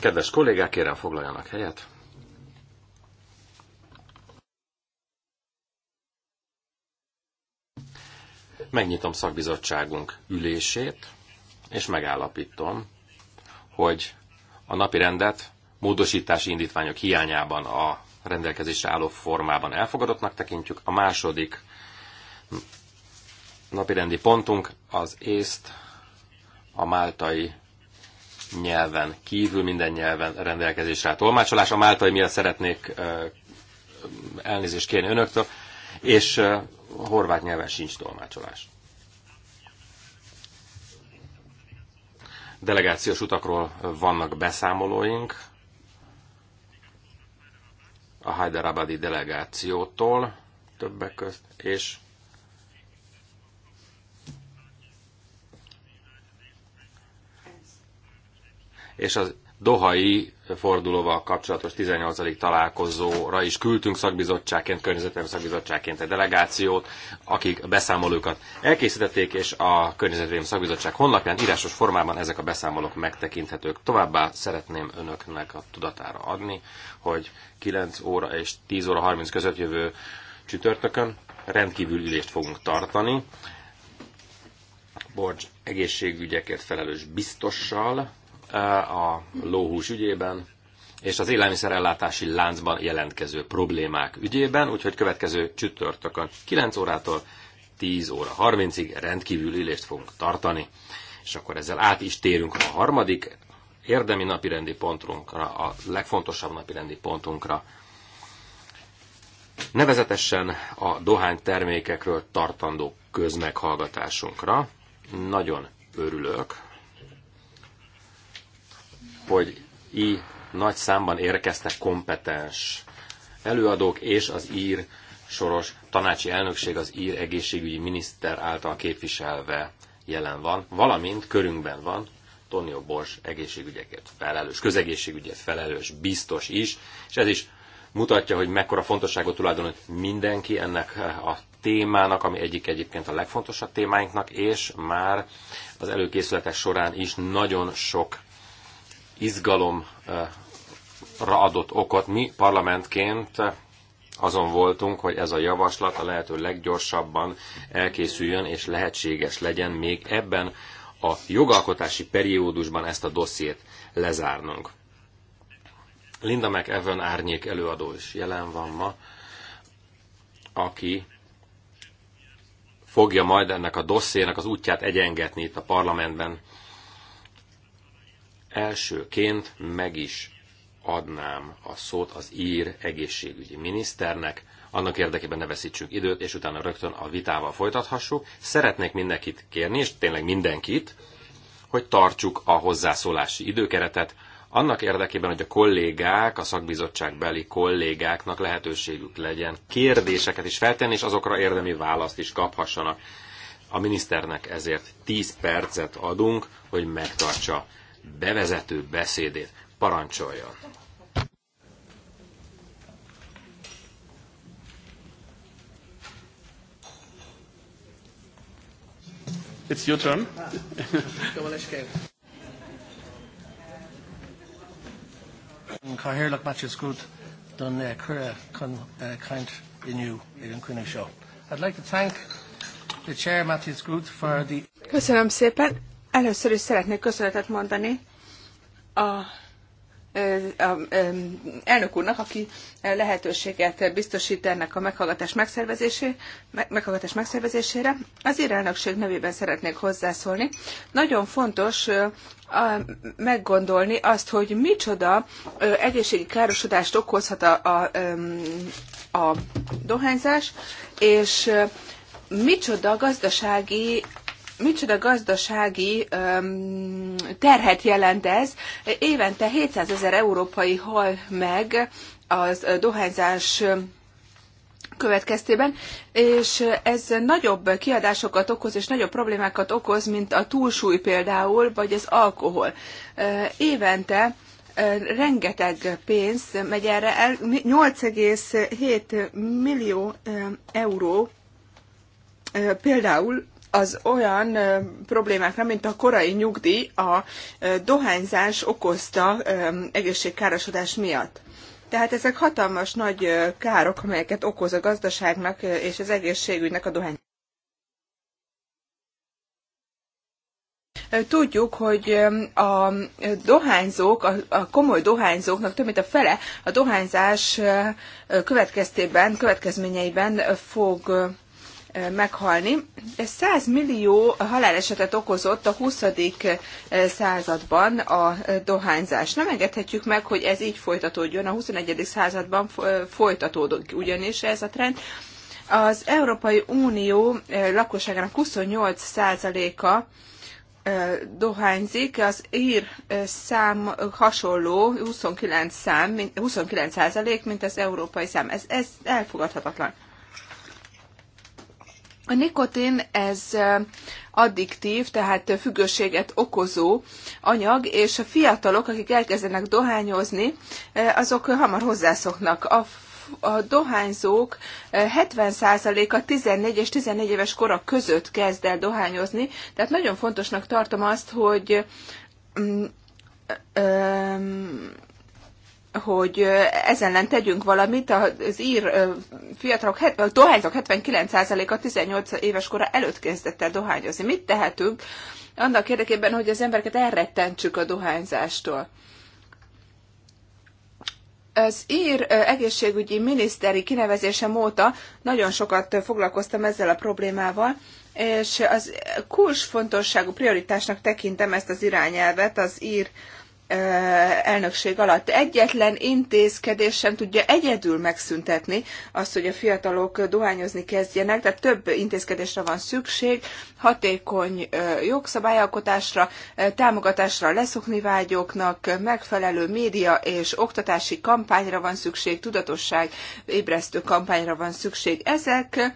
Kedves kollégák, kérem foglaljanak helyet. Megnyitom szakbizottságunk ülését, és megállapítom, hogy a napi rendet módosítási indítványok hiányában a rendelkezésre álló formában elfogadottnak tekintjük. A második napirendi pontunk az észt a máltai nyelven kívül, minden nyelven rendelkezésre tolmácsolás. A máltai miatt szeretnék elnézést kérni önöktől, és horvát nyelven sincs tolmácsolás. Delegációs utakról vannak beszámolóink a Hyderabadi delegációtól többek között és és az Dohai fordulóval kapcsolatos 18. találkozóra is küldtünk szakbizottságként, környezetem szakbizottságként egy delegációt, akik a beszámolókat elkészítették, és a környezetem szakbizottság honlapján írásos formában ezek a beszámolók megtekinthetők. Továbbá szeretném önöknek a tudatára adni, hogy 9 óra és 10 óra 30 között jövő csütörtökön rendkívül ülést fogunk tartani. Borcs egészségügyekért felelős biztossal, a lóhús ügyében és az élelmiszerellátási láncban jelentkező problémák ügyében, úgyhogy következő csütörtökön 9 órától 10 óra 30-ig rendkívül ülést fogunk tartani. És akkor ezzel át is térünk a harmadik érdemi napirendi pontunkra, a legfontosabb napirendi pontunkra. Nevezetesen a Dohány termékekről tartandó közmeghallgatásunkra. Nagyon örülök, hogy így nagy számban érkeztek kompetens előadók, és az ír soros tanácsi elnökség az ír egészségügyi miniszter által képviselve jelen van, valamint körünkben van Tonio Bors egészségügyekért felelős, közegészségügyért felelős, biztos is, és ez is mutatja, hogy mekkora fontosságot tulajdonít mindenki ennek eh, a témának, ami egyik egyébként a legfontosabb témáinknak, és már az előkészületek során is nagyon sok izgalomra adott okot. Mi parlamentként azon voltunk, hogy ez a javaslat a lehető leggyorsabban elkészüljön és lehetséges legyen még ebben a jogalkotási periódusban ezt a dossziét lezárnunk. Linda McEwan árnyék előadó is jelen van ma, aki fogja majd ennek a dossziének az útját egyengetni itt a parlamentben Elsőként meg is adnám a szót az ír egészségügyi miniszternek, annak érdekében ne veszítsük időt, és utána rögtön a vitával folytathassuk. Szeretnék mindenkit kérni, és tényleg mindenkit, hogy tartsuk a hozzászólási időkeretet, annak érdekében, hogy a kollégák, a szakbizottságbeli kollégáknak lehetőségük legyen kérdéseket is feltenni, és azokra érdemi választ is kaphassanak. A miniszternek ezért 10 percet adunk, hogy megtartsa bevezető beszédét. Parancsoljon! It's your turn. Cá hirlach matches good don eh, cura eh, chun eh, caint inniu ar an cuine show. I'd like to thank the chair Matthew Groot for the Köszönöm szépen. Először is szeretnék köszönetet mondani a elnök úrnak, aki lehetőséget biztosít ennek a meghallgatás, megszervezésé, meghallgatás megszervezésére. Az ír elnökség nevében szeretnék hozzászólni. Nagyon fontos meggondolni azt, hogy micsoda egészségi károsodást okozhat a, a, a dohányzás, és micsoda gazdasági micsoda gazdasági um, terhet jelent ez. Évente 700 ezer európai hal meg az dohányzás következtében, és ez nagyobb kiadásokat okoz, és nagyobb problémákat okoz, mint a túlsúly például, vagy az alkohol. Évente rengeteg pénz megy erre, 8,7 millió euró például az olyan problémákra, mint a korai nyugdíj a dohányzás okozta egészségkárosodás miatt. Tehát ezek hatalmas nagy károk, amelyeket okoz a gazdaságnak és az egészségügynek a dohány. Tudjuk, hogy a dohányzók, a komoly dohányzóknak több mint a fele a dohányzás következtében, következményeiben fog meghalni. Ez 100 millió halálesetet okozott a 20. században a dohányzás. Nem engedhetjük meg, hogy ez így folytatódjon. A 21. században folytatódik ugyanis ez a trend. Az Európai Unió lakosságának 28%-a dohányzik, az ír szám hasonló, 29 szám, 29 százalék, mint az európai szám. Ez, ez elfogadhatatlan. A nikotin ez addiktív, tehát függőséget okozó anyag, és a fiatalok, akik elkezdenek dohányozni, azok hamar hozzászoknak. A a dohányzók 70%-a 14 és 14 éves kora között kezd el dohányozni, tehát nagyon fontosnak tartom azt, hogy mm, hogy ezen ellen tegyünk valamit, az ír fiatalok, a dohányzók 79%-a 18 éves kora előtt kezdett el dohányozni. Mit tehetünk annak érdekében, hogy az embereket elrettentsük a dohányzástól? Az ír egészségügyi miniszteri kinevezésem óta nagyon sokat foglalkoztam ezzel a problémával, és az kulcsfontosságú prioritásnak tekintem ezt az irányelvet az ír elnökség alatt. Egyetlen intézkedés sem tudja egyedül megszüntetni azt, hogy a fiatalok dohányozni kezdjenek, tehát több intézkedésre van szükség, hatékony jogszabályalkotásra, támogatásra a leszokni vágyóknak, megfelelő média és oktatási kampányra van szükség, tudatosság ébresztő kampányra van szükség. Ezek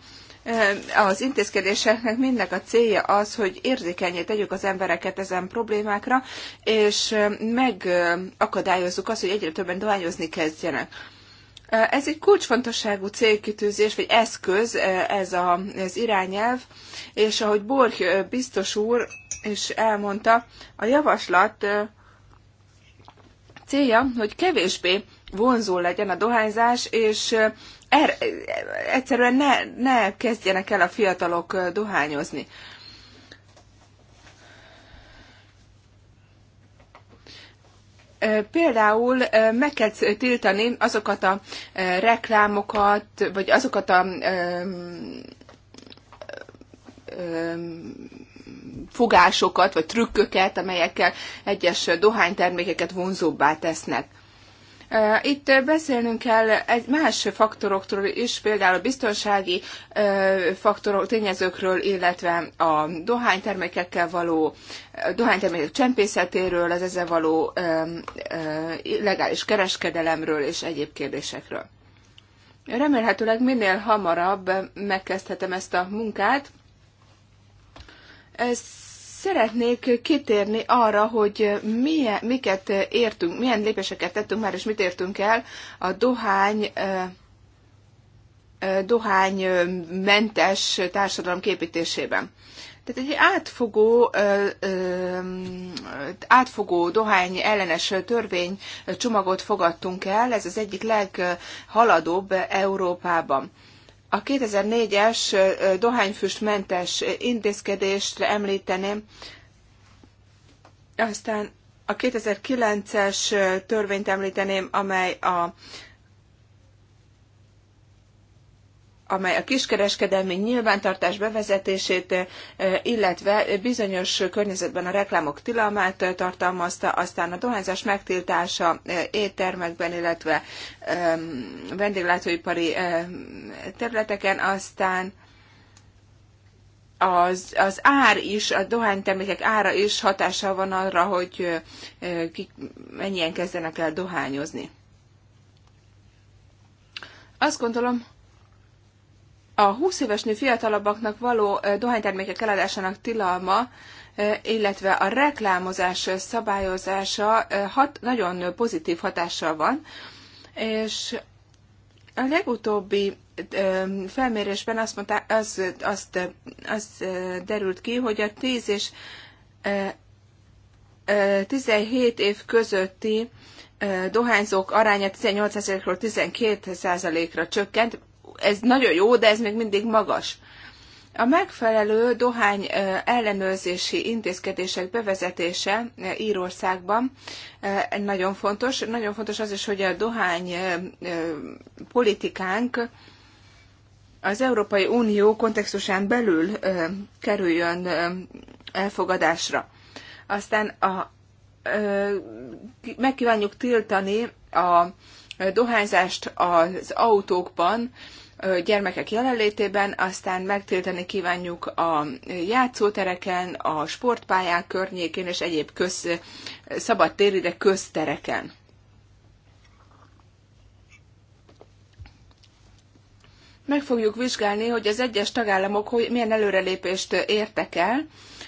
az intézkedéseknek mindnek a célja az, hogy érzékenyé tegyük az embereket ezen problémákra, és megakadályozzuk azt, hogy egyre többen dohányozni kezdjenek. Ez egy kulcsfontosságú célkitűzés, vagy eszköz, ez a, az irányelv, és ahogy Borg biztos úr is elmondta, a javaslat célja, hogy kevésbé vonzó legyen a dohányzás, és er, egyszerűen ne, ne kezdjenek el a fiatalok dohányozni. Például meg kell tiltani azokat a reklámokat, vagy azokat a fogásokat, vagy trükköket, amelyekkel egyes dohánytermékeket vonzóbbá tesznek. Itt beszélnünk kell egy más faktorokról is, például a biztonsági faktorok, tényezőkről, illetve a dohánytermékekkel való, dohánytermékek csempészetéről, az ezzel való illegális kereskedelemről és egyéb kérdésekről. Remélhetőleg minél hamarabb megkezdhetem ezt a munkát. Ez Szeretnék kitérni arra, hogy milyen, miket értünk, milyen lépéseket tettünk már, és mit értünk el a dohány dohánymentes társadalom képítésében. Tehát egy átfogó, átfogó dohány ellenes törvény csomagot fogadtunk el, ez az egyik leghaladóbb Európában. A 2004-es dohányfüstmentes intézkedést említeném, aztán a 2009-es törvényt említeném, amely a amely a kiskereskedelmi nyilvántartás bevezetését, illetve bizonyos környezetben a reklámok tilalmát tartalmazta, aztán a dohányzás megtiltása éttermekben, illetve vendéglátóipari területeken, aztán az, az ár is, a dohánytermékek ára is hatással van arra, hogy ki, mennyien kezdenek el dohányozni. Azt gondolom, a 20 éves nő fiatalabbaknak való dohánytermékek eladásának tilalma, illetve a reklámozás szabályozása hat, nagyon pozitív hatással van, és a legutóbbi felmérésben azt, mondta, az, azt, azt derült ki, hogy a 10 és 17 év közötti dohányzók aránya 18%-ról 12%-ra csökkent, ez nagyon jó, de ez még mindig magas. A megfelelő dohány ellenőrzési intézkedések bevezetése Írországban nagyon fontos. Nagyon fontos az is, hogy a dohány politikánk az Európai Unió kontextusán belül kerüljön elfogadásra. Aztán a, meg kívánjuk tiltani a dohányzást az autókban, gyermekek jelenlétében, aztán megtiltani kívánjuk a játszótereken, a sportpályák környékén és egyéb köz, szabadtéri, de köztereken. Meg fogjuk vizsgálni, hogy az egyes tagállamok hogy milyen előrelépést értek el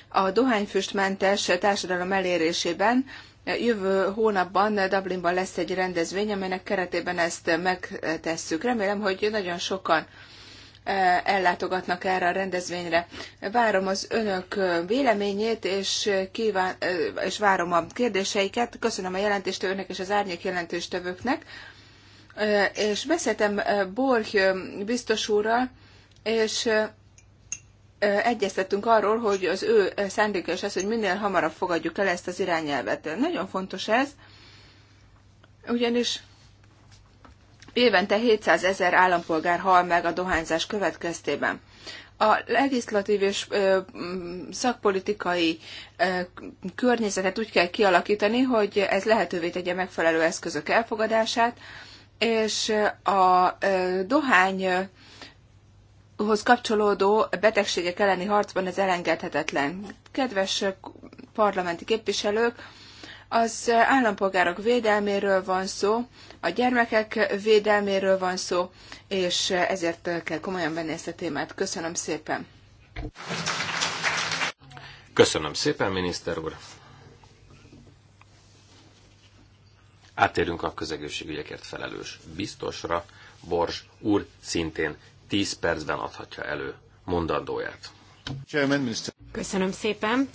a dohányfüstmentes társadalom elérésében, Jövő hónapban Dublinban lesz egy rendezvény, amelynek keretében ezt megtesszük. Remélem, hogy nagyon sokan eh, ellátogatnak erre a rendezvényre. Várom az önök véleményét, és, kíván, eh, és várom a kérdéseiket. Köszönöm a jelentéstevőnek és az árnyék jelentéstevőknek. Eh, és beszéltem Borg biztos úrral, és egyeztettünk arról, hogy az ő szándéka is az, hogy minél hamarabb fogadjuk el ezt az irányelvet. Nagyon fontos ez, ugyanis évente 700 ezer állampolgár hal meg a dohányzás következtében. A legislatív és ö, szakpolitikai ö, környezetet úgy kell kialakítani, hogy ez lehetővé tegye megfelelő eszközök elfogadását, és a ö, dohány hoz kapcsolódó betegségek elleni harcban ez elengedhetetlen. Kedves parlamenti képviselők, az állampolgárok védelméről van szó, a gyermekek védelméről van szó, és ezért kell komolyan venni ezt a témát. Köszönöm szépen! Köszönöm szépen, miniszter úr! Áttérünk a közegészségügyekért felelős biztosra. Bors úr szintén 10 percben adhatja elő mondandóját. Köszönöm szépen.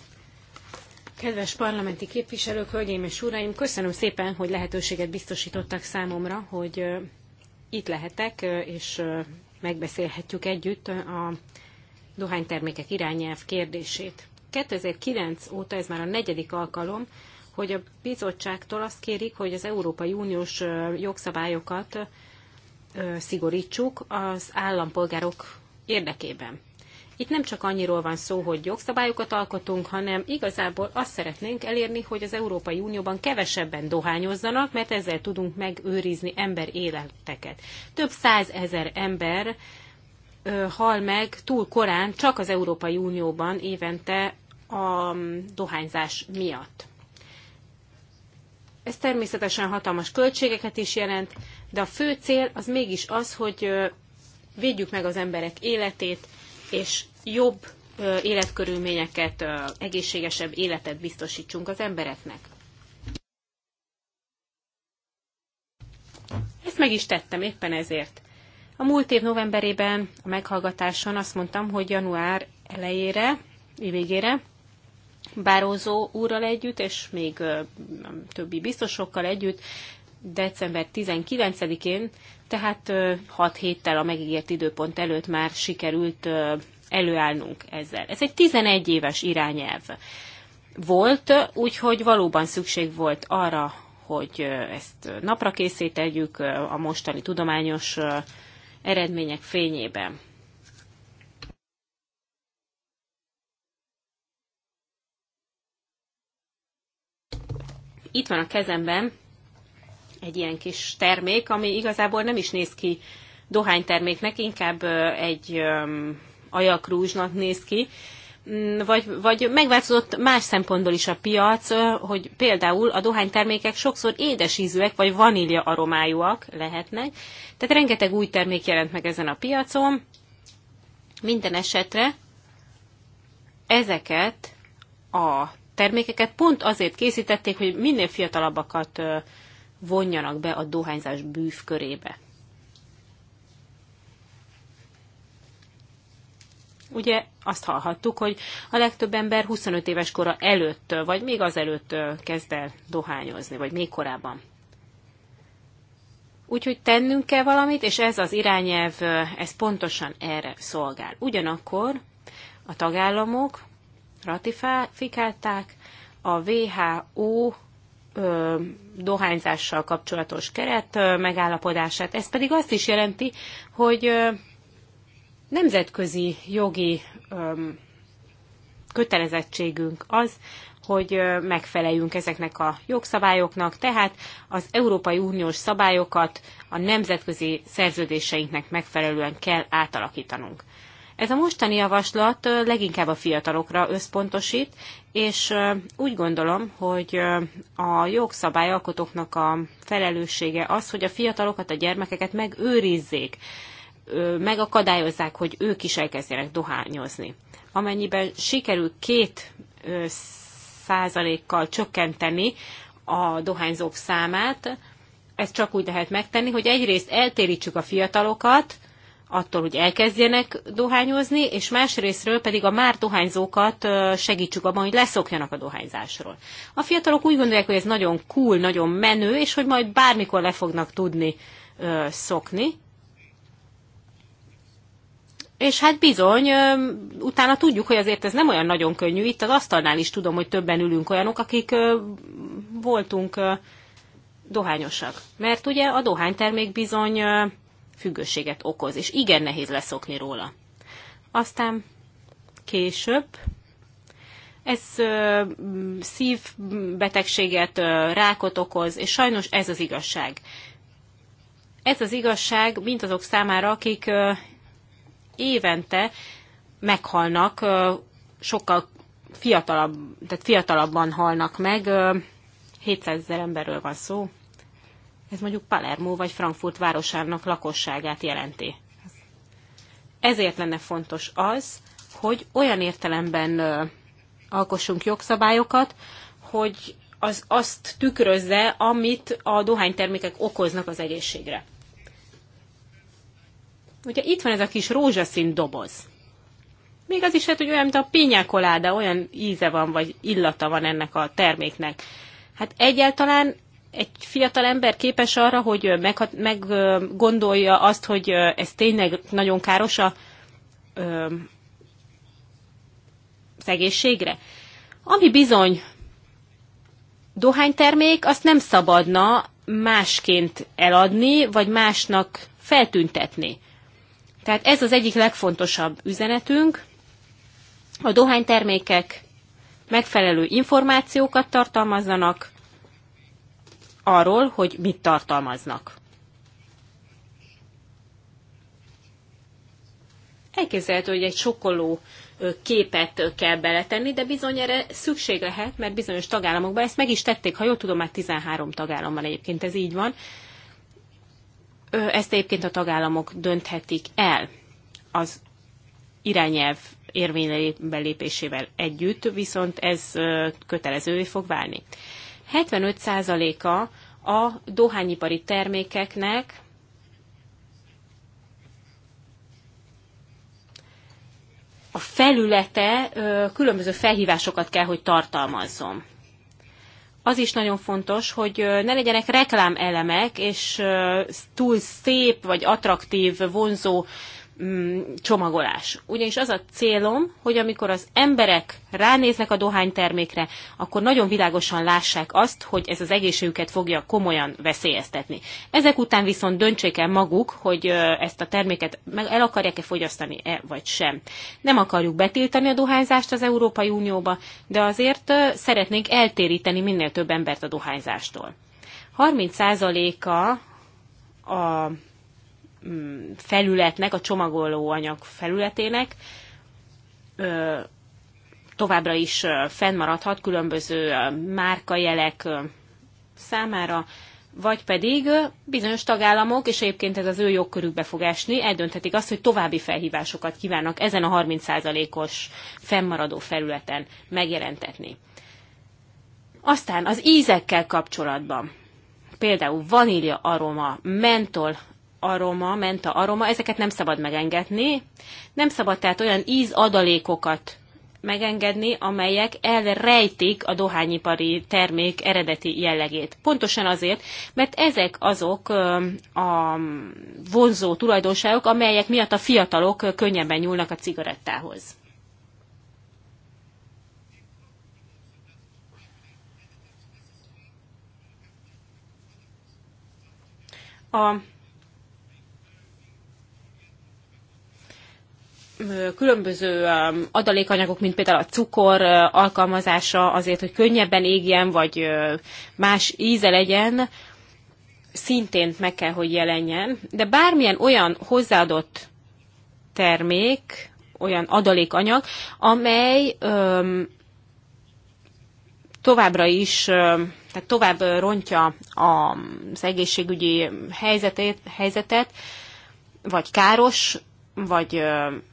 Kedves parlamenti képviselők, hölgyeim és uraim, köszönöm szépen, hogy lehetőséget biztosítottak számomra, hogy itt lehetek, és megbeszélhetjük együtt a dohánytermékek irányelv kérdését. 2009 óta ez már a negyedik alkalom, hogy a bizottságtól azt kérik, hogy az Európai Uniós jogszabályokat szigorítsuk az állampolgárok érdekében. Itt nem csak annyiról van szó, hogy jogszabályokat alkotunk, hanem igazából azt szeretnénk elérni, hogy az Európai Unióban kevesebben dohányozzanak, mert ezzel tudunk megőrizni ember életeket. Több százezer ember ö, hal meg túl korán csak az Európai Unióban évente a dohányzás miatt. Ez természetesen hatalmas költségeket is jelent, de a fő cél az mégis az, hogy védjük meg az emberek életét, és jobb életkörülményeket, egészségesebb életet biztosítsunk az embereknek. Ezt meg is tettem éppen ezért. A múlt év novemberében a meghallgatáson azt mondtam, hogy január elejére, végére Bározó úrral együtt, és még többi biztosokkal együtt december 19-én, tehát 6 héttel a megígért időpont előtt már sikerült előállnunk ezzel. Ez egy 11 éves irányelv volt, úgyhogy valóban szükség volt arra, hogy ezt napra készítegyük a mostani tudományos eredmények fényében. Itt van a kezemben egy ilyen kis termék, ami igazából nem is néz ki dohányterméknek, inkább egy ajakrúzsnak néz ki, mm, vagy, vagy megváltozott más szempontból is a piac, hogy például a dohánytermékek sokszor édesízűek vagy vanília aromájúak lehetnek, tehát rengeteg új termék jelent meg ezen a piacon. Minden esetre ezeket a termékeket pont azért készítették, hogy minél fiatalabbakat vonjanak be a dohányzás bűv körébe. Ugye azt hallhattuk, hogy a legtöbb ember 25 éves kora előtt, vagy még azelőtt kezd el dohányozni, vagy még korábban. Úgyhogy tennünk kell valamit, és ez az irányelv, ez pontosan erre szolgál. Ugyanakkor a tagállamok ratifikálták a WHO dohányzással kapcsolatos keret megállapodását. Ez pedig azt is jelenti, hogy nemzetközi jogi kötelezettségünk az, hogy megfeleljünk ezeknek a jogszabályoknak, tehát az Európai Uniós szabályokat a nemzetközi szerződéseinknek megfelelően kell átalakítanunk. Ez a mostani javaslat leginkább a fiatalokra összpontosít, és úgy gondolom, hogy a jogszabályalkotóknak a felelőssége az, hogy a fiatalokat, a gyermekeket megőrizzék, megakadályozzák, hogy ők is elkezdjenek dohányozni. Amennyiben sikerül két százalékkal csökkenteni a dohányzók számát, ezt csak úgy lehet megtenni, hogy egyrészt eltérítsük a fiatalokat, attól, hogy elkezdjenek dohányozni, és másrésztről pedig a már dohányzókat segítsük abban, hogy leszokjanak a dohányzásról. A fiatalok úgy gondolják, hogy ez nagyon cool, nagyon menő, és hogy majd bármikor le fognak tudni szokni. És hát bizony, utána tudjuk, hogy azért ez nem olyan nagyon könnyű. Itt az asztalnál is tudom, hogy többen ülünk olyanok, akik voltunk dohányosak. Mert ugye a dohánytermék bizony függőséget okoz, és igen nehéz leszokni róla. Aztán később ez ö, szívbetegséget, ö, rákot okoz, és sajnos ez az igazság. Ez az igazság mint azok számára, akik ö, évente meghalnak, ö, sokkal fiatalabb, tehát fiatalabban halnak meg, ö, 700 ezer emberről van szó, ez mondjuk Palermo vagy Frankfurt városának lakosságát jelenti. Ezért lenne fontos az, hogy olyan értelemben alkossunk jogszabályokat, hogy az azt tükrözze, amit a dohánytermékek okoznak az egészségre. Ugye itt van ez a kis rózsaszín doboz. Még az is lehet, hogy olyan, mint a pinyákoláda, olyan íze van, vagy illata van ennek a terméknek. Hát egyáltalán egy fiatal ember képes arra, hogy meggondolja meg azt, hogy ez tényleg nagyon káros a, ö, az egészségre? Ami bizony dohánytermék, azt nem szabadna másként eladni, vagy másnak feltüntetni. Tehát ez az egyik legfontosabb üzenetünk. A dohánytermékek megfelelő információkat tartalmazzanak, arról, hogy mit tartalmaznak. Elképzelhető, hogy egy sokkoló képet kell beletenni, de bizony erre szükség lehet, mert bizonyos tagállamokban ezt meg is tették, ha jól tudom, már 13 tagállamban egyébként ez így van. Ezt egyébként a tagállamok dönthetik el az irányelv érvénybe lépésével együtt, viszont ez kötelezővé fog válni. 75%-a a dohányipari termékeknek a felülete különböző felhívásokat kell, hogy tartalmazzon. Az is nagyon fontos, hogy ne legyenek reklámelemek, és túl szép vagy attraktív, vonzó Mm, csomagolás. Ugyanis az a célom, hogy amikor az emberek ránéznek a dohánytermékre, akkor nagyon világosan lássák azt, hogy ez az egészségüket fogja komolyan veszélyeztetni. Ezek után viszont döntsék el maguk, hogy ezt a terméket el akarják-e fogyasztani, -e, vagy sem. Nem akarjuk betiltani a dohányzást az Európai Unióba, de azért szeretnénk eltéríteni minél több embert a dohányzástól. 30%-a a felületnek, a csomagolóanyag felületének továbbra is fennmaradhat különböző márkajelek számára, vagy pedig bizonyos tagállamok, és egyébként ez az ő jogkörükbe fog esni, eldönthetik azt, hogy további felhívásokat kívánnak ezen a 30%-os fennmaradó felületen megjelentetni. Aztán az ízekkel kapcsolatban, például vanília aroma, mentol aroma, menta aroma, ezeket nem szabad megengedni. Nem szabad tehát olyan ízadalékokat megengedni, amelyek elrejtik a dohányipari termék eredeti jellegét. Pontosan azért, mert ezek azok a vonzó tulajdonságok, amelyek miatt a fiatalok könnyebben nyúlnak a cigarettához. A különböző um, adalékanyagok, mint például a cukor uh, alkalmazása azért, hogy könnyebben égjen, vagy uh, más íze legyen, szintén meg kell, hogy jelenjen. De bármilyen olyan hozzáadott termék, olyan adalékanyag, amely öm, um, továbbra is, öm, um, tehát tovább rontja az egészségügyi helyzetet, helyzetet, vagy káros, vagy öm,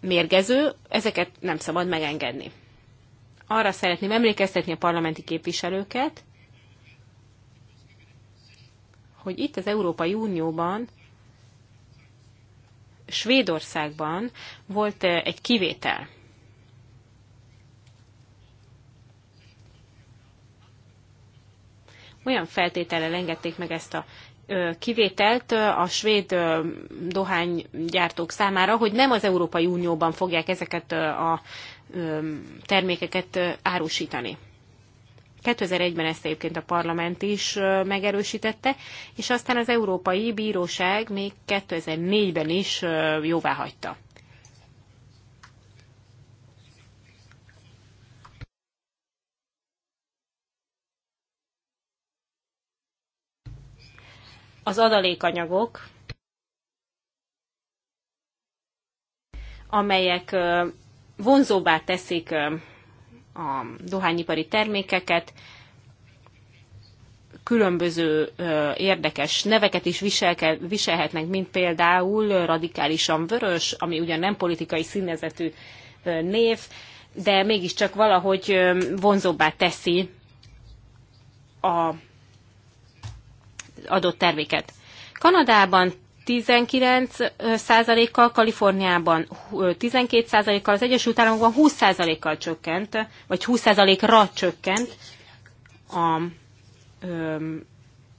mérgező, ezeket nem szabad megengedni. Arra szeretném emlékeztetni a parlamenti képviselőket, hogy itt az Európai Unióban, Svédországban volt eh, egy kivétel. Olyan feltétellel engedték meg ezt a kivételt a svéd dohánygyártók számára, hogy nem az Európai Unióban fogják ezeket a termékeket árusítani. 2001-ben ezt egyébként a parlament is megerősítette, és aztán az Európai Bíróság még 2004-ben is jóvá hagyta. az adalékanyagok, amelyek vonzóbbá teszik a dohányipari termékeket, különböző érdekes neveket is viselhetnek, mint például radikálisan vörös, ami ugyan nem politikai színezetű név, de mégiscsak valahogy vonzóbbá teszi a adott terméket. Kanadában 19%-kal, Kaliforniában 12%-kal, az Egyesült Államokban 20%-kal csökkent, vagy 20%-ra csökkent a ö,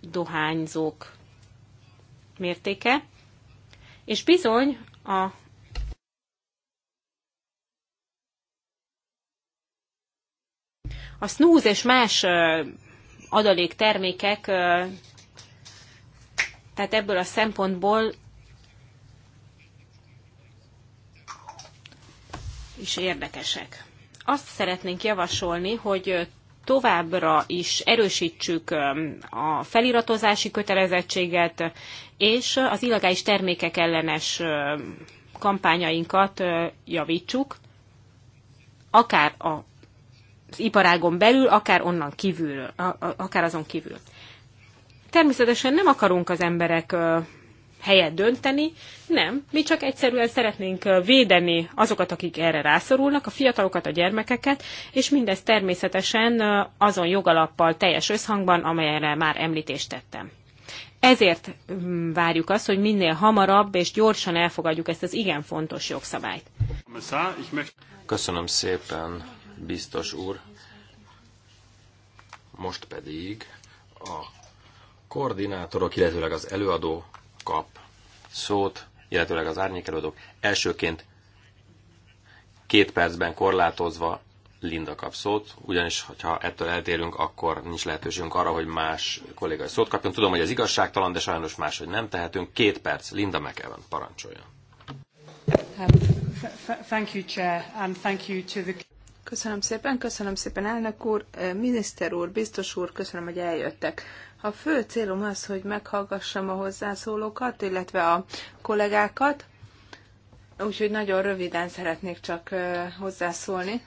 dohányzók mértéke. És bizony a a snooze és más adaléktermékek tehát ebből a szempontból is érdekesek. Azt szeretnénk javasolni, hogy továbbra is erősítsük a feliratozási kötelezettséget és az illegális termékek ellenes kampányainkat javítsuk, akár a az iparágon belül, akár onnan kívül, akár azon kívül. Természetesen nem akarunk az emberek helyet dönteni, nem. Mi csak egyszerűen szeretnénk védeni azokat, akik erre rászorulnak, a fiatalokat, a gyermekeket, és mindez természetesen azon jogalappal teljes összhangban, amelyre már említést tettem. Ezért mm, várjuk azt, hogy minél hamarabb és gyorsan elfogadjuk ezt az igen fontos jogszabályt. Köszönöm szépen, biztos úr. Most pedig a koordinátorok, illetőleg az előadó kap szót, illetőleg az előadók. elsőként két percben korlátozva Linda kap szót, ugyanis ha ettől eltérünk, akkor nincs lehetőségünk arra, hogy más kollégai szót kapjon. Tudom, hogy ez igazságtalan, de sajnos máshogy nem tehetünk. Két perc, Linda McEwan, parancsolja. Um, köszönöm szépen, köszönöm szépen elnök úr, eh, miniszter úr, biztos úr, köszönöm, hogy eljöttek. A fő célom az, hogy meghallgassam a hozzászólókat, illetve a kollégákat, úgyhogy nagyon röviden szeretnék csak hozzászólni.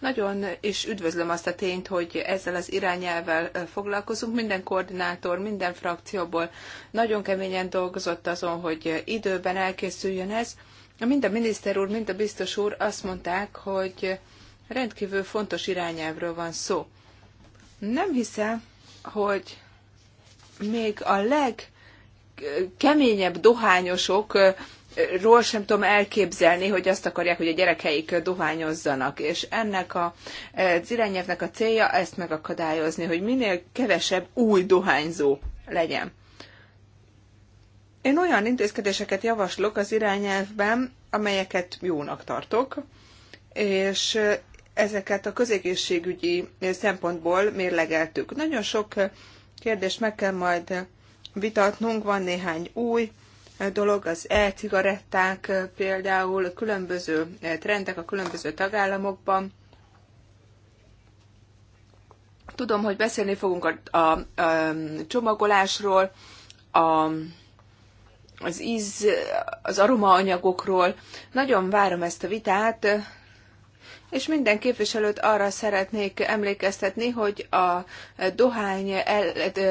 Nagyon is üdvözlöm azt a tényt, hogy ezzel az irányelvel foglalkozunk. Minden koordinátor, minden frakcióból nagyon keményen dolgozott azon, hogy időben elkészüljön ez. Mind a miniszter úr, mind a biztos úr azt mondták, hogy rendkívül fontos irányelvről van szó. Nem hiszem, hogy még a legkeményebb dohányosok ról sem tudom elképzelni, hogy azt akarják, hogy a gyerekeik dohányozzanak. És ennek a, az irányelvnek a célja ezt megakadályozni, hogy minél kevesebb új dohányzó legyen. Én olyan intézkedéseket javaslok az irányelvben, amelyeket jónak tartok, és ezeket a közegészségügyi szempontból mérlegeltük. Nagyon sok kérdést meg kell majd vitatnunk, van néhány új dolog, az e-cigaretták például, a különböző trendek a különböző tagállamokban. Tudom, hogy beszélni fogunk a, a, a csomagolásról, a, az íz, az aromaanyagokról. Nagyon várom ezt a vitát, és minden képviselőt arra szeretnék emlékeztetni, hogy a dohány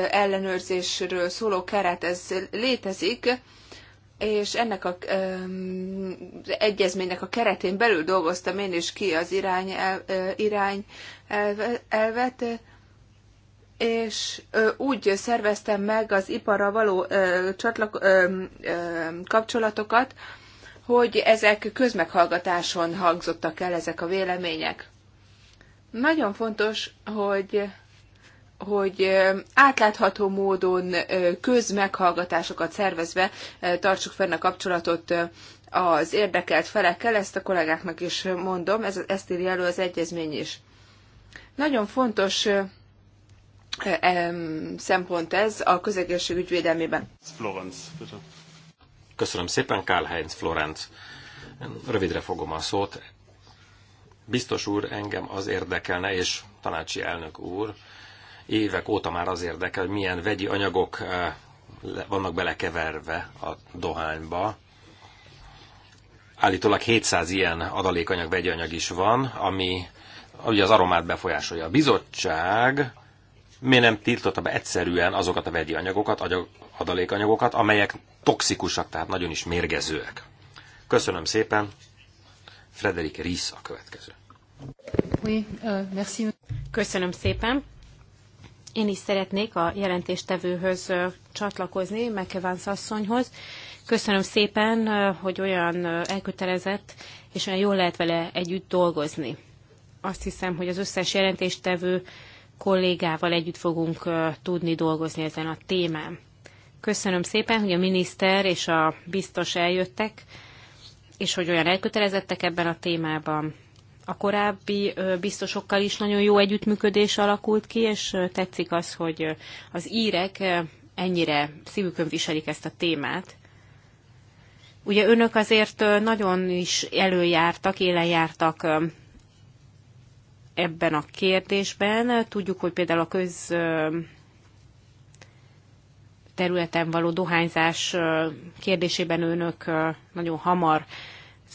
ellenőrzésről szóló keret ez létezik, és ennek a, az egyezménynek a keretén belül dolgoztam én is ki az irány, irány elvet, és úgy szerveztem meg az iparra való csatlak, kapcsolatokat, hogy ezek közmeghallgatáson hangzottak el ezek a vélemények. Nagyon fontos, hogy hogy átlátható módon közmeghallgatásokat szervezve tartsuk fenn a kapcsolatot az érdekelt felekkel, ezt a kollégáknak is mondom, ez, ezt írja elő az egyezmény is. Nagyon fontos szempont ez a közegészségügy védelmében. Florence, bitte. Köszönöm szépen, Karl-Heinz Rövidre fogom a szót. Biztos úr, engem az érdekelne, és tanácsi elnök úr, évek óta már az érdekel, hogy milyen vegyi anyagok eh, vannak belekeverve a dohányba. Állítólag 700 ilyen adalékanyag, vegyi anyag is van, ami ugye az aromát befolyásolja. A bizottság miért nem tiltotta be egyszerűen azokat a vegyi anyagokat, adalékanyagokat, amelyek toxikusak, tehát nagyon is mérgezőek. Köszönöm szépen. Frederik Ries a következő. Euh, Köszönöm szépen. Én is szeretnék a jelentéstevőhöz csatlakozni, Mekevánsz asszonyhoz. Köszönöm szépen, hogy olyan elkötelezett, és olyan jól lehet vele együtt dolgozni. Azt hiszem, hogy az összes jelentéstevő kollégával együtt fogunk tudni dolgozni ezen a témán. Köszönöm szépen, hogy a miniszter és a biztos eljöttek, és hogy olyan elkötelezettek ebben a témában. A korábbi biztosokkal is nagyon jó együttműködés alakult ki, és tetszik az, hogy az írek ennyire szívükön viselik ezt a témát. Ugye önök azért nagyon is előjártak, élen jártak ebben a kérdésben. Tudjuk, hogy például a köz területen való dohányzás kérdésében önök nagyon hamar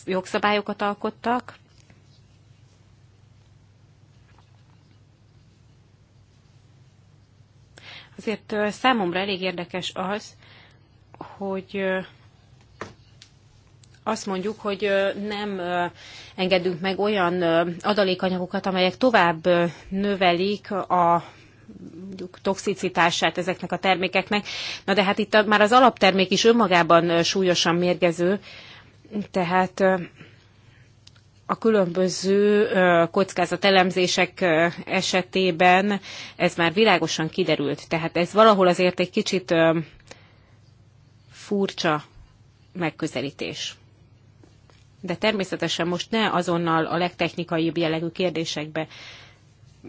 jogszabályokat alkottak. Azért számomra elég érdekes az, hogy azt mondjuk, hogy nem engedünk meg olyan adalékanyagokat, amelyek tovább növelik a mondjuk toxicitását ezeknek a termékeknek. Na de hát itt már az alaptermék is önmagában súlyosan mérgező, tehát a különböző kockázatelemzések esetében ez már világosan kiderült. Tehát ez valahol azért egy kicsit furcsa megközelítés. De természetesen most ne azonnal a legtechnikaibb jellegű kérdésekbe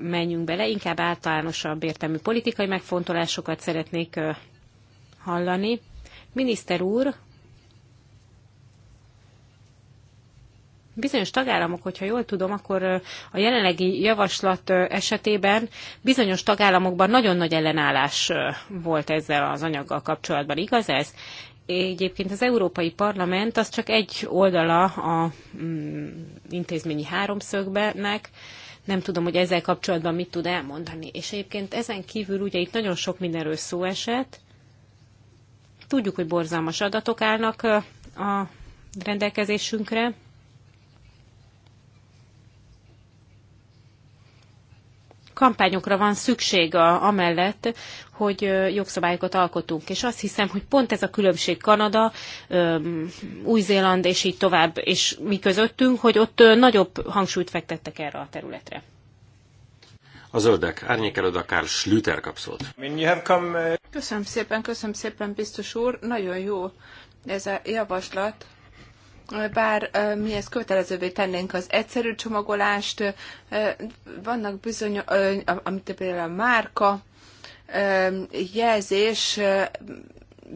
menjünk bele, inkább általánosabb értelmű politikai megfontolásokat szeretnék hallani. Miniszter úr, bizonyos tagállamok, hogyha jól tudom, akkor a jelenlegi javaslat esetében bizonyos tagállamokban nagyon nagy ellenállás volt ezzel az anyaggal kapcsolatban. Igaz ez? Egyébként az Európai Parlament az csak egy oldala a mm, intézményi háromszögbenek, nem tudom, hogy ezzel kapcsolatban mit tud elmondani. És egyébként ezen kívül ugye itt nagyon sok mindenről szó esett. Tudjuk, hogy borzalmas adatok állnak a rendelkezésünkre, kampányokra van szükség a, amellett, hogy jogszabályokat alkotunk. És azt hiszem, hogy pont ez a különbség Kanada, Új-Zéland és így tovább, és mi közöttünk, hogy ott nagyobb hangsúlyt fektettek erre a területre. A zöldek árnyékelőd akár Schlüter kapszolt. Köszönöm szépen, köszönöm szépen, biztos úr. Nagyon jó ez a javaslat bár mi ezt kötelezővé tennénk az egyszerű csomagolást, vannak bizony, amit például a márka jelzés,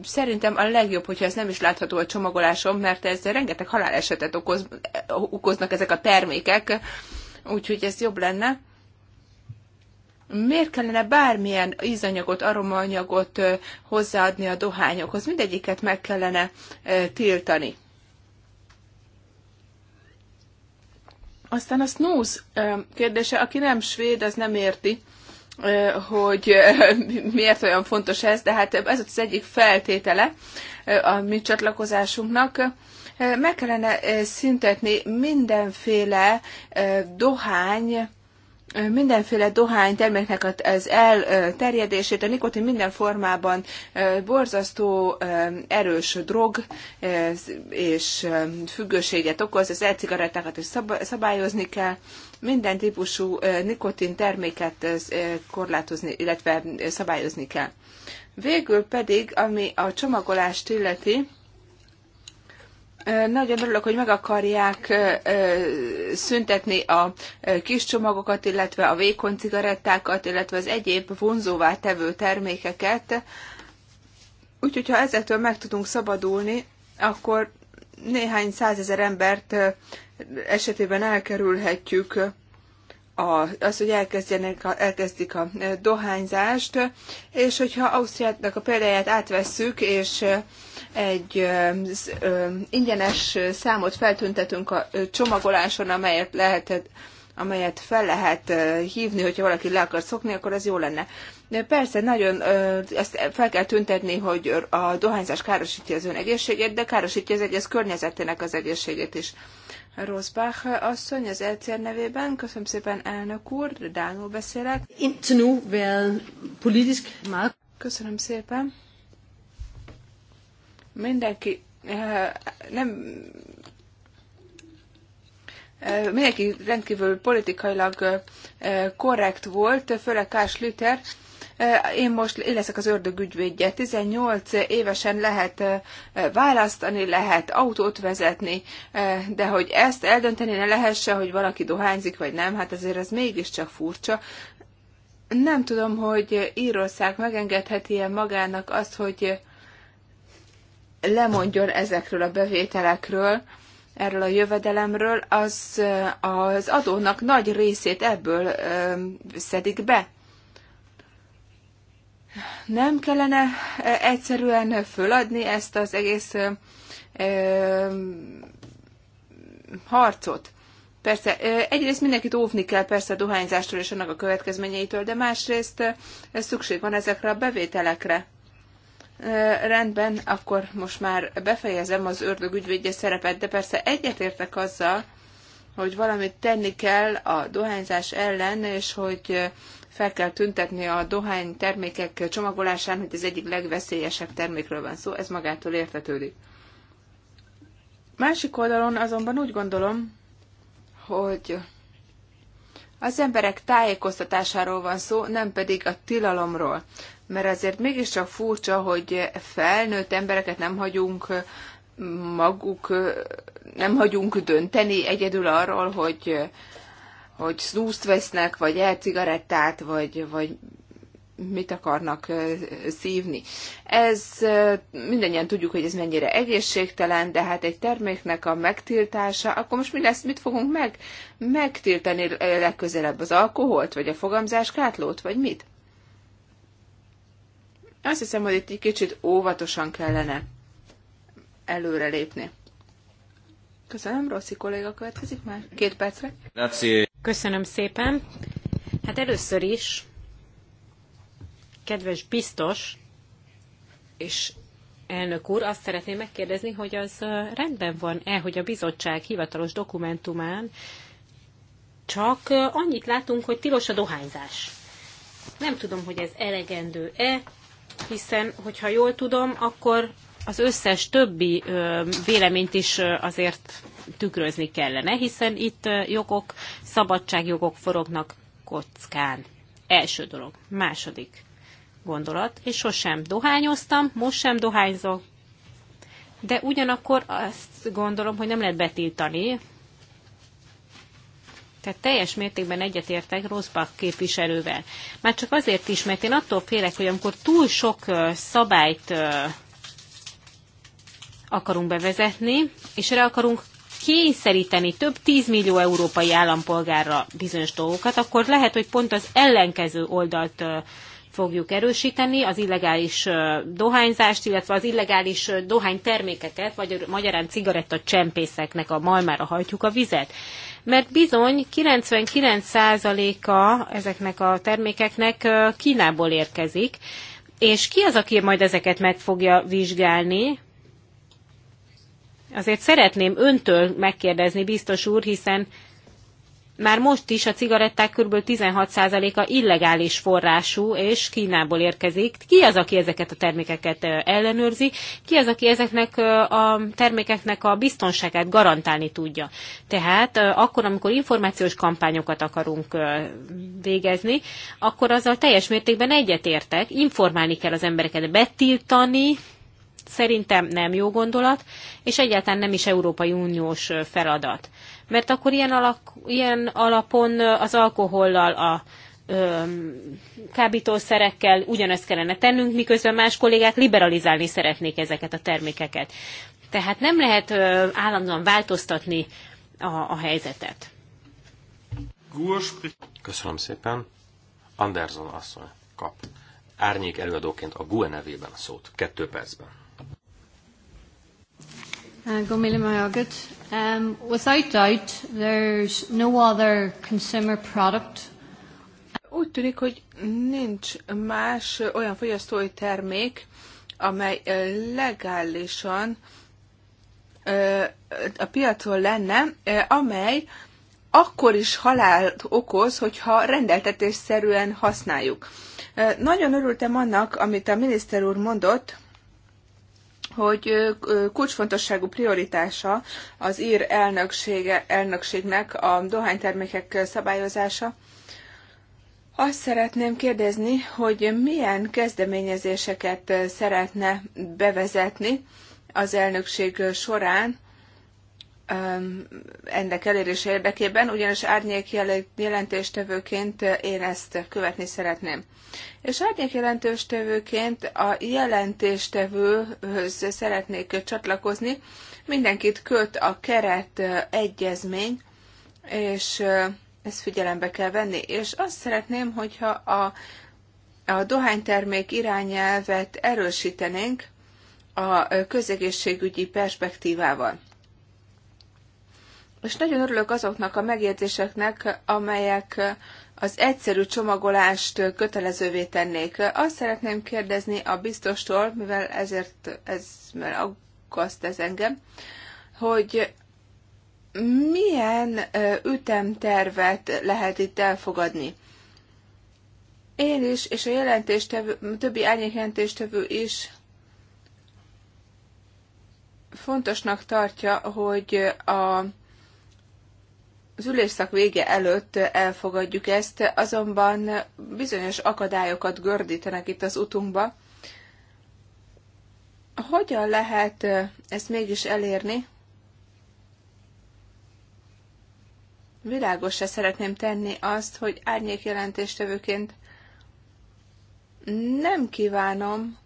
szerintem a legjobb, hogyha ez nem is látható a csomagoláson, mert ez rengeteg halálesetet okoz, okoznak ezek a termékek, úgyhogy ez jobb lenne. Miért kellene bármilyen ízanyagot, aromaanyagot hozzáadni a dohányokhoz? Mindegyiket meg kellene tiltani. Aztán a snooze kérdése, aki nem svéd, az nem érti, hogy miért olyan fontos ez, de hát ez az egyik feltétele a mi csatlakozásunknak meg kellene szüntetni mindenféle dohány mindenféle dohány terméknek az elterjedését, a nikotin minden formában borzasztó erős drog és függőséget okoz, az elcigarettákat is szabályozni kell, minden típusú nikotin terméket korlátozni, illetve szabályozni kell. Végül pedig, ami a csomagolást illeti, nagyon örülök, hogy meg akarják szüntetni a kis csomagokat, illetve a vékony cigarettákat, illetve az egyéb vonzóvá tevő termékeket. Úgyhogy, ha ezektől meg tudunk szabadulni, akkor néhány százezer embert esetében elkerülhetjük a, az, hogy elkezdjenek, elkezdik a dohányzást, és hogyha Ausztriának a példáját átvesszük, és egy ingyenes számot feltüntetünk a csomagoláson, amelyet lehet, amelyet fel lehet hívni, hogyha valaki le akar szokni, akkor ez jó lenne. De persze, nagyon ezt fel kell tüntetni, hogy a dohányzás károsítja az ön egészségét, de károsítja az egész környezetének az egészségét is. Rosbach asszony az ECR nevében. Köszönöm szépen, elnök úr, Dánul beszélek. Köszönöm szépen. Mindenki eh, nem eh, mindenki rendkívül politikailag eh, korrekt volt, főleg Kás Lüter, én most leszek az ördög ügyvédje. 18 évesen lehet választani, lehet autót vezetni, de hogy ezt eldönteni ne lehesse, hogy valaki dohányzik vagy nem, hát azért ez mégiscsak furcsa. Nem tudom, hogy Írország megengedheti-e magának azt, hogy lemondjon ezekről a bevételekről, erről a jövedelemről, az, az adónak nagy részét ebből ö, szedik be nem kellene egyszerűen föladni ezt az egész harcot. Persze, egyrészt mindenkit óvni kell persze a dohányzástól és annak a következményeitől, de másrészt szükség van ezekre a bevételekre. Rendben, akkor most már befejezem az ördög ügyvédje szerepet, de persze egyetértek azzal, hogy valamit tenni kell a dohányzás ellen, és hogy fel kell tüntetni a dohány termékek csomagolásán, hogy az egyik legveszélyesebb termékről van szó, ez magától értetődik. Másik oldalon azonban úgy gondolom, hogy az emberek tájékoztatásáról van szó, nem pedig a tilalomról. Mert azért mégiscsak furcsa, hogy felnőtt embereket nem hagyunk maguk, nem hagyunk dönteni egyedül arról, hogy hogy snúzt vesznek, vagy elcigarettát, vagy, vagy mit akarnak szívni. Ez mindannyian tudjuk, hogy ez mennyire egészségtelen, de hát egy terméknek a megtiltása, akkor most mi lesz, mit fogunk meg, megtiltani legközelebb az alkoholt, vagy a fogamzáskátlót, vagy mit? Azt hiszem, hogy itt egy kicsit óvatosan kellene előrelépni. Köszönöm, Rossi kolléga következik már két percre. Köszönöm szépen. Hát először is, kedves biztos, és elnök úr, azt szeretném megkérdezni, hogy az rendben van-e, hogy a bizottság hivatalos dokumentumán csak annyit látunk, hogy tilos a dohányzás. Nem tudom, hogy ez elegendő-e, hiszen, hogyha jól tudom, akkor az összes többi véleményt is azért tükrözni kellene, hiszen itt jogok, szabadságjogok forognak kockán. Első dolog. Második gondolat. És sosem dohányoztam, most sem dohányzok. De ugyanakkor azt gondolom, hogy nem lehet betiltani. Tehát teljes mértékben egyetértek Rosbach képviselővel. Már csak azért is, mert én attól félek, hogy amikor túl sok szabályt akarunk bevezetni, és erre akarunk kényszeríteni több 10 millió európai állampolgárra bizonyos dolgokat, akkor lehet, hogy pont az ellenkező oldalt fogjuk erősíteni, az illegális dohányzást, illetve az illegális dohánytermékeket, vagy magyarán csempészeknek a malmára hajtjuk a vizet. Mert bizony 99%-a ezeknek a termékeknek Kínából érkezik, és ki az, aki majd ezeket meg fogja vizsgálni, Azért szeretném öntől megkérdezni, biztos úr, hiszen már most is a cigaretták kb. 16%-a illegális forrású, és Kínából érkezik. Ki az, aki ezeket a termékeket ellenőrzi? Ki az, aki ezeknek a termékeknek a biztonságát garantálni tudja? Tehát akkor, amikor információs kampányokat akarunk végezni, akkor azzal teljes mértékben egyetértek. Informálni kell az embereket, betiltani, szerintem nem jó gondolat, és egyáltalán nem is Európai Uniós feladat. Mert akkor ilyen, alak, ilyen alapon az alkohollal, a kábítószerekkel ugyanezt kellene tennünk, miközben más kollégák liberalizálni szeretnék ezeket a termékeket. Tehát nem lehet ö, állandóan változtatni a, a helyzetet. Köszönöm szépen. Anderson asszony kap árnyék előadóként a GUE nevében szót. Kettő percben. Uh, Go Um, without doubt, there's no other consumer product. Úgy tűnik, hogy nincs más olyan fogyasztói termék, amely legálisan a piacon lenne, amely akkor is halált okoz, hogyha rendeltetésszerűen használjuk. Nagyon örültem annak, amit a miniszter úr mondott, hogy kulcsfontosságú prioritása az ír elnöksége, elnökségnek a dohánytermékek szabályozása. Azt szeretném kérdezni, hogy milyen kezdeményezéseket szeretne bevezetni az elnökség során, ennek elérése érdekében, ugyanis árnyék jelentéstevőként én ezt követni szeretném. És árnyék jelentéstevőként a jelentéstevőhöz szeretnék csatlakozni. Mindenkit köt a keret egyezmény, és ezt figyelembe kell venni. És azt szeretném, hogyha a, a dohánytermék irányelvet erősítenénk a közegészségügyi perspektívával és nagyon örülök azoknak a megjegyzéseknek, amelyek az egyszerű csomagolást kötelezővé tennék. Azt szeretném kérdezni a biztostól, mivel ezért ez mert aggaszt ez engem, hogy milyen ütemtervet lehet itt elfogadni. Én is, és a jelentéstevő, többi árnyékjelentéstevő is fontosnak tartja, hogy a az ülésszak vége előtt elfogadjuk ezt, azonban bizonyos akadályokat gördítenek itt az utunkba. Hogyan lehet ezt mégis elérni? Világos, se szeretném tenni azt, hogy árnyék jelentéstevőként nem kívánom,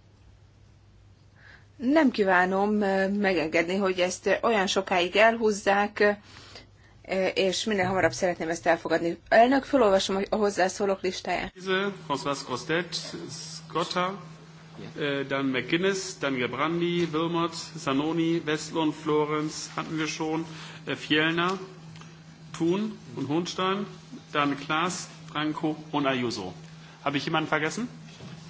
nem kívánom megengedni, hogy ezt olyan sokáig elhúzzák, E, és minél hamarabb szeretném ezt elfogadni. Elnök, felolvasom a hozzászólók listáját. Hozzász Kostet, Scotta, e, dann McGuinness, dann Brandi, Wilmot, Sanoni, Westlund, Florence hatten wir schon, e, Fjellner, Thun und Hohnstein, dann Klaas, Franco und Ayuso. Habe ich jemanden vergessen?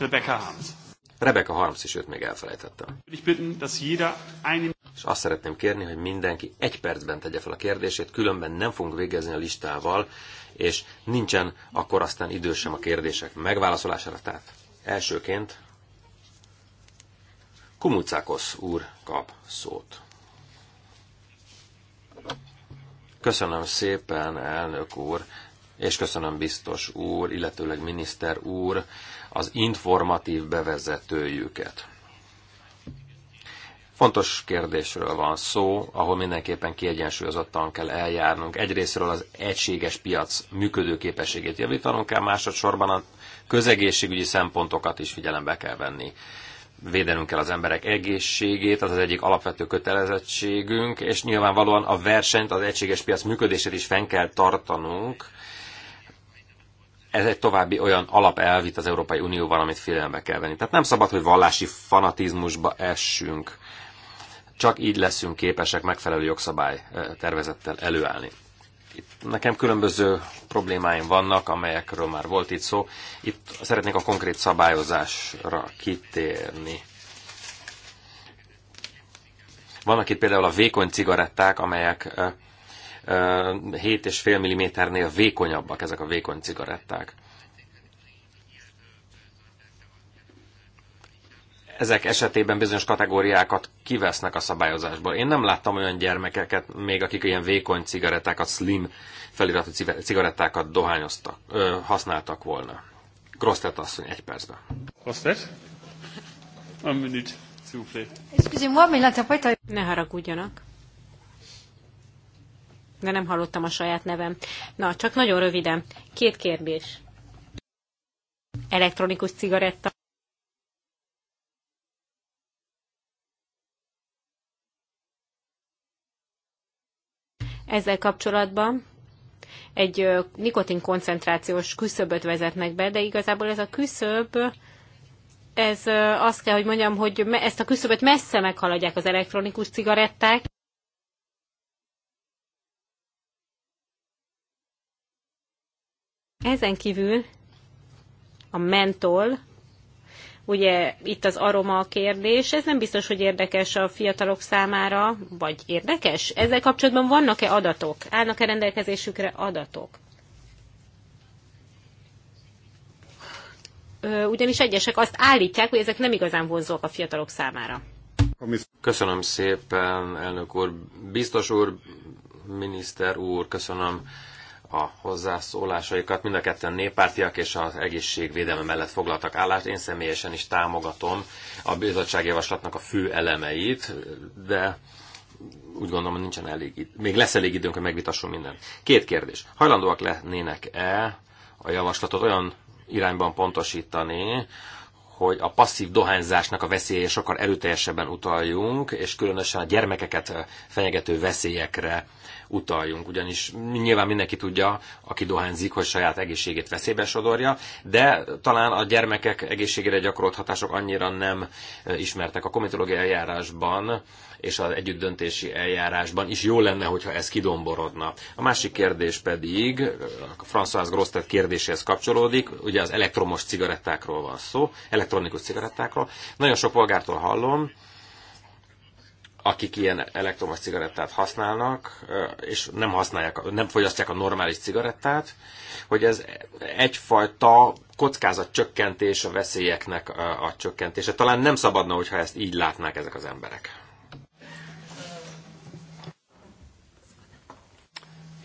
Rebecca Harms. Rebecca Harms is őt még elfelejtettem. Ich bitten, dass jeder eine és azt szeretném kérni, hogy mindenki egy percben tegye fel a kérdését, különben nem fogunk végezni a listával, és nincsen akkor aztán idő sem a kérdések megválaszolására. Tehát elsőként Kumucákos úr kap szót. Köszönöm szépen, elnök úr, és köszönöm biztos úr, illetőleg miniszter úr, az informatív bevezetőjüket. Fontos kérdésről van szó, ahol mindenképpen kiegyensúlyozottan kell eljárnunk. Egyrésztről az egységes piac működőképességét javítanunk kell, másodszorban a közegészségügyi szempontokat is figyelembe kell venni. Védenünk kell az emberek egészségét, az az egyik alapvető kötelezettségünk, és nyilvánvalóan a versenyt, az egységes piac működését is fenn kell tartanunk. Ez egy további olyan alapelv itt az Európai Unióban, amit figyelembe kell venni. Tehát nem szabad, hogy vallási fanatizmusba essünk csak így leszünk képesek megfelelő jogszabály tervezettel előállni. Itt nekem különböző problémáim vannak, amelyekről már volt itt szó. Itt szeretnék a konkrét szabályozásra kitérni. Vannak itt például a vékony cigaretták, amelyek 7,5 mm-nél vékonyabbak ezek a vékony cigaretták. ezek esetében bizonyos kategóriákat kivesznek a szabályozásból. Én nem láttam olyan gyermekeket, még akik ilyen vékony cigarettákat, slim feliratú cigarettákat dohányoztak, ö, használtak volna. Grosztet asszony, egy percben. Grosztet? One minute, s'il Ne haragudjanak. De nem hallottam a saját nevem. Na, csak nagyon röviden. Két kérdés. Elektronikus cigaretta ezzel kapcsolatban egy nikotin koncentrációs küszöböt vezetnek be, de igazából ez a küszöb, ez azt kell, hogy mondjam, hogy ezt a küszöböt messze meghaladják az elektronikus cigaretták. Ezen kívül a mentol Ugye itt az aroma a kérdés, ez nem biztos, hogy érdekes a fiatalok számára, vagy érdekes? Ezzel kapcsolatban vannak-e adatok? Állnak-e rendelkezésükre adatok? Ugyanis egyesek azt állítják, hogy ezek nem igazán vonzóak a fiatalok számára. Köszönöm szépen, elnök úr. Biztos úr, miniszter úr, köszönöm a hozzászólásaikat. Mind a ketten néppártiak és az egészségvédelme mellett foglaltak állást. Én személyesen is támogatom a bizottságjavaslatnak a fő elemeit, de úgy gondolom, hogy nincsen elég, még lesz elég időnk, hogy megvitassunk mindent. Két kérdés. Hajlandóak lennének-e a javaslatot olyan irányban pontosítani, hogy a passzív dohányzásnak a veszélye sokkal erőteljesebben utaljunk, és különösen a gyermekeket fenyegető veszélyekre utaljunk. Ugyanis nyilván mindenki tudja, aki dohányzik, hogy saját egészségét veszélybe sodorja, de talán a gyermekek egészségére gyakorolt hatások annyira nem ismertek. A komitológiai eljárásban és az együttdöntési eljárásban is jó lenne, hogyha ez kidomborodna. A másik kérdés pedig a François Grosztet kérdéséhez kapcsolódik, ugye az elektromos cigarettákról van szó, elektronikus cigarettákról. Nagyon sok polgártól hallom, akik ilyen elektromos cigarettát használnak, és nem használják, nem fogyasztják a normális cigarettát, hogy ez egyfajta kockázat csökkentés, a veszélyeknek a csökkentése. Talán nem szabadna, hogyha ezt így látnák ezek az emberek.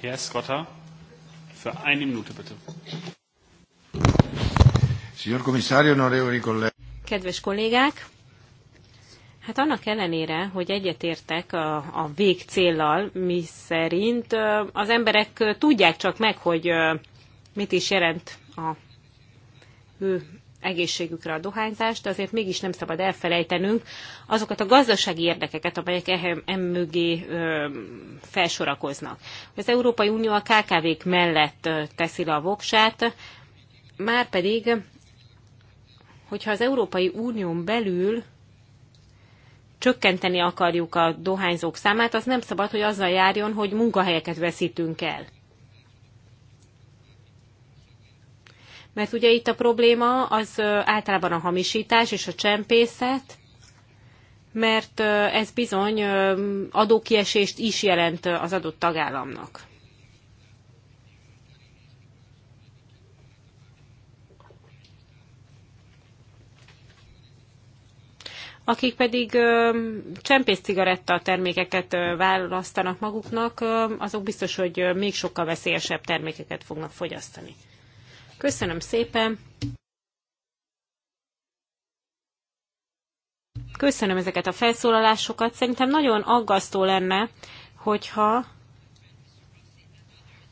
Herr für eine Minute bitte. Signor Commissario, onorevoli colleghi. Kedves kollégák, hát annak ellenére, hogy egyetértek a, a végcéllal, mi szerint az emberek tudják csak meg, hogy mit is jelent a ő egészségükre a dohányzást, de azért mégis nem szabad elfelejtenünk azokat a gazdasági érdekeket, amelyek emögé felsorakoznak. Az Európai Unió a KKV-k mellett teszi le a voksát, már pedig, hogyha az Európai Unión belül csökkenteni akarjuk a dohányzók számát, az nem szabad, hogy azzal járjon, hogy munkahelyeket veszítünk el. Mert ugye itt a probléma az általában a hamisítás és a csempészet, mert ez bizony adókiesést is jelent az adott tagállamnak. akik pedig csempész cigaretta termékeket választanak maguknak, azok biztos, hogy még sokkal veszélyesebb termékeket fognak fogyasztani. Köszönöm szépen. Köszönöm ezeket a felszólalásokat. Szerintem nagyon aggasztó lenne, hogyha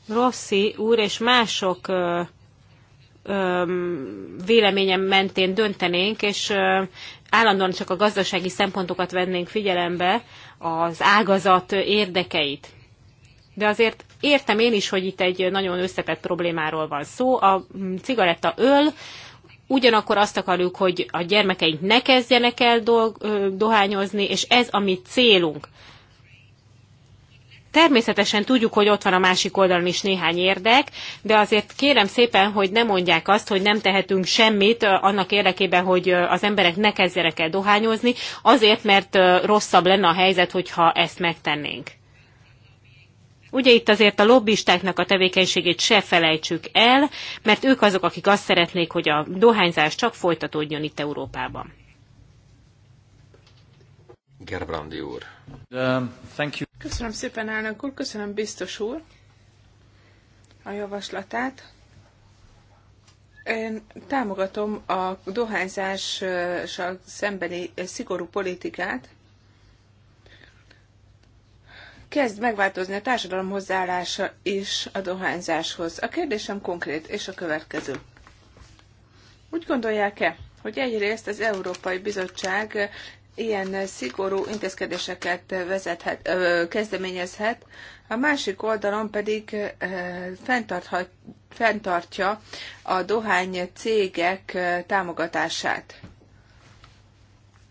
Rossi úr és mások ö, ö, véleményem mentén döntenénk, és ö, állandóan csak a gazdasági szempontokat vennénk figyelembe, az ágazat érdekeit. De azért értem én is, hogy itt egy nagyon összetett problémáról van szó. A cigaretta öl, ugyanakkor azt akarjuk, hogy a gyermekeink ne kezdjenek el do- dohányozni, és ez a mi célunk. Természetesen tudjuk, hogy ott van a másik oldalon is néhány érdek, de azért kérem szépen, hogy ne mondják azt, hogy nem tehetünk semmit annak érdekében, hogy az emberek ne kezdjenek el dohányozni, azért, mert rosszabb lenne a helyzet, hogyha ezt megtennénk. Ugye itt azért a lobbistáknak a tevékenységét se felejtsük el, mert ők azok, akik azt szeretnék, hogy a dohányzás csak folytatódjon itt Európában. Gerbrandi úr. Um, thank you. Köszönöm szépen, elnök úr, köszönöm biztos úr a javaslatát. Én támogatom a dohányzással szembeni szigorú politikát, kezd megváltozni a társadalom hozzáállása is a dohányzáshoz. A kérdésem konkrét és a következő. Úgy gondolják-e, hogy egyrészt az Európai Bizottság ilyen szigorú intézkedéseket vezethet, kezdeményezhet, a másik oldalon pedig fenntartja a dohány cégek támogatását.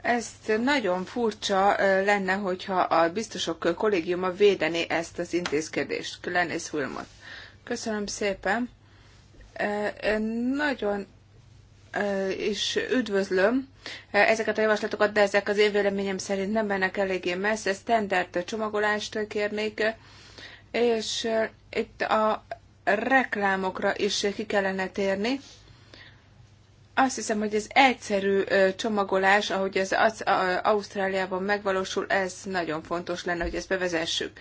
Ezt nagyon furcsa lenne, hogyha a biztosok kollégiuma védené ezt az intézkedést. Glenis Wilmot. Köszönöm szépen. Nagyon és üdvözlöm ezeket a javaslatokat, de ezek az én véleményem szerint nem mennek eléggé messze. Standard csomagolást kérnék, és itt a reklámokra is ki kellene térni. Azt hiszem, hogy ez egyszerű csomagolás, ahogy ez az, Ausztráliában megvalósul, ez nagyon fontos lenne, hogy ezt bevezessük.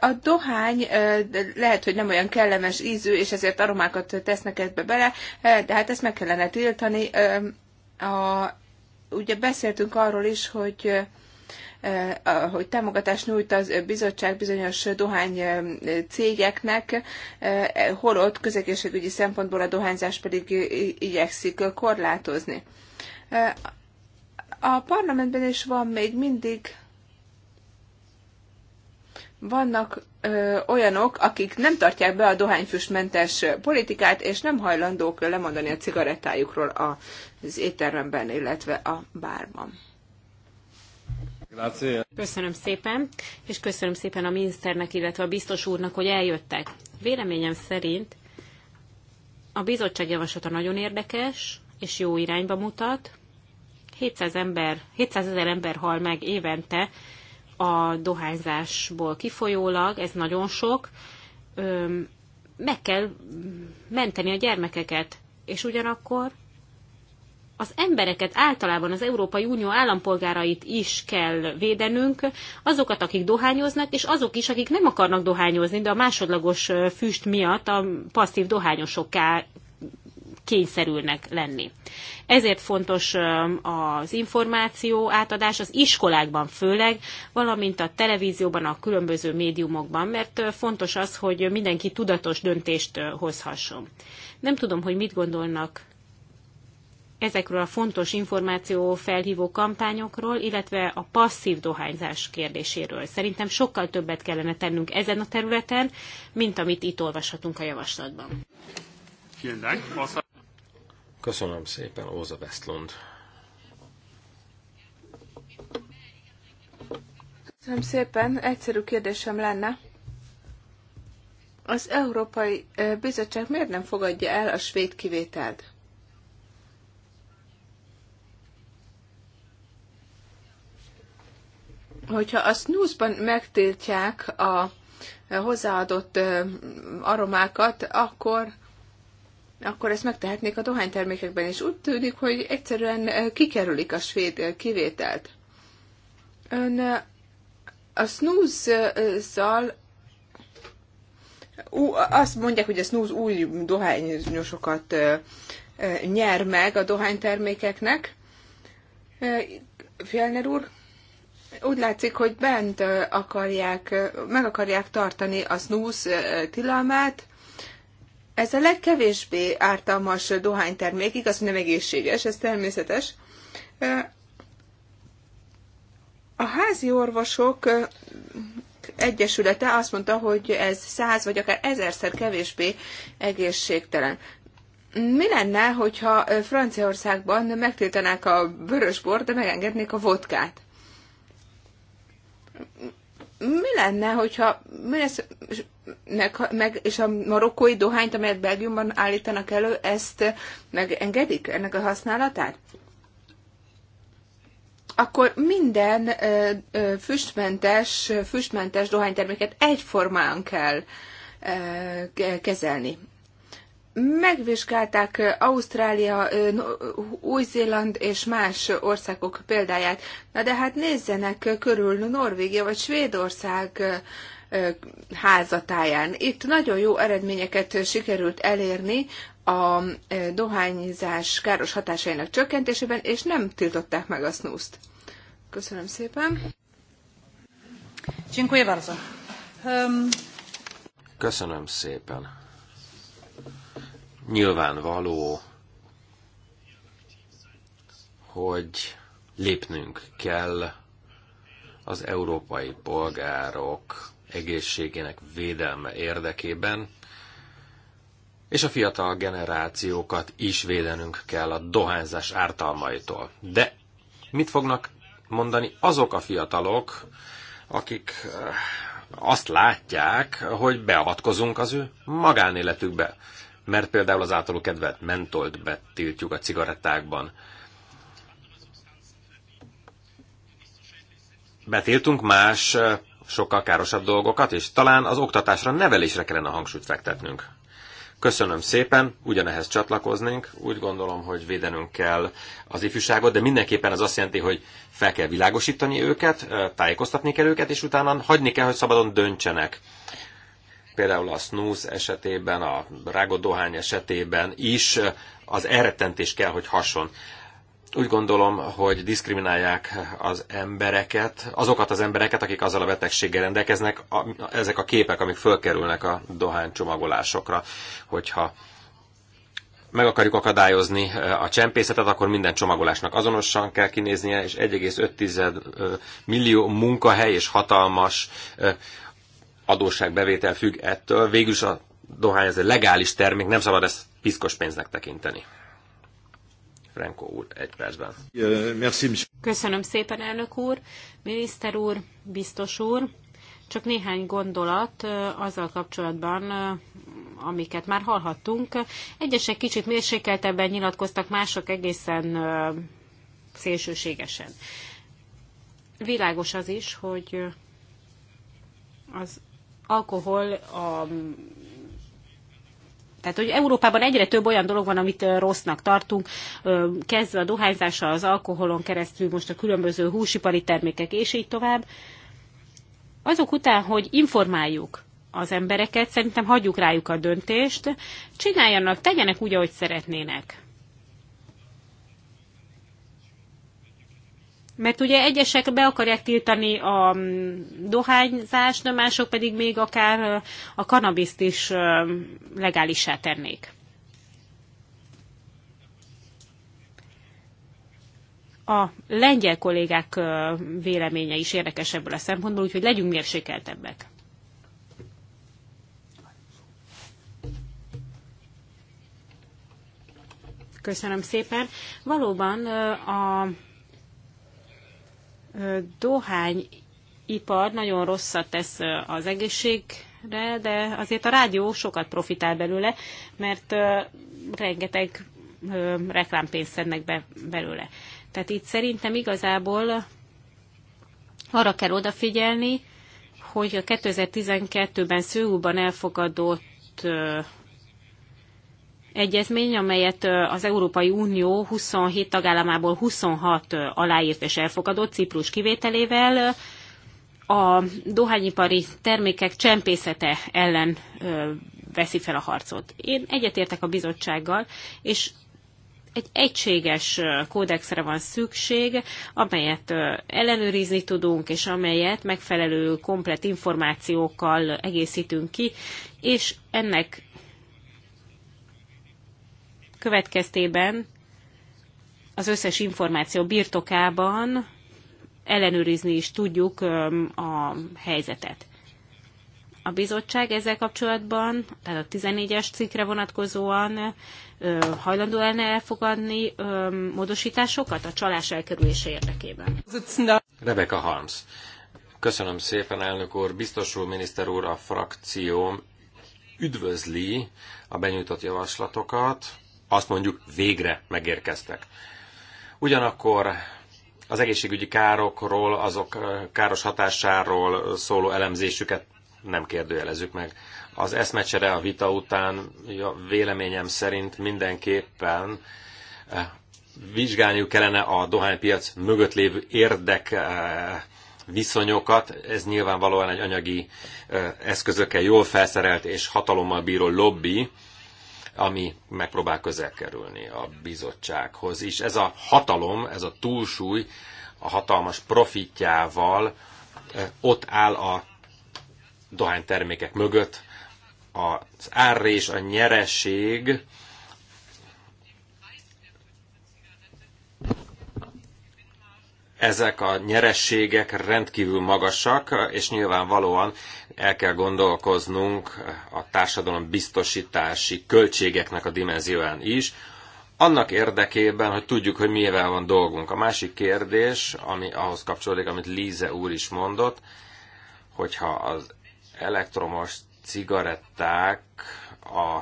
A dohány lehet, hogy nem olyan kellemes ízű, és ezért aromákat tesznek ebbe bele, de hát ezt meg kellene tiltani. A, ugye beszéltünk arról is, hogy Eh, hogy támogatást nyújt az bizottság bizonyos dohány eh, cégeknek, eh, holott közegészségügyi szempontból a dohányzás pedig igyekszik korlátozni. A parlamentben is van még mindig vannak ö, olyanok, akik nem tartják be a dohányfüstmentes politikát, és nem hajlandók lemondani a cigarettájukról az étteremben, illetve a bárban. Köszönöm szépen, és köszönöm szépen a miniszternek, illetve a biztos úrnak, hogy eljöttek. Véleményem szerint a bizottság javaslata nagyon érdekes, és jó irányba mutat. 700 ember, 700 ezer ember hal meg évente a dohányzásból kifolyólag, ez nagyon sok. Öm, meg kell menteni a gyermekeket, és ugyanakkor az embereket általában az Európai Unió állampolgárait is kell védenünk, azokat, akik dohányoznak, és azok is, akik nem akarnak dohányozni, de a másodlagos füst miatt a passzív dohányosokká kényszerülnek lenni. Ezért fontos az információ átadás az iskolákban főleg, valamint a televízióban, a különböző médiumokban, mert fontos az, hogy mindenki tudatos döntést hozhasson. Nem tudom, hogy mit gondolnak ezekről a fontos információ felhívó kampányokról, illetve a passzív dohányzás kérdéséről. Szerintem sokkal többet kellene tennünk ezen a területen, mint amit itt olvashatunk a javaslatban. Köszönöm szépen, Óza Westlund. Köszönöm szépen, egyszerű kérdésem lenne. Az Európai eh, Bizottság miért nem fogadja el a svéd kivételt? hogyha a snoozban megtiltják a hozzáadott aromákat, akkor akkor ezt megtehetnék a dohánytermékekben is. Úgy tűnik, hogy egyszerűen kikerülik a svéd kivételt. Ön a snooze-zal azt mondják, hogy a snooze új dohányosokat nyer meg a dohánytermékeknek. Fjellner úr, úgy látszik, hogy bent akarják, meg akarják tartani a snus tilalmát. Ez a legkevésbé ártalmas dohánytermék, igaz, hogy nem egészséges, ez természetes. A házi orvosok egyesülete azt mondta, hogy ez száz vagy akár ezerszer kevésbé egészségtelen. Mi lenne, hogyha Franciaországban megtiltanák a vörösbort, de megengednék a vodkát? mi lenne, hogyha mi lesz, meg, meg, és a marokkói dohányt, amelyet Belgiumban állítanak elő, ezt megengedik ennek a használatát? Akkor minden ö, ö, füstmentes, füstmentes dohányterméket egyformán kell ö, kezelni megvizsgálták Ausztrália, Új-Zéland és más országok példáját. Na de hát nézzenek körül Norvégia vagy Svédország házatáján. Itt nagyon jó eredményeket sikerült elérni a dohányzás káros hatásainak csökkentésében, és nem tiltották meg a snuszt. Köszönöm szépen. Köszönöm szépen nyilvánvaló, hogy lépnünk kell az európai polgárok egészségének védelme érdekében, és a fiatal generációkat is védenünk kell a dohányzás ártalmaitól. De mit fognak mondani azok a fiatalok, akik eh, azt látják, hogy beavatkozunk az ő magánéletükbe mert például az általuk kedvelt mentolt betiltjuk a cigarettákban. Betiltunk más, sokkal károsabb dolgokat, és talán az oktatásra, nevelésre kellene a hangsúlyt fektetnünk. Köszönöm szépen, ugyanehhez csatlakoznénk. Úgy gondolom, hogy védenünk kell az ifjúságot, de mindenképpen az azt jelenti, hogy fel kell világosítani őket, tájékoztatni kell őket, és utána hagyni kell, hogy szabadon döntsenek például a Snus esetében, a rágott dohány esetében is az elrettentés kell, hogy hason. Úgy gondolom, hogy diszkriminálják az embereket, azokat az embereket, akik azzal a betegséggel rendelkeznek, a, ezek a képek, amik fölkerülnek a dohánycsomagolásokra, hogyha meg akarjuk akadályozni a csempészetet, akkor minden csomagolásnak azonosan kell kinéznie, és 1,5 millió munkahely és hatalmas adósságbevétel függ ettől. Végülis a dohány ez egy legális termék, nem szabad ezt piszkos pénznek tekinteni. Franco úr, egy percben. Köszönöm szépen, elnök úr, miniszter úr, biztos úr. Csak néhány gondolat azzal kapcsolatban, amiket már hallhattunk. Egyesek kicsit mérsékeltebben nyilatkoztak, mások egészen szélsőségesen. Világos az is, hogy az alkohol a tehát, hogy Európában egyre több olyan dolog van, amit rossznak tartunk, kezdve a dohányzással, az alkoholon keresztül, most a különböző húsipari termékek, és így tovább. Azok után, hogy informáljuk az embereket, szerintem hagyjuk rájuk a döntést, csináljanak, tegyenek úgy, ahogy szeretnének. Mert ugye egyesek be akarják tiltani a mm, dohányzást, mások pedig még akár a kanabiszt is legálisá tennék. A lengyel kollégák véleménye is érdekes ebből a szempontból, úgyhogy legyünk mérsékeltebbek. Köszönöm szépen. Valóban a dohányipar nagyon rosszat tesz az egészségre, de azért a rádió sokat profitál belőle, mert rengeteg reklámpénzt szednek be belőle. Tehát itt szerintem igazából arra kell odafigyelni, hogy a 2012-ben Szőúban elfogadott egyezmény, amelyet az Európai Unió 27 tagállamából 26 aláírt és elfogadott, Ciprus kivételével, a dohányipari termékek csempészete ellen veszi fel a harcot. Én egyetértek a bizottsággal, és egy egységes kódexre van szükség, amelyet ellenőrizni tudunk, és amelyet megfelelő komplet információkkal egészítünk ki, és ennek következtében az összes információ birtokában ellenőrizni is tudjuk a helyzetet. A bizottság ezzel kapcsolatban, tehát a 14-es cikkre vonatkozóan hajlandó lenne elfogadni módosításokat a csalás elkerülése érdekében. Rebecca Harms. Köszönöm szépen, elnök úr. Biztos úr, miniszter úr, a frakcióm üdvözli a benyújtott javaslatokat azt mondjuk végre megérkeztek. Ugyanakkor az egészségügyi károkról, azok káros hatásáról szóló elemzésüket nem kérdőjelezzük meg. Az eszmecsere a vita után véleményem szerint mindenképpen vizsgálniuk kellene a dohánypiac mögött lévő érdek viszonyokat. Ez nyilvánvalóan egy anyagi eszközökkel jól felszerelt és hatalommal bíró lobby, ami megpróbál közel kerülni a bizottsághoz is. Ez a hatalom, ez a túlsúly a hatalmas profitjával ott áll a dohánytermékek mögött, az árrés, a nyereség, ezek a nyerességek rendkívül magasak, és nyilvánvalóan el kell gondolkoznunk a társadalom biztosítási költségeknek a dimenzióján is, annak érdekében, hogy tudjuk, hogy mivel van dolgunk. A másik kérdés, ami ahhoz kapcsolódik, amit Líze úr is mondott, hogyha az elektromos cigaretták a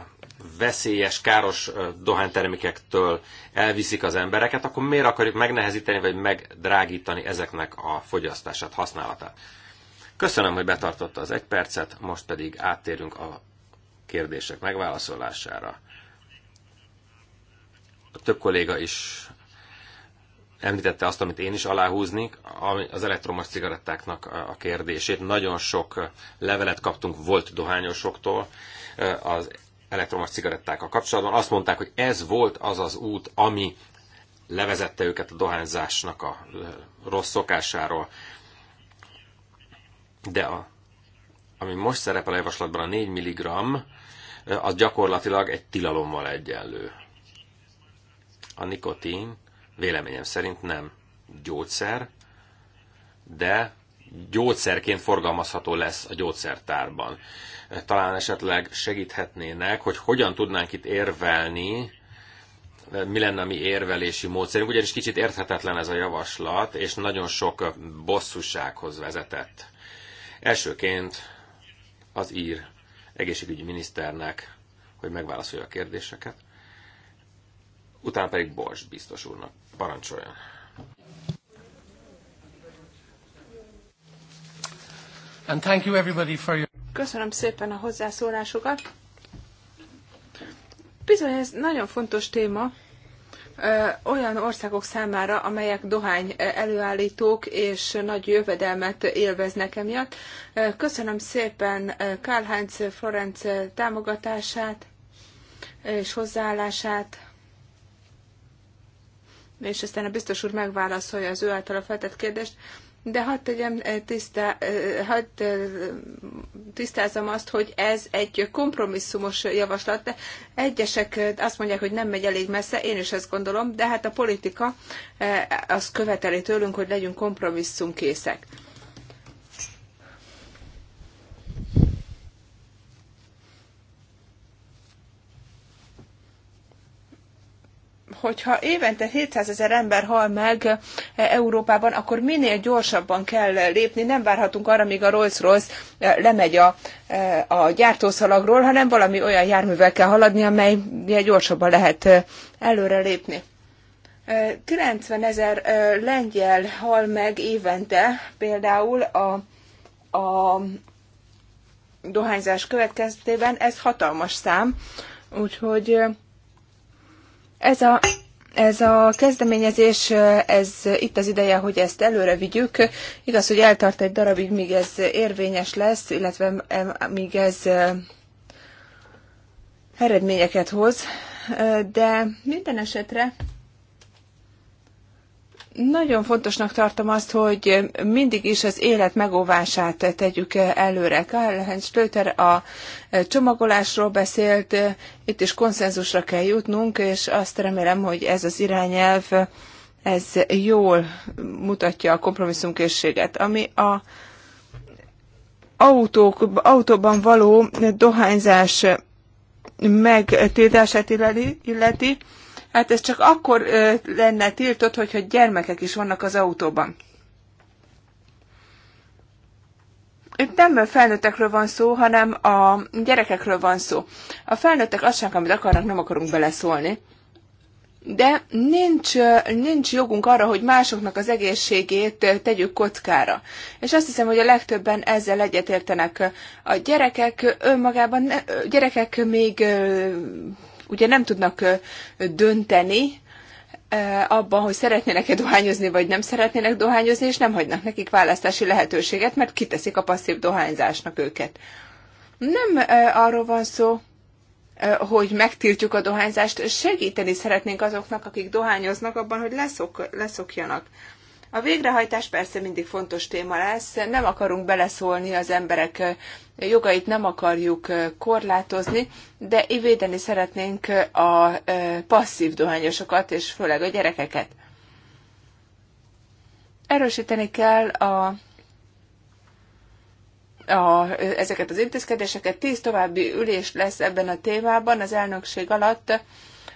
veszélyes, káros dohánytermékektől elviszik az embereket, akkor miért akarjuk megnehezíteni vagy megdrágítani ezeknek a fogyasztását, használatát? Köszönöm, hogy betartotta az egy percet, most pedig áttérünk a kérdések megválaszolására. A több kolléga is említette azt, amit én is aláhúznék, az elektromos cigarettáknak a kérdését. Nagyon sok levelet kaptunk volt dohányosoktól az elektromos cigarettákkal kapcsolatban. Azt mondták, hogy ez volt az az út, ami levezette őket a dohányzásnak a rossz szokásáról. De a, ami most szerepel a javaslatban, a 4 mg, az gyakorlatilag egy tilalommal egyenlő. A nikotin véleményem szerint nem gyógyszer, de gyógyszerként forgalmazható lesz a gyógyszertárban. Talán esetleg segíthetnének, hogy hogyan tudnánk itt érvelni, mi lenne a mi érvelési módszerünk, ugyanis kicsit érthetetlen ez a javaslat, és nagyon sok bosszúsághoz vezetett. Elsőként az ír egészségügyi miniszternek, hogy megválaszolja a kérdéseket, utána pedig Bors biztos úrnak. Parancsoljon! And thank you everybody for your... Köszönöm szépen a hozzászólásokat. Bizony, ez nagyon fontos téma olyan országok számára, amelyek dohány előállítók és nagy jövedelmet élveznek emiatt. Köszönöm szépen Karl-Heinz Florenc támogatását és hozzáállását és aztán a biztos úr megválaszolja az ő általa feltett kérdést. De hadd tegyem eh, tisztá, eh, hadd eh, tisztázom azt, hogy ez egy kompromisszumos javaslat, de egyesek azt mondják, hogy nem megy elég messze, én is ezt gondolom, de hát a politika azt követeli tőlünk, hogy legyünk kompromisszumkészek. hogyha évente 700 ezer ember hal meg e, Európában, akkor minél gyorsabban kell lépni, nem várhatunk arra, míg a Rolls-Royce e, lemegy a, e, a gyártószalagról, hanem valami olyan járművel kell haladni, amely gyorsabban lehet lépni. 90 ezer lengyel hal meg évente például a, a dohányzás következtében, ez hatalmas szám, úgyhogy ez a ez a kezdeményezés, ez itt az ideje, hogy ezt előre vigyük. Igaz, hogy eltart egy darabig, míg ez érvényes lesz, illetve e, míg ez e, eredményeket hoz, e, de minden esetre nagyon fontosnak tartom azt, hogy mindig is az élet megóvását tegyük előre. Karl-Heinz Schlöter a csomagolásról beszélt, itt is konszenzusra kell jutnunk, és azt remélem, hogy ez az irányelv ez jól mutatja a kompromisszumkészséget, ami a autók, autóban való dohányzás megtiltását illeti, illeti Hát ez csak akkor lenne tiltott, hogyha gyermekek is vannak az autóban. itt nem a felnőttekről van szó, hanem a gyerekekről van szó. A felnőttek azt sem, amit akarnak, nem akarunk beleszólni. De nincs, nincs jogunk arra, hogy másoknak az egészségét tegyük kockára. És azt hiszem, hogy a legtöbben ezzel egyetértenek. A gyerekek önmagában, ne, gyerekek még ugye nem tudnak dönteni abban, hogy szeretnének-e dohányozni, vagy nem szeretnének dohányozni, és nem hagynak nekik választási lehetőséget, mert kiteszik a passzív dohányzásnak őket. Nem arról van szó, hogy megtiltjuk a dohányzást, segíteni szeretnénk azoknak, akik dohányoznak abban, hogy leszok, leszokjanak. A végrehajtás persze mindig fontos téma lesz, nem akarunk beleszólni az emberek jogait, nem akarjuk korlátozni, de védeni szeretnénk a passzív dohányosokat, és főleg a gyerekeket. Erősíteni kell a a, ezeket az intézkedéseket. Tíz további ülés lesz ebben a témában az elnökség alatt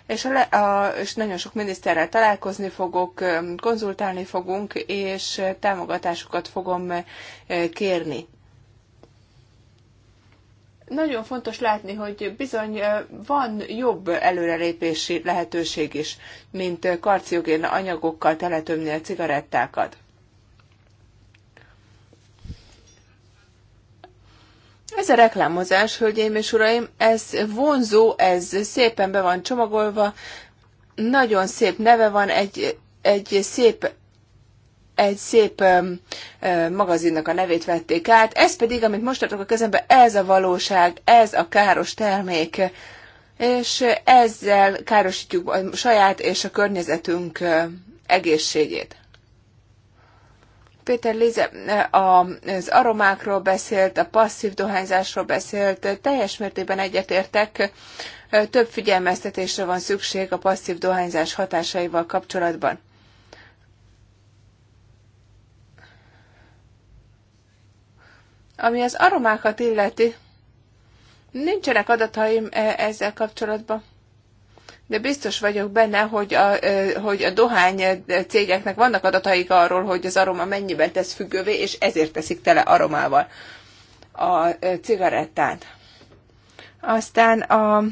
és, a, a, és nagyon sok miniszterrel találkozni fogok, konzultálni fogunk, és támogatásukat fogom kérni. Nagyon fontos látni, hogy bizony van jobb előrelépési lehetőség is, mint karciogén anyagokkal teletömni a cigarettákat. Ez a reklámozás, hölgyeim és uraim, ez vonzó, ez szépen be van csomagolva, nagyon szép neve van, egy, egy szép egy szép ö, magazinnak a nevét vették át. Ez pedig, amit most tartok a kezembe, ez a valóság, ez a káros termék. És ezzel károsítjuk a saját és a környezetünk egészségét. Péter Lize az aromákról beszélt, a passzív dohányzásról beszélt, teljes mértékben egyetértek, több figyelmeztetésre van szükség a passzív dohányzás hatásaival kapcsolatban. Ami az aromákat illeti, nincsenek adataim e- ezzel kapcsolatban de biztos vagyok benne, hogy a, hogy a dohány cégeknek vannak adataik arról, hogy az aroma mennyiben tesz függővé, és ezért teszik tele aromával a cigarettát. Aztán a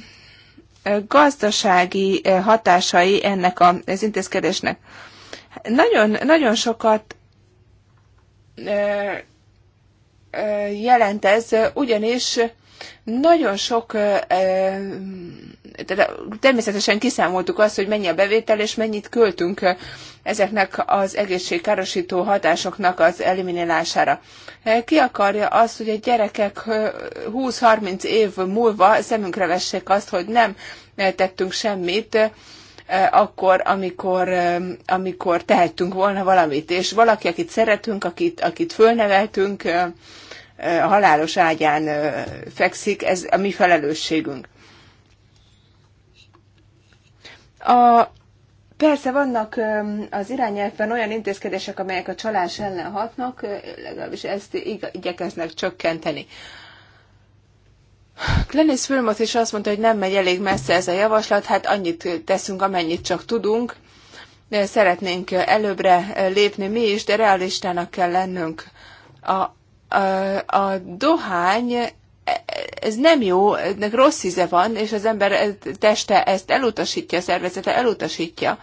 gazdasági hatásai ennek az intézkedésnek. Nagyon, nagyon sokat jelent ez, ugyanis nagyon sok természetesen kiszámoltuk azt, hogy mennyi a bevétel, és mennyit költünk ezeknek az egészségkárosító hatásoknak az eliminálására. Ki akarja azt, hogy a gyerekek 20-30 év múlva szemünkre vessék azt, hogy nem tettünk semmit, akkor, amikor, amikor tehettünk volna valamit. És valaki, akit szeretünk, akit, akit fölneveltünk, a halálos ágyán fekszik, ez a mi felelősségünk. A, persze vannak az irányelvben olyan intézkedések, amelyek a csalás ellen hatnak, legalábbis ezt igyekeznek csökkenteni. Glenis Wilmot is azt mondta, hogy nem megy elég messze ez a javaslat, hát annyit teszünk, amennyit csak tudunk. Szeretnénk előbbre lépni mi is, de realistának kell lennünk. A, a, a dohány ez nem jó, ennek rossz íze van, és az ember teste ezt elutasítja, a szervezete elutasítja.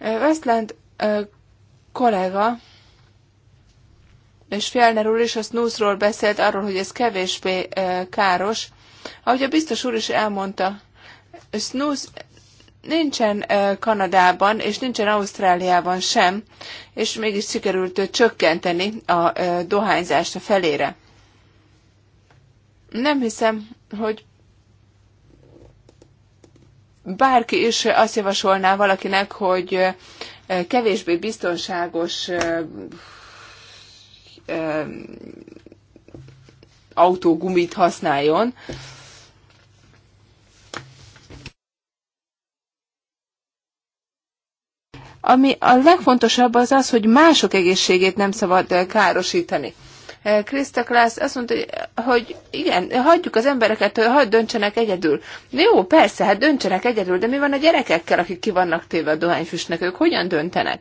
Westland kollega és Fjellner úr is a snooze beszélt arról, hogy ez kevésbé káros. Ahogy a biztos úr is elmondta, snooze nincsen Kanadában, és nincsen Ausztráliában sem, és mégis sikerült csökkenteni a dohányzást a felére. Nem hiszem, hogy bárki is azt javasolná valakinek, hogy kevésbé biztonságos autógumit használjon. Ami a legfontosabb az az, hogy mások egészségét nem szabad károsítani. Krista Klász azt mondta, hogy igen, hagyjuk az embereket, hogy hagyd döntsenek egyedül. Jó, persze, hát döntsenek egyedül, de mi van a gyerekekkel, akik ki vannak téve a dohányfüstnek, ők hogyan döntenek?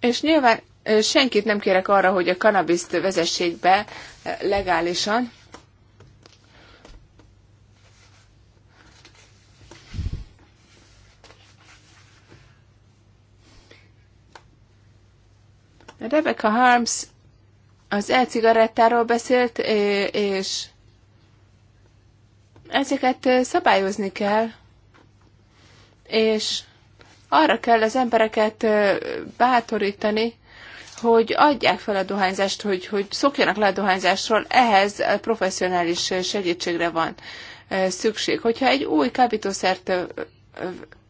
És nyilván senkit nem kérek arra, hogy a kanabiszt vezessék be legálisan, Rebecca Harms az e-cigarettáról beszélt, és ezeket szabályozni kell, és arra kell az embereket bátorítani, hogy adják fel a dohányzást, hogy, hogy szokjanak le a dohányzásról, ehhez professzionális segítségre van szükség. Hogyha egy új kábítószert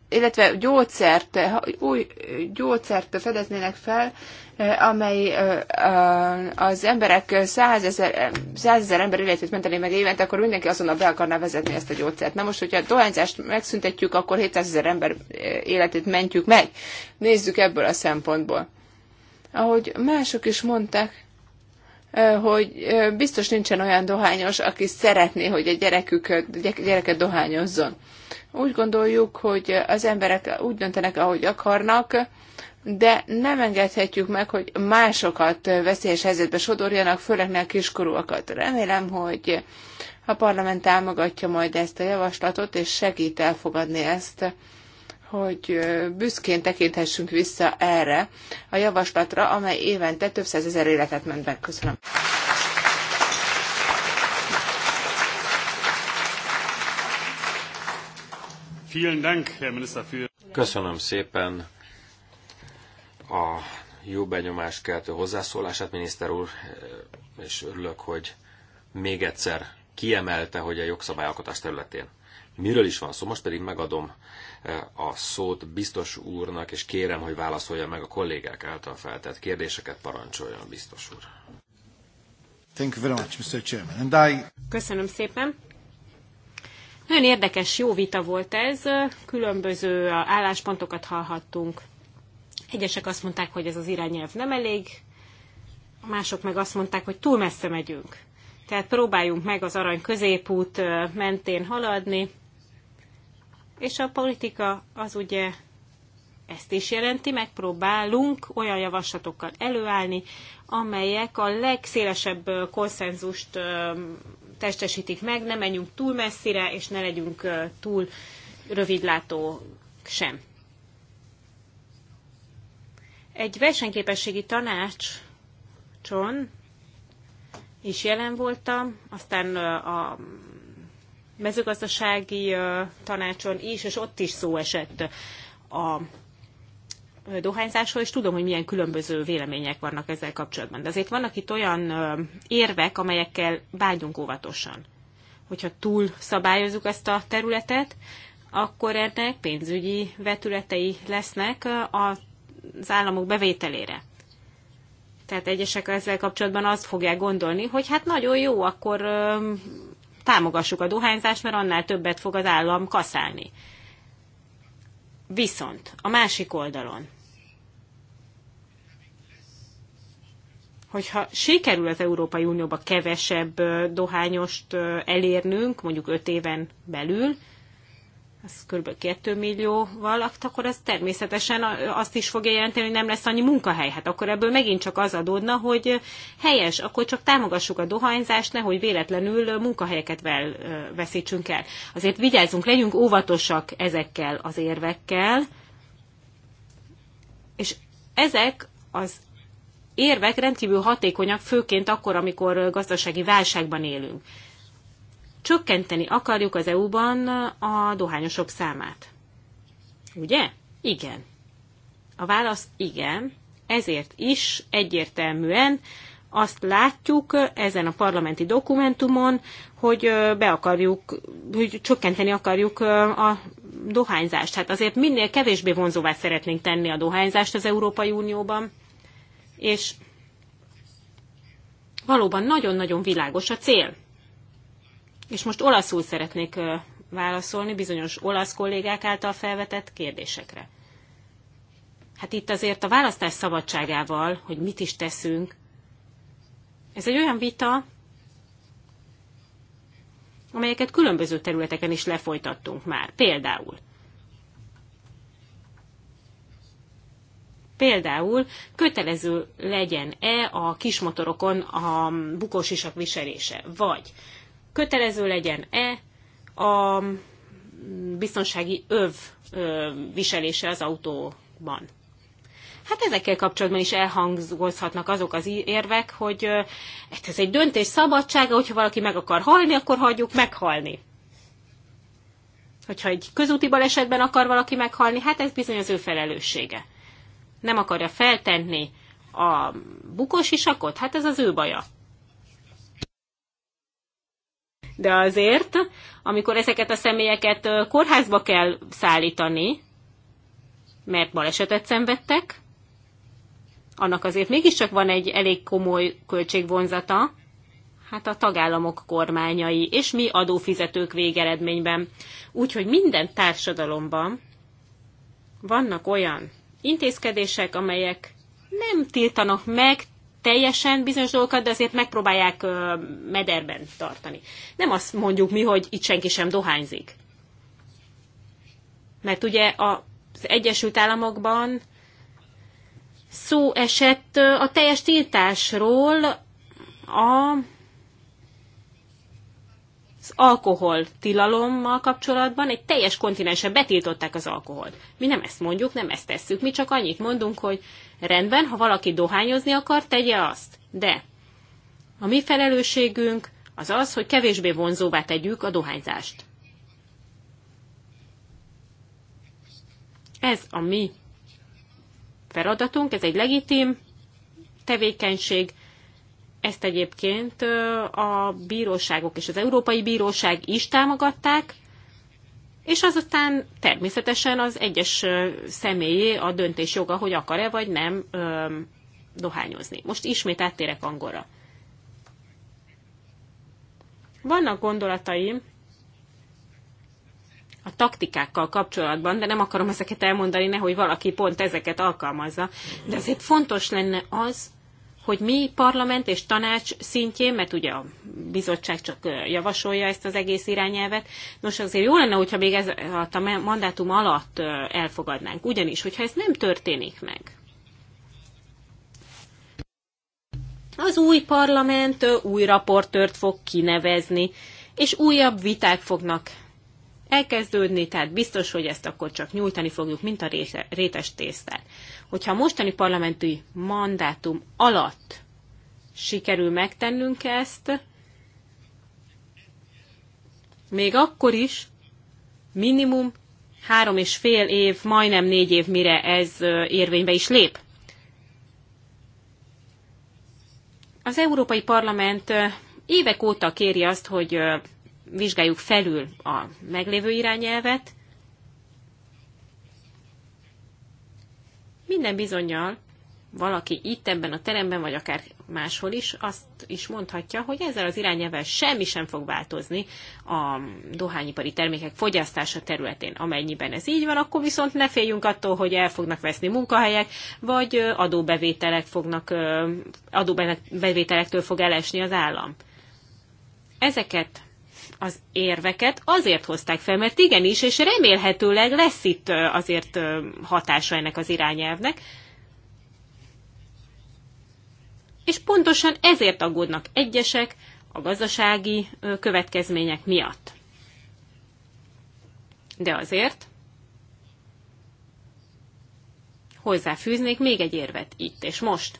illetve gyógyszert, új gyógyszert fedeznének fel, eh, amely eh, eh, az emberek százezer, ember életét menteni meg évente, akkor mindenki azonnal be akarná vezetni ezt a gyógyszert. Na most, hogyha a dohányzást megszüntetjük, akkor 700 ezer ember életét mentjük meg. Nézzük ebből a szempontból. Ahogy mások is mondták, hogy biztos nincsen olyan dohányos, aki szeretné, hogy a gyerekük, gyereket dohányozzon. Úgy gondoljuk, hogy az emberek úgy döntenek, ahogy akarnak, de nem engedhetjük meg, hogy másokat veszélyes helyzetbe sodorjanak, főleg ne a kiskorúakat. Remélem, hogy a parlament támogatja majd ezt a javaslatot, és segít elfogadni ezt, hogy büszkén tekinthessünk vissza erre a javaslatra, amely évente több százezer életet ment meg. Köszönöm. Köszönöm szépen a jó benyomást keltő hozzászólását, miniszter úr, és örülök, hogy még egyszer kiemelte, hogy a jogszabályalkotás területén miről is van szó. Most pedig megadom eh, a szót biztos úrnak, és kérem, hogy válaszolja meg a kollégák által feltett kérdéseket, parancsoljon biztos úr. Thank you very much, Mr. Chairman. And I... Köszönöm szépen. Nagyon érdekes, jó vita volt ez, különböző álláspontokat hallhattunk. Egyesek azt mondták, hogy ez az irányelv nem elég, mások meg azt mondták, hogy túl messze megyünk. Tehát próbáljunk meg az arany középút mentén haladni, és a politika az ugye ezt is jelenti, megpróbálunk olyan javaslatokkal előállni, amelyek a legszélesebb konszenzust testesítik meg, ne menjünk túl messzire, és ne legyünk túl rövidlátó sem. Egy versenyképességi tanácson is jelen voltam, aztán a mezőgazdasági tanácson is, és ott is szó esett a dohányzásról, és tudom, hogy milyen különböző vélemények vannak ezzel kapcsolatban. De azért vannak itt olyan érvek, amelyekkel bánjunk óvatosan. Hogyha túl szabályozzuk ezt a területet, akkor ennek pénzügyi vetületei lesznek az államok bevételére. Tehát egyesek ezzel kapcsolatban azt fogják gondolni, hogy hát nagyon jó, akkor támogassuk a dohányzást, mert annál többet fog az állam kaszálni. Viszont a másik oldalon hogyha sikerül az Európai Unióba kevesebb dohányost elérnünk, mondjuk 5 éven belül, az kb. 2 valakt, akkor ez természetesen azt is fogja jelenteni, hogy nem lesz annyi munkahely. Hát akkor ebből megint csak az adódna, hogy helyes, akkor csak támogassuk a dohányzást, nehogy véletlenül munkahelyeket vel, veszítsünk el. Azért vigyázzunk, legyünk óvatosak ezekkel az érvekkel, és ezek az érvek rendkívül hatékonyak, főként akkor, amikor gazdasági válságban élünk. Csökkenteni akarjuk az EU-ban a dohányosok számát. Ugye? Igen. A válasz igen. Ezért is egyértelműen azt látjuk ezen a parlamenti dokumentumon, hogy be akarjuk, hogy csökkenteni akarjuk a dohányzást. Hát azért minél kevésbé vonzóvá szeretnénk tenni a dohányzást az Európai Unióban és valóban nagyon-nagyon világos a cél. És most olaszul szeretnék válaszolni bizonyos olasz kollégák által felvetett kérdésekre. Hát itt azért a választás szabadságával, hogy mit is teszünk, ez egy olyan vita, amelyeket különböző területeken is lefolytattunk már. Például Például kötelező legyen-e a kismotorokon a bukósisak viselése, vagy kötelező legyen-e a biztonsági öv viselése az autóban. Hát ezekkel kapcsolatban is elhangozhatnak azok az érvek, hogy hát ez egy döntés szabadsága, hogyha valaki meg akar halni, akkor hagyjuk meghalni. Hogyha egy közúti balesetben akar valaki meghalni, hát ez bizony az ő felelőssége nem akarja feltenni a bukós isakot, hát ez az ő baja. De azért, amikor ezeket a személyeket kórházba kell szállítani, mert balesetet szenvedtek, annak azért mégiscsak van egy elég komoly költségvonzata, hát a tagállamok kormányai és mi adófizetők végeredményben. Úgyhogy minden társadalomban vannak olyan intézkedések, amelyek nem tiltanak meg teljesen bizonyos dolgokat, de azért megpróbálják mederben tartani. Nem azt mondjuk mi, hogy itt senki sem dohányzik. Mert ugye az Egyesült Államokban szó esett a teljes tiltásról a az alkohol tilalommal kapcsolatban egy teljes kontinensen betiltották az alkoholt. Mi nem ezt mondjuk, nem ezt tesszük, mi csak annyit mondunk, hogy rendben, ha valaki dohányozni akar, tegye azt. De a mi felelősségünk az az, hogy kevésbé vonzóvá tegyük a dohányzást. Ez a mi feladatunk, ez egy legitim tevékenység, ezt egyébként a bíróságok és az Európai Bíróság is támogatták, és az aztán természetesen az egyes személyé a döntés joga, hogy akar-e vagy nem dohányozni. Most ismét áttérek angolra. Vannak gondolataim a taktikákkal kapcsolatban, de nem akarom ezeket elmondani, nehogy valaki pont ezeket alkalmazza. De azért fontos lenne az, hogy mi parlament és tanács szintjén, mert ugye a bizottság csak javasolja ezt az egész irányelvet, nos azért jó lenne, hogyha még ez a mandátum alatt elfogadnánk. Ugyanis, hogyha ez nem történik meg, az új parlament új raportört fog kinevezni, és újabb viták fognak elkezdődni, tehát biztos, hogy ezt akkor csak nyújtani fogjuk, mint a rétes tésztát. Hogyha a mostani parlamenti mandátum alatt sikerül megtennünk ezt, még akkor is minimum három és fél év, majdnem négy év, mire ez érvénybe is lép. Az Európai Parlament évek óta kéri azt, hogy vizsgáljuk felül a meglévő irányelvet. Minden bizonyal valaki itt ebben a teremben, vagy akár máshol is, azt is mondhatja, hogy ezzel az irányelvel semmi sem fog változni a dohányipari termékek fogyasztása területén. Amennyiben ez így van, akkor viszont ne féljünk attól, hogy el fognak veszni munkahelyek, vagy adóbevételek fognak, adóbevételektől fog elesni az állam. Ezeket az érveket azért hozták fel, mert igenis, és remélhetőleg lesz itt azért hatása ennek az irányelvnek. És pontosan ezért aggódnak egyesek a gazdasági következmények miatt. De azért hozzáfűznék még egy érvet itt és most.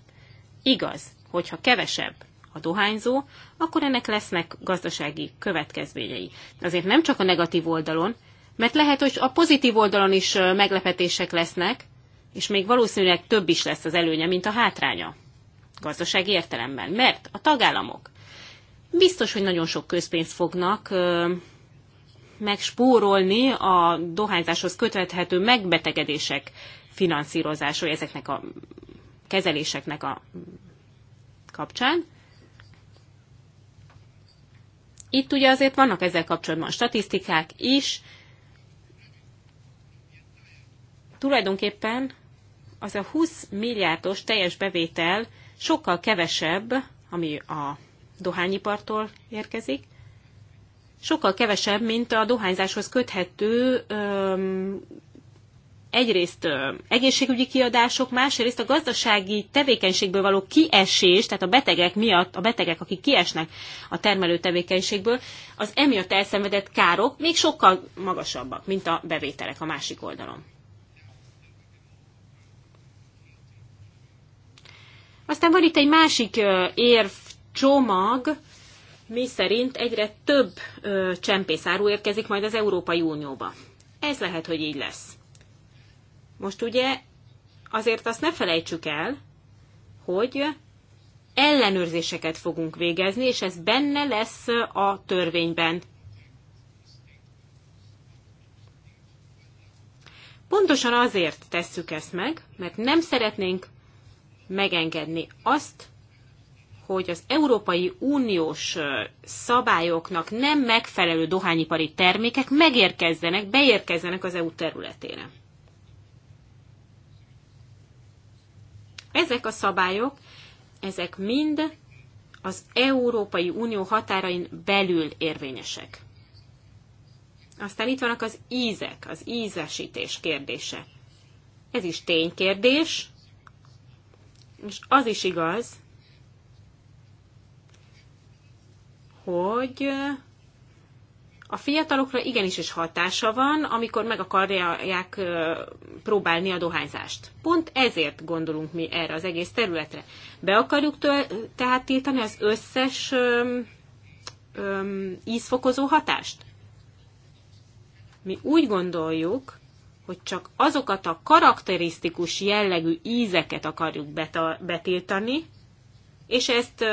Igaz, hogyha kevesebb a dohányzó, akkor ennek lesznek gazdasági következményei. Azért nem csak a negatív oldalon, mert lehet, hogy a pozitív oldalon is meglepetések lesznek, és még valószínűleg több is lesz az előnye, mint a hátránya gazdasági értelemben. Mert a tagállamok biztos, hogy nagyon sok közpénzt fognak megspórolni a dohányzáshoz köthethető megbetegedések finanszírozása ezeknek a kezeléseknek a kapcsán. Itt ugye azért vannak ezzel kapcsolatban statisztikák is. Tulajdonképpen az a 20 milliárdos teljes bevétel sokkal kevesebb, ami a dohányipartól érkezik, sokkal kevesebb, mint a dohányzáshoz köthető öm, egyrészt egészségügyi kiadások, másrészt a gazdasági tevékenységből való kiesés, tehát a betegek miatt, a betegek, akik kiesnek a termelő tevékenységből, az emiatt elszenvedett károk még sokkal magasabbak, mint a bevételek a másik oldalon. Aztán van itt egy másik érv csomag, mi szerint egyre több csempészárú érkezik majd az Európai Unióba. Ez lehet, hogy így lesz. Most ugye azért azt ne felejtsük el, hogy ellenőrzéseket fogunk végezni, és ez benne lesz a törvényben. Pontosan azért tesszük ezt meg, mert nem szeretnénk megengedni azt, hogy az Európai Uniós szabályoknak nem megfelelő dohányipari termékek megérkezzenek, beérkezzenek az EU területére. Ezek a szabályok, ezek mind az Európai Unió határain belül érvényesek. Aztán itt vannak az ízek, az ízesítés kérdése. Ez is ténykérdés, és az is igaz, hogy a fiatalokra igenis is hatása van, amikor meg akarják próbálni a dohányzást. Pont ezért gondolunk mi erre az egész területre. Be akarjuk től, tehát tiltani az összes öm, öm, ízfokozó hatást? Mi úgy gondoljuk, hogy csak azokat a karakterisztikus jellegű ízeket akarjuk betiltani, és ezt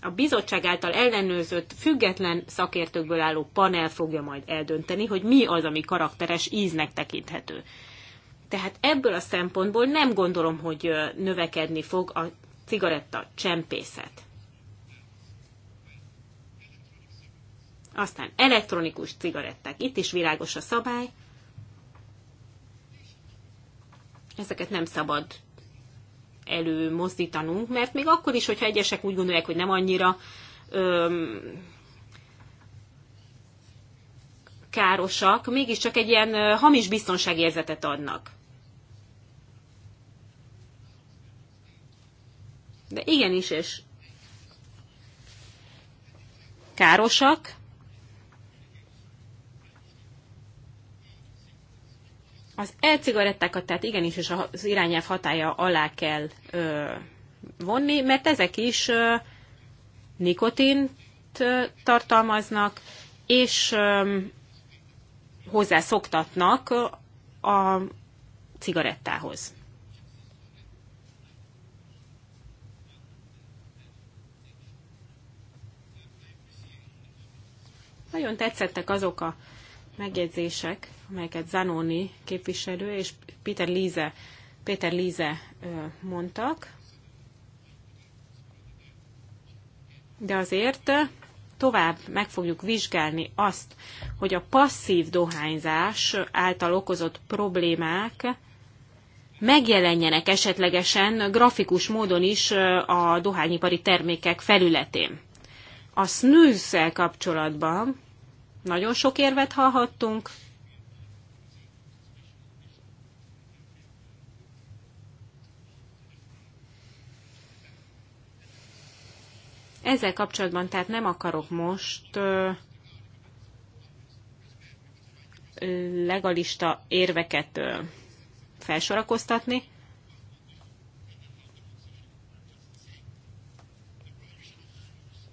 a bizottság által ellenőrzött független szakértőkből álló panel fogja majd eldönteni, hogy mi az, ami karakteres íznek tekinthető. Tehát ebből a szempontból nem gondolom, hogy növekedni fog a cigaretta csempészet. Aztán elektronikus cigaretták. Itt is világos a szabály. Ezeket nem szabad előmozdítanunk, mert még akkor is, hogyha egyesek úgy gondolják, hogy nem annyira öm, károsak, mégiscsak egy ilyen hamis biztonságérzetet adnak. De igenis, és károsak, Az e-cigarettákat tehát igenis is az irányelv hatája alá kell ö, vonni, mert ezek is ö, nikotint ö, tartalmaznak, és ö, hozzászoktatnak a cigarettához. Nagyon tetszettek azok a megjegyzések, amelyeket Zanoni képviselő és Peter Líze, Péter Líze mondtak. De azért tovább meg fogjuk vizsgálni azt, hogy a passzív dohányzás által okozott problémák megjelenjenek esetlegesen grafikus módon is a dohányipari termékek felületén. A snűzzel kapcsolatban nagyon sok érvet hallhattunk, Ezzel kapcsolatban tehát nem akarok most legalista érveket felsorakoztatni.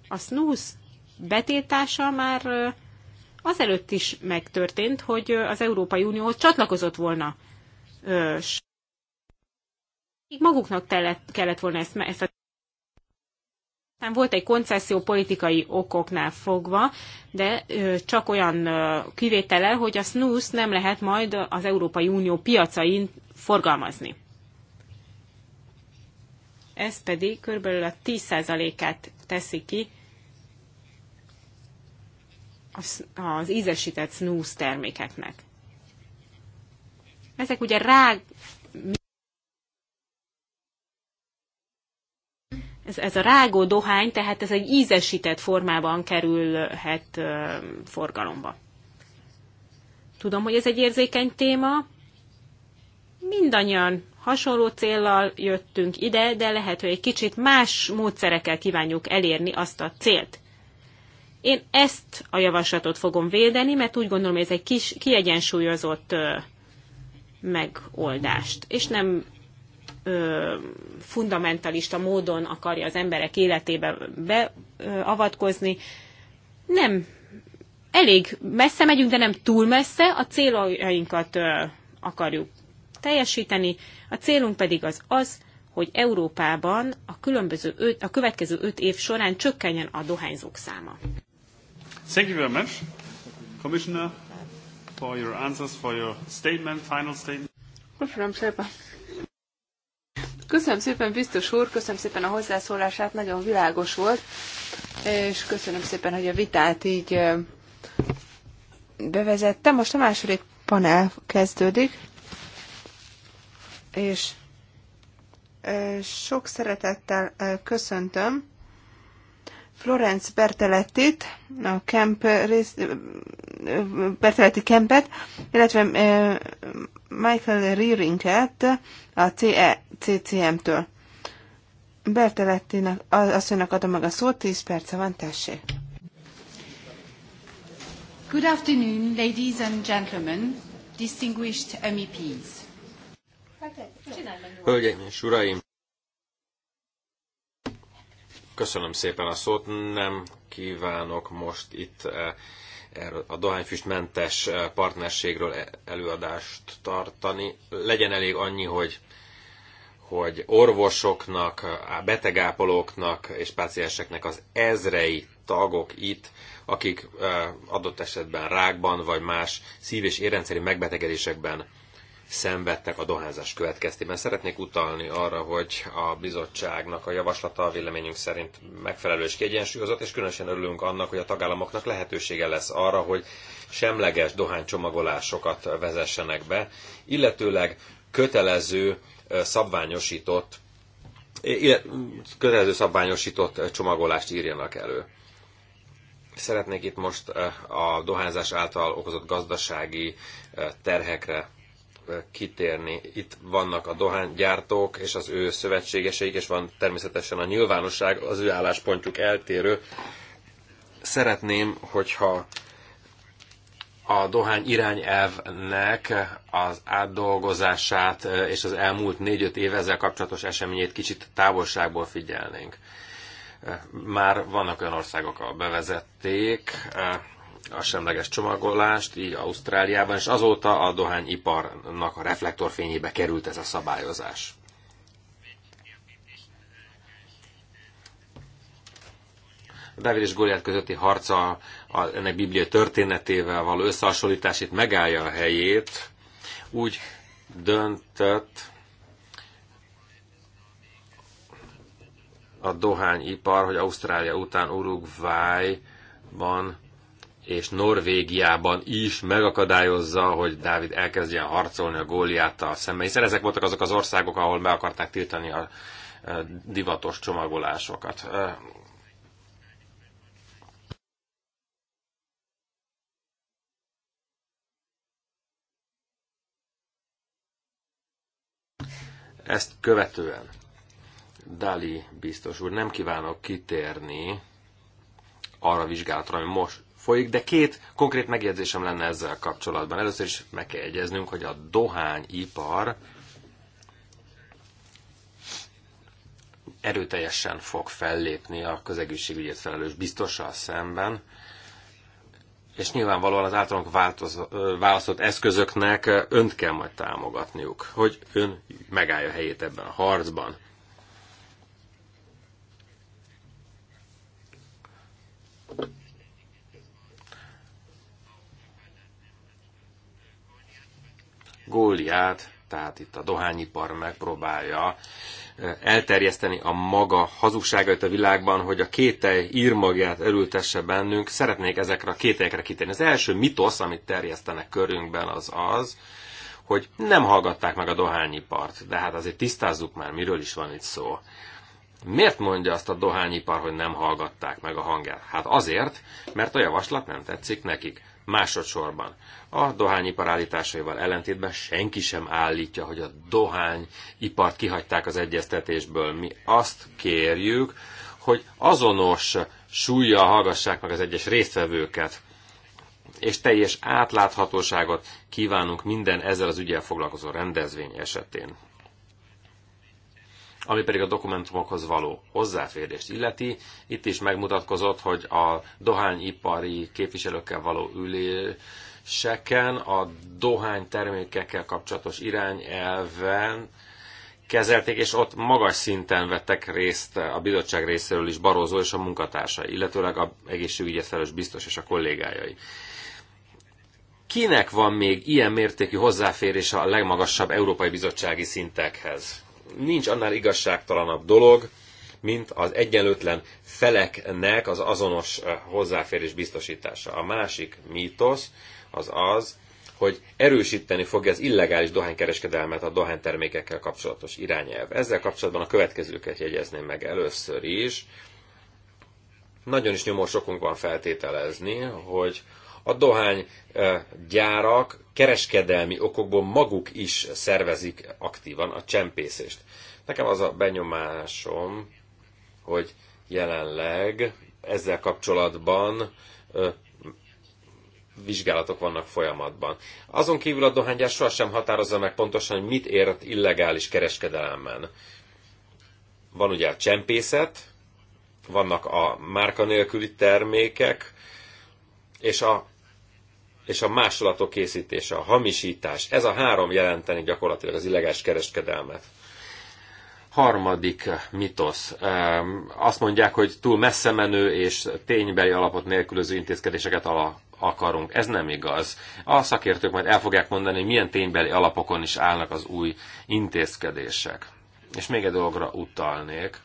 A snooze betétása már azelőtt is megtörtént, hogy az Európai Unióhoz csatlakozott volna. Maguknak kellett, kellett volna ezt, ezt a nem volt egy koncesszió politikai okoknál fogva, de csak olyan kivétele, hogy a snus nem lehet majd az Európai Unió piacain forgalmazni. Ez pedig körülbelül a 10%-át teszi ki az ízesített snus termékeknek. Ezek ugye rá ez, ez a rágó dohány, tehát ez egy ízesített formában kerülhet forgalomba. Tudom, hogy ez egy érzékeny téma. Mindannyian hasonló céllal jöttünk ide, de lehet, hogy egy kicsit más módszerekkel kívánjuk elérni azt a célt. Én ezt a javaslatot fogom védeni, mert úgy gondolom, hogy ez egy kis, kiegyensúlyozott megoldást, és nem ö, fundamentalista módon akarja az emberek életébe beavatkozni. Nem, elég messze megyünk, de nem túl messze, a céljainkat ö, akarjuk teljesíteni. A célunk pedig az az, hogy Európában a, különböző öt, a következő öt év során csökkenjen a dohányzók száma. Thank you very much, Commissioner, for your answers, for your statement, final statement. Köszönöm szépen. Köszönöm szépen, biztos úr, köszönöm szépen a hozzászólását, nagyon világos volt, és köszönöm szépen, hogy a vitát így bevezettem. Most a második panel kezdődik, és sok szeretettel köszöntöm Florence Bertelettit, a Kemp rész, Berteletti Kempet, illetve Michael Rearinket a CCM-től. E Bertelettinek, asszonynak adom meg a szót, 10 perce van, tessék. Good afternoon, ladies and gentlemen, distinguished MEPs. Hölgyeim és uraim, Köszönöm szépen a szót. Nem kívánok most itt eh, a dohányfüstmentes eh, partnerségről e- előadást tartani. Legyen elég annyi, hogy hogy orvosoknak, eh, betegápolóknak és pácienseknek az ezrei tagok itt, akik adott esetben rákban vagy más szív- és érrendszeri megbetegedésekben szenvedtek a dohányzás következtében. Szeretnék utalni arra, hogy a bizottságnak a javaslata a véleményünk szerint megfelelő és kiegyensúlyozott, és különösen örülünk annak, hogy a tagállamoknak lehetősége lesz arra, hogy semleges dohánycsomagolásokat vezessenek be, illetőleg kötelező szabványosított kötelező szabványosított csomagolást írjanak elő. Szeretnék itt most a dohányzás által okozott gazdasági terhekre kitérni. Itt vannak a dohánygyártók és az ő szövetségeseik, és van természetesen a nyilvánosság, az ő álláspontjuk eltérő. Szeretném, hogyha a dohány irányelvnek az átdolgozását és az elmúlt négy-öt év ezzel kapcsolatos eseményét kicsit távolságból figyelnénk. Már vannak olyan országok, ahol bevezették, a semleges csomagolást, így Ausztráliában, és azóta a dohányiparnak a reflektorfényébe került ez a szabályozás. A és Góliát közötti harca a, ennek biblia történetével való összehasonlítás itt megállja a helyét. Úgy döntött a dohányipar, hogy Ausztrália után Uruguayban és Norvégiában is megakadályozza, hogy Dávid elkezdjen harcolni a Góliáttal szemben, hiszen ezek voltak azok az országok, ahol meg akarták tiltani a e, divatos csomagolásokat. E, Ezt követően Dali biztos úr, nem kívánok kitérni arra a vizsgálatra, ami most folyik, de két konkrét megjegyzésem lenne ezzel kapcsolatban. Először is meg kell jegyeznünk, hogy a dohányipar erőteljesen fog fellépni a közegészségügyért felelős biztossal szemben, és nyilvánvalóan az általunk választott eszközöknek önt kell majd támogatniuk, hogy ön megállja helyét ebben a harcban. Góliát, tehát itt a dohányipar megpróbálja eh, elterjeszteni a maga hazugságait a világban, hogy a kételj írmagját elültesse bennünk. Szeretnék ezekre a kételyekre kitérni. Az első mitosz, amit terjesztenek körünkben, az az, hogy nem hallgatták meg a dohányipart. De hát azért tisztázzuk már, miről is van itt szó. Miért mondja azt a dohányipar, hogy nem hallgatták meg a hangját? Hát azért, mert a javaslat nem tetszik nekik. Másodszorban a dohányipar állításaival ellentétben senki sem állítja, hogy a dohányipart kihagyták az egyeztetésből. Mi azt kérjük, hogy azonos súlya hallgassák meg az egyes résztvevőket, és teljes átláthatóságot kívánunk minden ezzel az ügyel foglalkozó rendezvény esetén. Ami pedig a dokumentumokhoz való hozzáférést illeti, itt is megmutatkozott, hogy a dohányipari képviselőkkel való üléseken, a Dohány termékekkel kapcsolatos irányelven kezelték, és ott magas szinten vettek részt a bizottság részéről is Barózó és a munkatársai, illetőleg a egészségügyi felelős biztos és a kollégájai kinek van még ilyen mértékű hozzáférése a legmagasabb európai bizottsági szintekhez? nincs annál igazságtalanabb dolog, mint az egyenlőtlen feleknek az azonos eh, hozzáférés biztosítása. A másik mítosz az az, hogy erősíteni fogja az illegális dohánykereskedelmet a dohánytermékekkel kapcsolatos irányelv. Ezzel kapcsolatban a következőket jegyezném meg először is. Nagyon is nyomós sokunk van feltételezni, hogy a dohány gyárak kereskedelmi okokból maguk is szervezik aktívan a csempészést. Nekem az a benyomásom, hogy jelenleg ezzel kapcsolatban vizsgálatok vannak folyamatban. Azon kívül a dohánygyár sohasem határozza meg pontosan, hogy mit ért illegális kereskedelemben. Van ugye a csempészet, vannak a márkanélküli termékek, és a, és a másolatok készítése, a hamisítás, ez a három jelenteni gyakorlatilag az illegális kereskedelmet. Harmadik mitosz. Azt mondják, hogy túl messze menő és ténybeli alapot nélkülöző intézkedéseket ala akarunk. Ez nem igaz. A szakértők majd el fogják mondani, hogy milyen ténybeli alapokon is állnak az új intézkedések. És még egy dologra utalnék.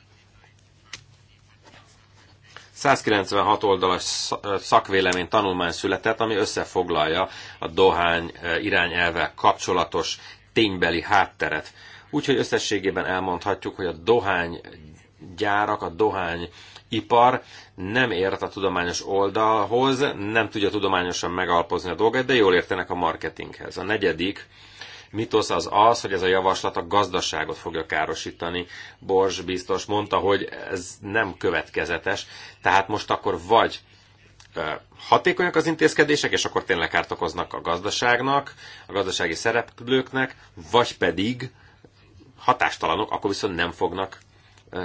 196 oldalas szakvélemény tanulmány született, ami összefoglalja a dohány irányelvvel kapcsolatos ténybeli hátteret. Úgyhogy összességében elmondhatjuk, hogy a dohány gyárak, a dohány ipar nem ért a tudományos oldalhoz, nem tudja tudományosan megalpozni a dolgát, de jól értenek a marketinghez. A negyedik mitosz az az, hogy ez a javaslat a gazdaságot fogja károsítani. Bors biztos mondta, hogy ez nem következetes. Tehát most akkor vagy hatékonyak az intézkedések, és akkor tényleg kárt okoznak a gazdaságnak, a gazdasági szereplőknek, vagy pedig hatástalanok, akkor viszont nem fognak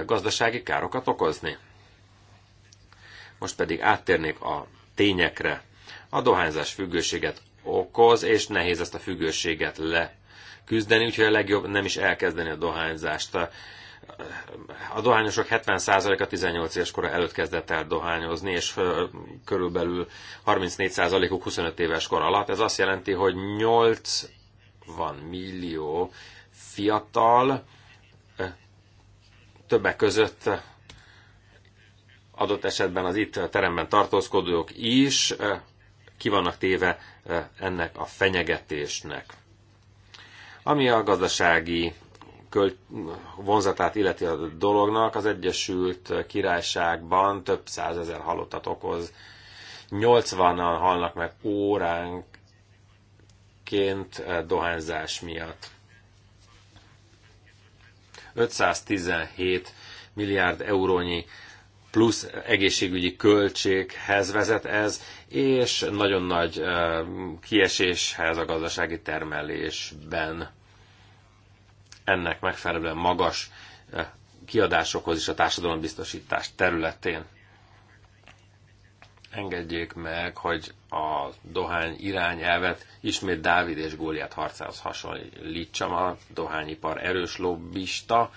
gazdasági károkat okozni. Most pedig áttérnék a tényekre. A dohányzás függőséget okoz, és nehéz ezt a függőséget le küzdeni, úgyhogy a legjobb nem is elkezdeni a dohányzást. A dohányosok 70%-a 18 éves kora előtt kezdett el dohányozni, és körülbelül 34%-uk 25 éves kor alatt. Ez azt jelenti, hogy 80 millió fiatal többek között adott esetben az itt teremben tartózkodók is ki vannak téve ennek a fenyegetésnek. Ami a gazdasági vonzatát illeti a dolognak, az Egyesült Királyságban több százezer halottat okoz. 80-an halnak meg óránként eh, dohányzás miatt. 517 milliárd eurónyi plusz egészségügyi költséghez vezet ez, és nagyon nagy eh, kieséshez a gazdasági termelésben ennek megfelelően magas eh, kiadásokhoz is a társadalombiztosítás területén. Engedjék meg, hogy a dohány irányelvet ismét Dávid és Góliát harcához hasonlítsam. A dohányipar erős lobbista,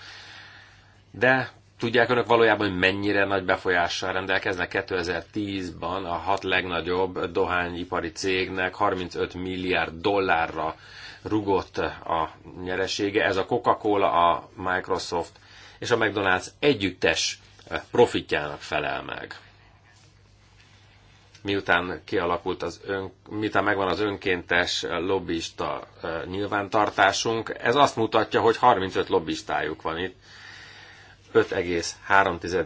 de tudják önök valójában, hogy mennyire nagy befolyással rendelkeznek? 2010-ban a hat legnagyobb dohányipari cégnek 35 milliárd dollárra rugott a nyeresége. Ez a Coca-Cola, a Microsoft és a McDonald's együttes eh, profitjának felel meg. Miután kialakult az ön, miután megvan az önkéntes eh, lobbista eh, nyilvántartásunk, ez azt mutatja, hogy 35 lobbistájuk van itt, 5,3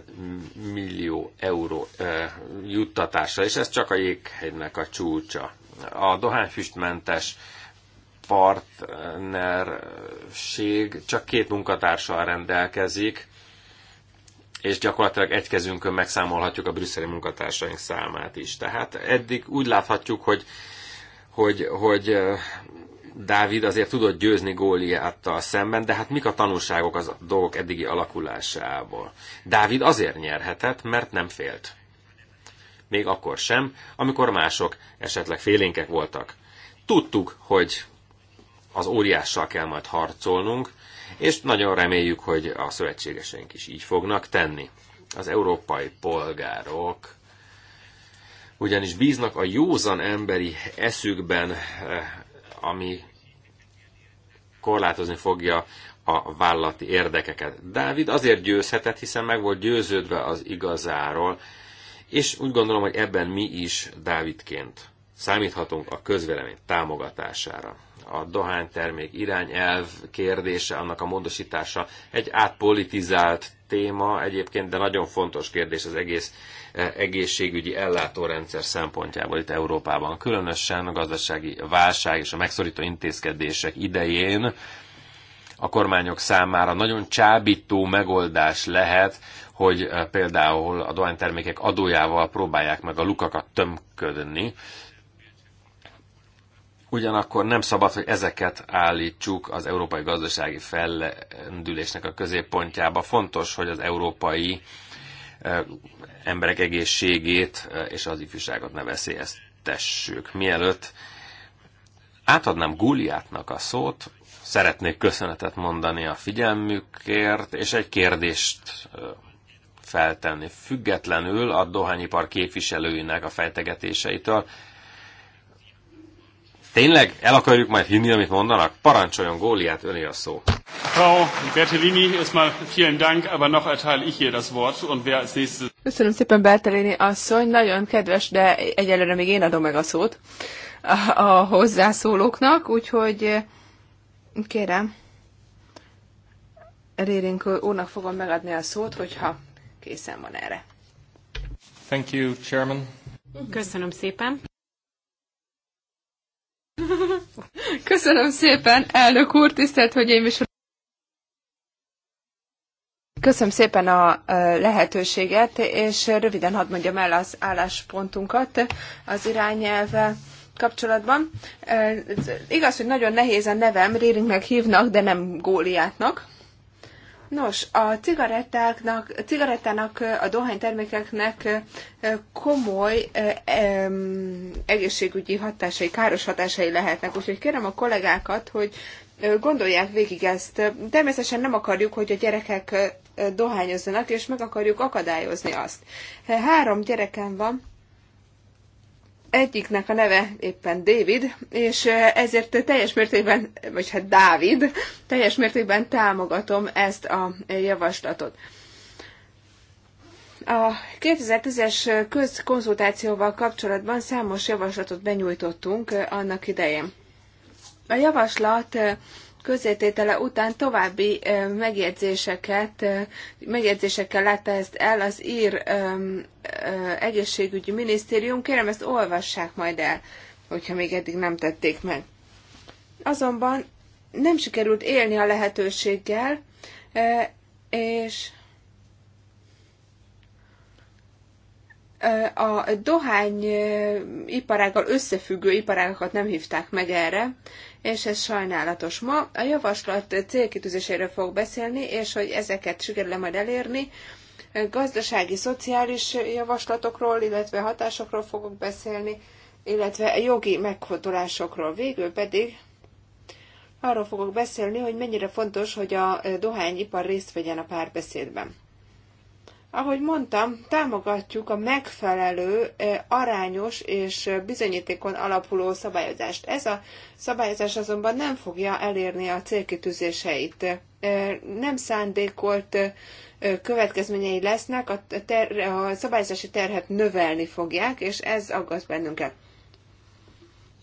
millió euró e, juttatásra, és ez csak a jéghegynek a csúcsa. A dohányfüstmentes partnerség csak két munkatársal rendelkezik, és gyakorlatilag egy kezünkön megszámolhatjuk a brüsszeli munkatársaink számát is. Tehát eddig úgy láthatjuk, hogy, hogy, hogy Dávid azért tudott győzni Góliáttal szemben, de hát mik a tanulságok az dolgok eddigi alakulásából? Dávid azért nyerhetett, mert nem félt. Még akkor sem, amikor mások esetleg félénkek voltak. Tudtuk, hogy az óriással kell majd harcolnunk, és nagyon reméljük, hogy a szövetségeseink is így fognak tenni. Az európai polgárok ugyanis bíznak a józan emberi eszükben, eh, ami korlátozni fogja a vállalati érdekeket. Dávid azért győzhetett, hiszen meg volt győződve az igazáról, és úgy gondolom, hogy ebben mi is Dávidként Számíthatunk a közvélemény támogatására. A dohánytermék irányelv kérdése, annak a módosítása egy átpolitizált téma egyébként, de nagyon fontos kérdés az egész eh, egészségügyi ellátórendszer szempontjából itt Európában. Különösen a gazdasági válság és a megszorító intézkedések idején a kormányok számára nagyon csábító megoldás lehet, hogy eh, például a dohánytermékek adójával próbálják meg a lukakat tömködni, Ugyanakkor nem szabad, hogy ezeket állítsuk az európai gazdasági fellendülésnek a középpontjába. Fontos, hogy az európai emberek egészségét és az ifjúságot ne veszélyeztessük. Mielőtt átadnám Guliátnak a szót, szeretnék köszönetet mondani a figyelmükért, és egy kérdést feltenni. Függetlenül a dohányipar képviselőinek a fejtegetéseitől Tényleg el akarjuk majd hinni, amit mondanak? Parancsoljon Góliát, öné a szó. Frau Bertolini, erstmal vielen Dank, aber noch erteile ich das Wort und wer als nächstes... Köszönöm szépen Bertolini asszony, nagyon kedves, de egyelőre még én adom meg a szót a, a hozzászólóknak, úgyhogy eh, kérem, Rérénk úrnak fogom megadni a szót, hogyha készen van erre. Thank you, Chairman. Köszönöm szépen. Köszönöm szépen, elnök úr, tisztelt, hogy én is Köszönöm szépen a lehetőséget, és röviden hadd mondjam el az álláspontunkat az irányelve kapcsolatban. Igaz, hogy nagyon nehéz a nevem, Réringnek hívnak, de nem Góliátnak. Nos, a cigarettáknak, a cigarettának, a dohánytermékeknek komoly egészségügyi hatásai, káros hatásai lehetnek, úgyhogy kérem a kollégákat, hogy gondolják végig ezt. Természetesen nem akarjuk, hogy a gyerekek dohányozzanak, és meg akarjuk akadályozni azt. Három gyerekem van, egyiknek a neve éppen David, és eh, ezért teljes mértékben, vagy hát Dávid, teljes mértékben támogatom ezt a javaslatot. A 2010-es közkonzultációval kapcsolatban számos javaslatot benyújtottunk eh, annak idején. A javaslat eh, közététele után további megjegyzéseket, megjegyzésekkel látta ezt el az ír egészségügyi minisztérium. Kérem, ezt olvassák majd el, hogyha még eddig nem tették meg. Azonban nem sikerült élni a lehetőséggel, és a dohány iparággal összefüggő iparágakat nem hívták meg erre, és ez sajnálatos. Ma a javaslat célkitűzéséről fog beszélni, és hogy ezeket sikerül -e majd elérni. Gazdasági, szociális javaslatokról, illetve hatásokról fogok beszélni, illetve jogi megfontolásokról. Végül pedig arról fogok beszélni, hogy mennyire fontos, hogy a dohányipar részt vegyen a párbeszédben. Ahogy mondtam, támogatjuk a megfelelő, arányos és bizonyítékon alapuló szabályozást. Ez a szabályozás azonban nem fogja elérni a célkitűzéseit. Nem szándékolt következményei lesznek, a, ter- a szabályozási terhet növelni fogják, és ez aggaszt bennünket.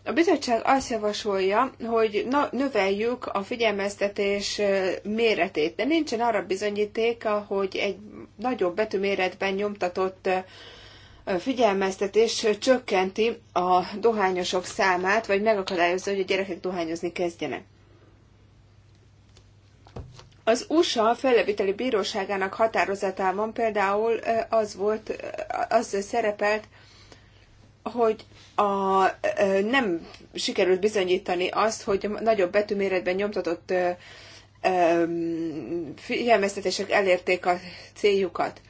A bizottság azt javasolja, hogy növeljük a figyelmeztetés méretét, de nincsen arra bizonyítéka, hogy egy nagyobb betűméretben nyomtatott figyelmeztetés csökkenti a dohányosok számát, vagy megakadályozza, hogy a gyerekek dohányozni kezdjenek. Az USA felleviteli bíróságának határozatában például az volt, az szerepelt, hogy a, nem sikerült bizonyítani azt, hogy a nagyobb betűméretben nyomtatott figyelmeztetések elérték a céljukat.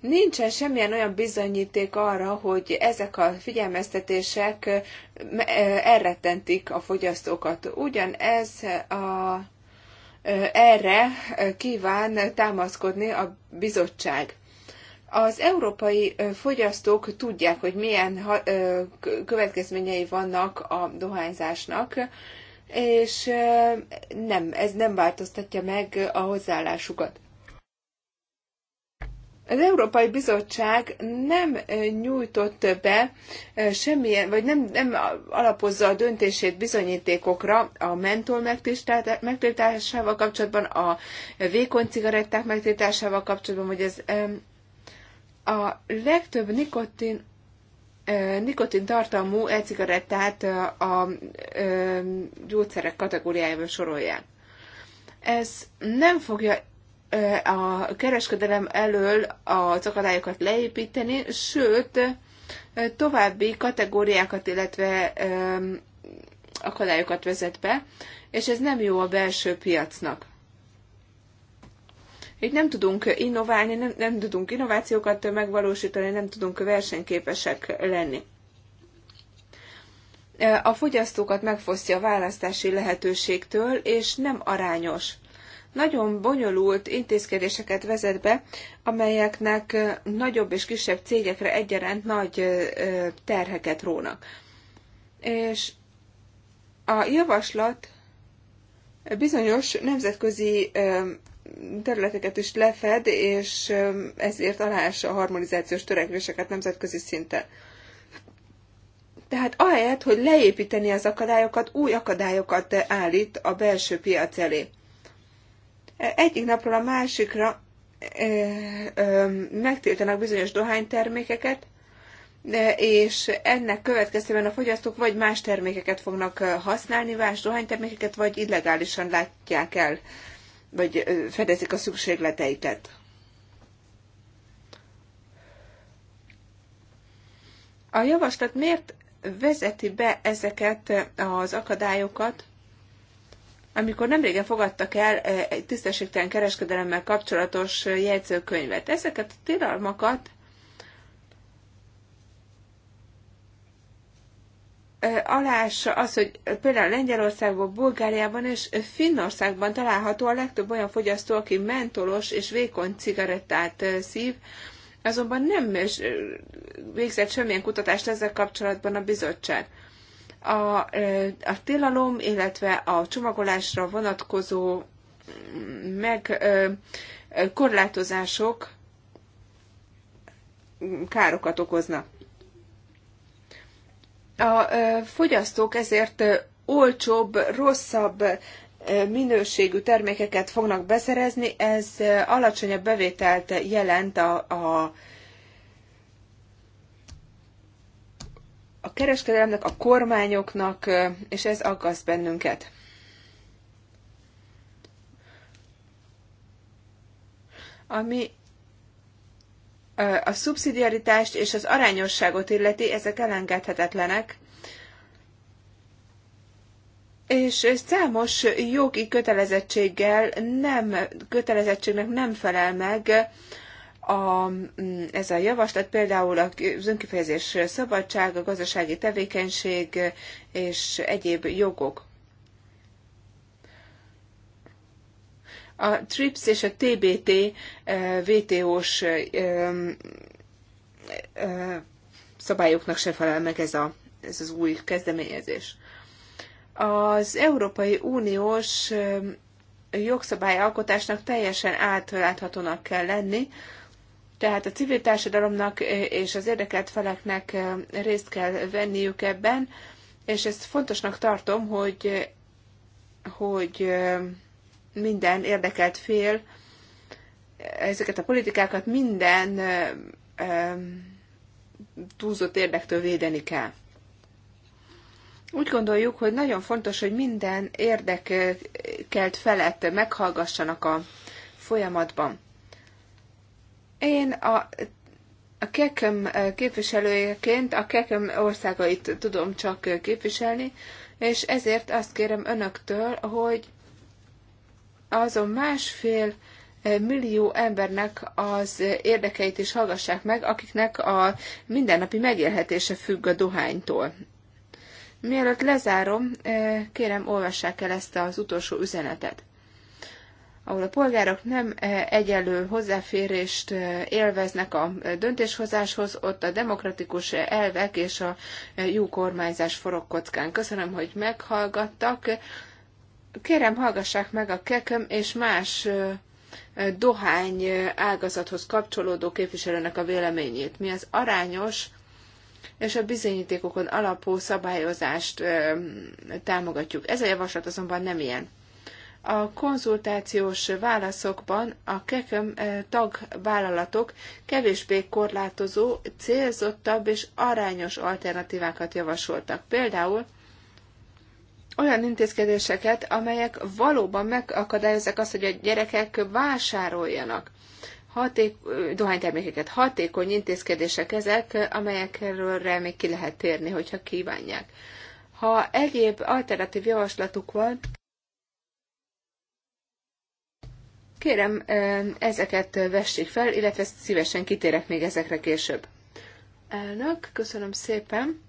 Nincsen semmilyen olyan bizonyíték arra, hogy ezek a figyelmeztetések elrettentik a fogyasztókat. Ugyanez a, erre kíván támaszkodni a bizottság. Az európai fogyasztók tudják, hogy milyen következményei vannak a dohányzásnak, és nem, ez nem változtatja meg a hozzáállásukat. Az Európai Bizottság nem nyújtott be semmilyen, vagy nem, nem alapozza a döntését bizonyítékokra a mentol megtiltásával kapcsolatban, a vékony cigaretták megtiltásával kapcsolatban, hogy ez a legtöbb nikotin nikotin tartalmú e-cigarettát a gyógyszerek kategóriájában sorolják. Ez nem fogja a kereskedelem elől az akadályokat leépíteni, sőt, további kategóriákat, illetve akadályokat vezet be, és ez nem jó a belső piacnak. Így nem tudunk innoválni, nem, nem tudunk innovációkat megvalósítani, nem tudunk versenyképesek lenni. E, a fogyasztókat megfosztja a választási lehetőségtől, és nem arányos. Nagyon bonyolult intézkedéseket vezet be, amelyeknek e, nagyobb és kisebb cégekre egyaránt nagy e, terheket rónak. És a javaslat bizonyos nemzetközi területeket is lefed, és ezért aláássa a harmonizációs törekvéseket nemzetközi szinten. Tehát ahelyett, hogy leépíteni az akadályokat, új akadályokat állít a belső piac elé. E, egyik napról a másikra e, megtiltanak bizonyos dohánytermékeket, e, és ennek következtében a fogyasztók vagy más termékeket fognak használni, más dohánytermékeket, vagy illegálisan látják el vagy fedezik a szükségleteiket. A javaslat miért vezeti be ezeket az akadályokat, amikor nemrégen fogadtak el egy tisztességtelen kereskedelemmel kapcsolatos jegyzőkönyvet. Ezeket a tilalmakat alása az, hogy például Lengyelországban, Bulgáriában és Finnországban található a legtöbb olyan fogyasztó, aki mentolos és vékony cigarettát szív, azonban nem végzett semmilyen kutatást ezzel kapcsolatban a bizottság. A, a tilalom, illetve a csomagolásra vonatkozó mm, meg korlátozások mm, károkat okoznak. A fogyasztók ezért olcsóbb, rosszabb minőségű termékeket fognak beszerezni, ez alacsonyabb bevételt jelent a, a a kereskedelemnek, a kormányoknak, és ez aggaszt bennünket. Ami a szubszidiaritást és az arányosságot illeti, ezek elengedhetetlenek. És számos jogi kötelezettséggel nem, kötelezettségnek nem felel meg a, ez a javaslat, például az önkifejezés szabadság, a gazdasági tevékenység és egyéb jogok. A TRIPS és a TBT eh, VTO-s eh, eh, szabályoknak se felel meg ez, a, ez az új kezdeményezés. Az Európai Uniós jogszabályalkotásnak teljesen átláthatónak kell lenni, tehát a civil társadalomnak és az érdekelt feleknek részt kell venniük ebben, és ezt fontosnak tartom, hogy, hogy minden érdekelt fél ezeket a politikákat minden túlzott érdektől védeni kell. Úgy gondoljuk, hogy nagyon fontos, hogy minden érdekelt felett meghallgassanak a folyamatban. Én a, a Kekem képviselőjeként a Kekem országait tudom csak képviselni, és ezért azt kérem önöktől, hogy azon másfél e, millió embernek az érdekeit is hallgassák meg, akiknek a mindennapi megélhetése függ a dohánytól. Mielőtt lezárom, e, kérem olvassák el ezt az utolsó üzenetet ahol a polgárok nem e, egyenlő hozzáférést élveznek a döntéshozáshoz, ott a demokratikus elvek és a jó kormányzás forog kockán. Köszönöm, hogy meghallgattak. Kérem, hallgassák meg a Kekem és más dohány ágazathoz kapcsolódó képviselőnek a véleményét. Mi az arányos és a bizonyítékokon alapú szabályozást támogatjuk. Ez a javaslat azonban nem ilyen. A konzultációs válaszokban a kekem tagvállalatok kevésbé korlátozó, célzottabb és arányos alternatívákat javasoltak. Például olyan intézkedéseket, amelyek valóban megakadályozzák azt, hogy a gyerekek vásároljanak haték, dohánytermékeket. Hatékony intézkedések ezek, amelyekről még ki lehet térni, hogyha kívánják. Ha egyéb alternatív javaslatuk van, kérem, ezeket vessék fel, illetve szívesen kitérek még ezekre később. Elnök, köszönöm szépen.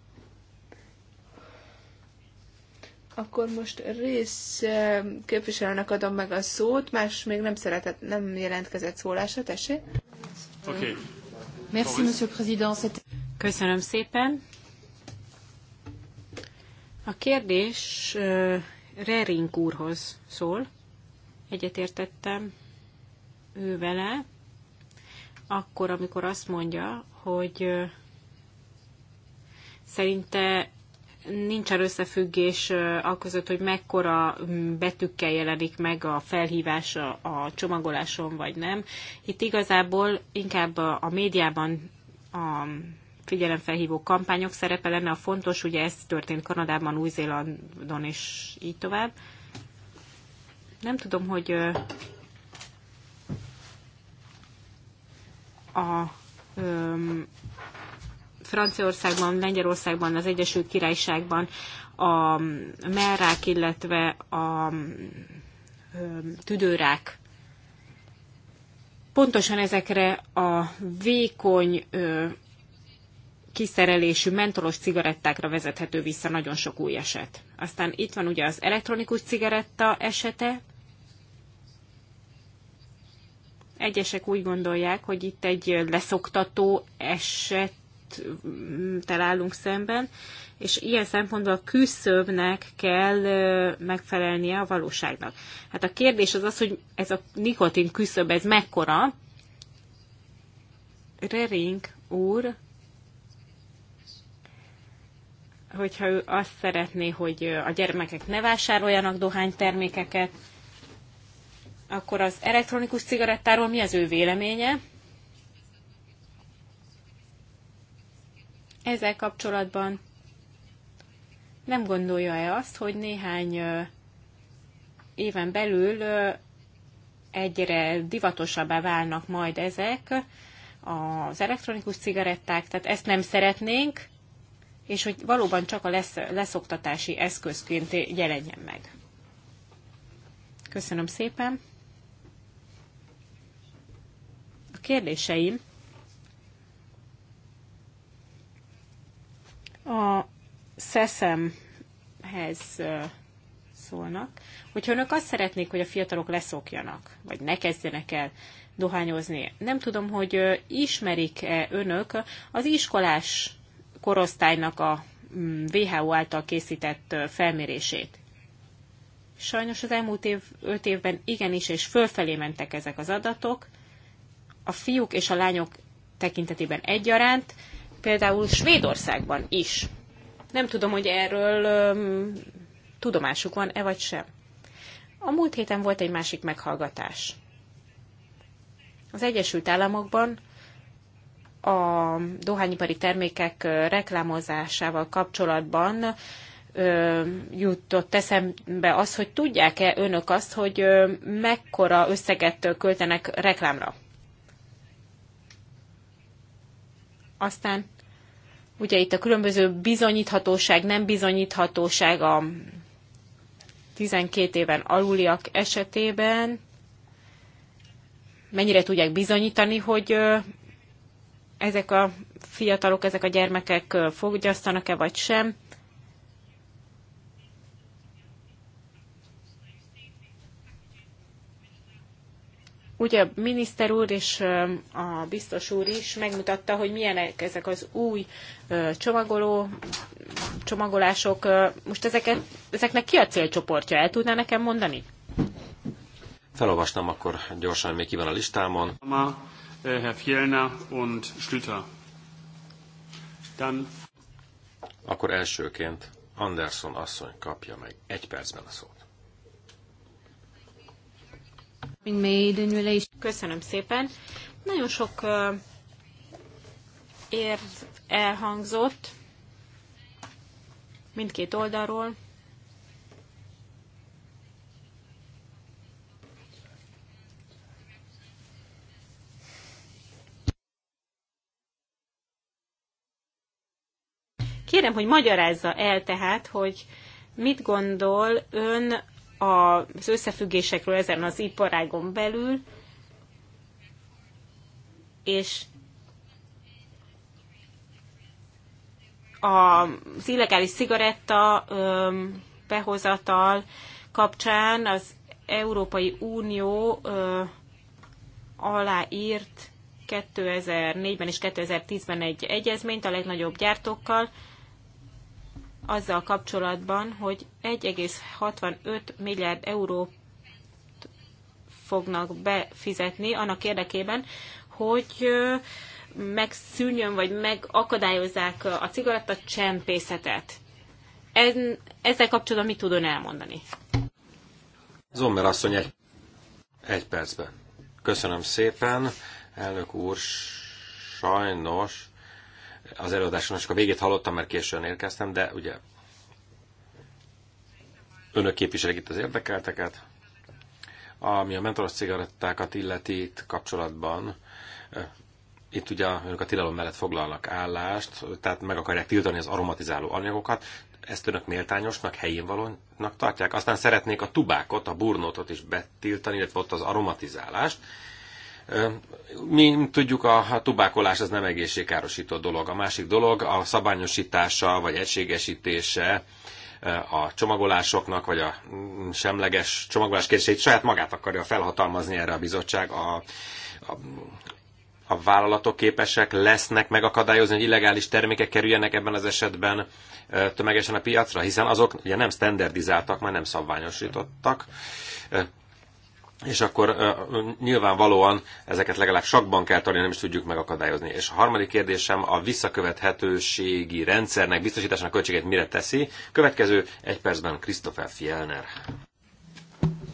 Akkor most rész eh, képviselőnek adom meg a szót, más még nem szeretett, nem jelentkezett szólásra, tessék. Oké. Okay. Merci, Monsieur Président. Köszönöm szépen. A kérdés eh, Rering úrhoz szól. Egyetértettem ő vele, akkor, amikor azt mondja, hogy eh, szerinte nincsen összefüggés között, hogy mekkora mm, betűkkel jelenik meg a felhívás a csomagoláson, vagy nem. Itt igazából inkább a médiában a figyelemfelhívó kampányok szerepe lenne a fontos, ugye ez történt Kanadában, Új-Zélandon és így tovább. Nem tudom, hogy a Franciaországban, Lengyelországban, az Egyesült Királyságban a merrák, illetve a um, tüdőrák pontosan ezekre a vékony kiszerelésű mentolos cigarettákra vezethető vissza nagyon sok új eset. Aztán itt van ugye az elektronikus cigaretta esete. Egyesek úgy gondolják, hogy itt egy leszoktató eset Mm, találunk szemben, és ilyen szempontból a küszöbnek kell megfelelnie a valóságnak. Hát a kérdés az az, hogy ez a nikotin küszöb, ez mekkora? Rering úr, hogyha ő azt szeretné, hogy a gyermekek ne vásároljanak dohánytermékeket, akkor az elektronikus cigarettáról mi az ő véleménye? ezzel kapcsolatban nem gondolja-e azt, hogy néhány éven belül egyre divatosabbá válnak majd ezek az elektronikus cigaretták, tehát ezt nem szeretnénk, és hogy valóban csak a lesz, leszoktatási eszközként jelenjen meg. Köszönöm szépen. A kérdéseim a szeszemhez szólnak, hogyha önök azt szeretnék, hogy a fiatalok leszokjanak, vagy ne kezdjenek el dohányozni, nem tudom, hogy ismerik-e önök az iskolás korosztálynak a mm, WHO által készített felmérését. Sajnos az elmúlt év, öt évben igenis, és fölfelé mentek ezek az adatok, a fiúk és a lányok tekintetében egyaránt, például Svédországban is. Nem tudom, hogy erről öm, tudomásuk van-e vagy sem. A múlt héten volt egy másik meghallgatás. Az Egyesült Államokban a dohányipari termékek reklámozásával kapcsolatban ö, jutott eszembe az, hogy tudják-e önök azt, hogy ö, mekkora összeget költenek reklámra. Aztán Ugye itt a különböző bizonyíthatóság, nem bizonyíthatóság a 12 éven aluliak esetében mennyire tudják bizonyítani, hogy ezek a fiatalok, ezek a gyermekek fogyasztanak-e vagy sem. Ugye a miniszter úr és a biztos úr is megmutatta, hogy milyenek ezek az új csomagoló, csomagolások. Most ezeket, ezeknek ki a célcsoportja? El tudná nekem mondani? Felolvastam akkor gyorsan, még ki van a listámon. Herr Fjellner und Schlüter. Dann... Akkor elsőként Anderson asszony kapja meg egy percben a szót. Köszönöm szépen. Nagyon sok uh, ér elhangzott mindkét oldalról. Kérem, hogy magyarázza el tehát, hogy mit gondol ön az összefüggésekről ezen az iparágon belül, és az illegális cigaretta behozatal kapcsán az Európai Unió aláírt 2004-ben és 2010-ben egy egyezményt a legnagyobb gyártókkal, azzal kapcsolatban, hogy 1,65 milliárd euró fognak befizetni annak érdekében, hogy megszűnjön, vagy megakadályozzák a cigaretta csempészetet. Ezzel kapcsolatban mit tudon elmondani? Zommer asszony egy, egy percben. Köszönöm szépen, elnök úr, sajnos az előadáson, csak a végét hallottam, mert későn érkeztem, de ugye önök képviselik itt az érdekelteket. Ami a mentoros cigarettákat illeti itt kapcsolatban, itt ugye önök a tilalom mellett foglalnak állást, tehát meg akarják tiltani az aromatizáló anyagokat, ezt önök méltányosnak, helyén valónak tartják. Aztán szeretnék a tubákot, a burnótot is betiltani, illetve ott az aromatizálást, mi tudjuk, a tubákolás az nem egészségkárosító dolog. A másik dolog a szabályosítása vagy egységesítése e, a csomagolásoknak, vagy a mm, semleges csomagolás kérdését saját magát akarja felhatalmazni erre a bizottság. A, a, a vállalatok képesek lesznek megakadályozni, hogy illegális termékek kerüljenek ebben az esetben e, tömegesen a piacra, hiszen azok ugye nem standardizáltak, már nem szabványosítottak e, és akkor nyilvánvalóan ezeket legalább sakban kell tartani, nem is tudjuk megakadályozni. És a harmadik kérdésem a visszakövethetőségi rendszernek biztosításának költségét mire teszi. Következő egy percben Christopher Fielner.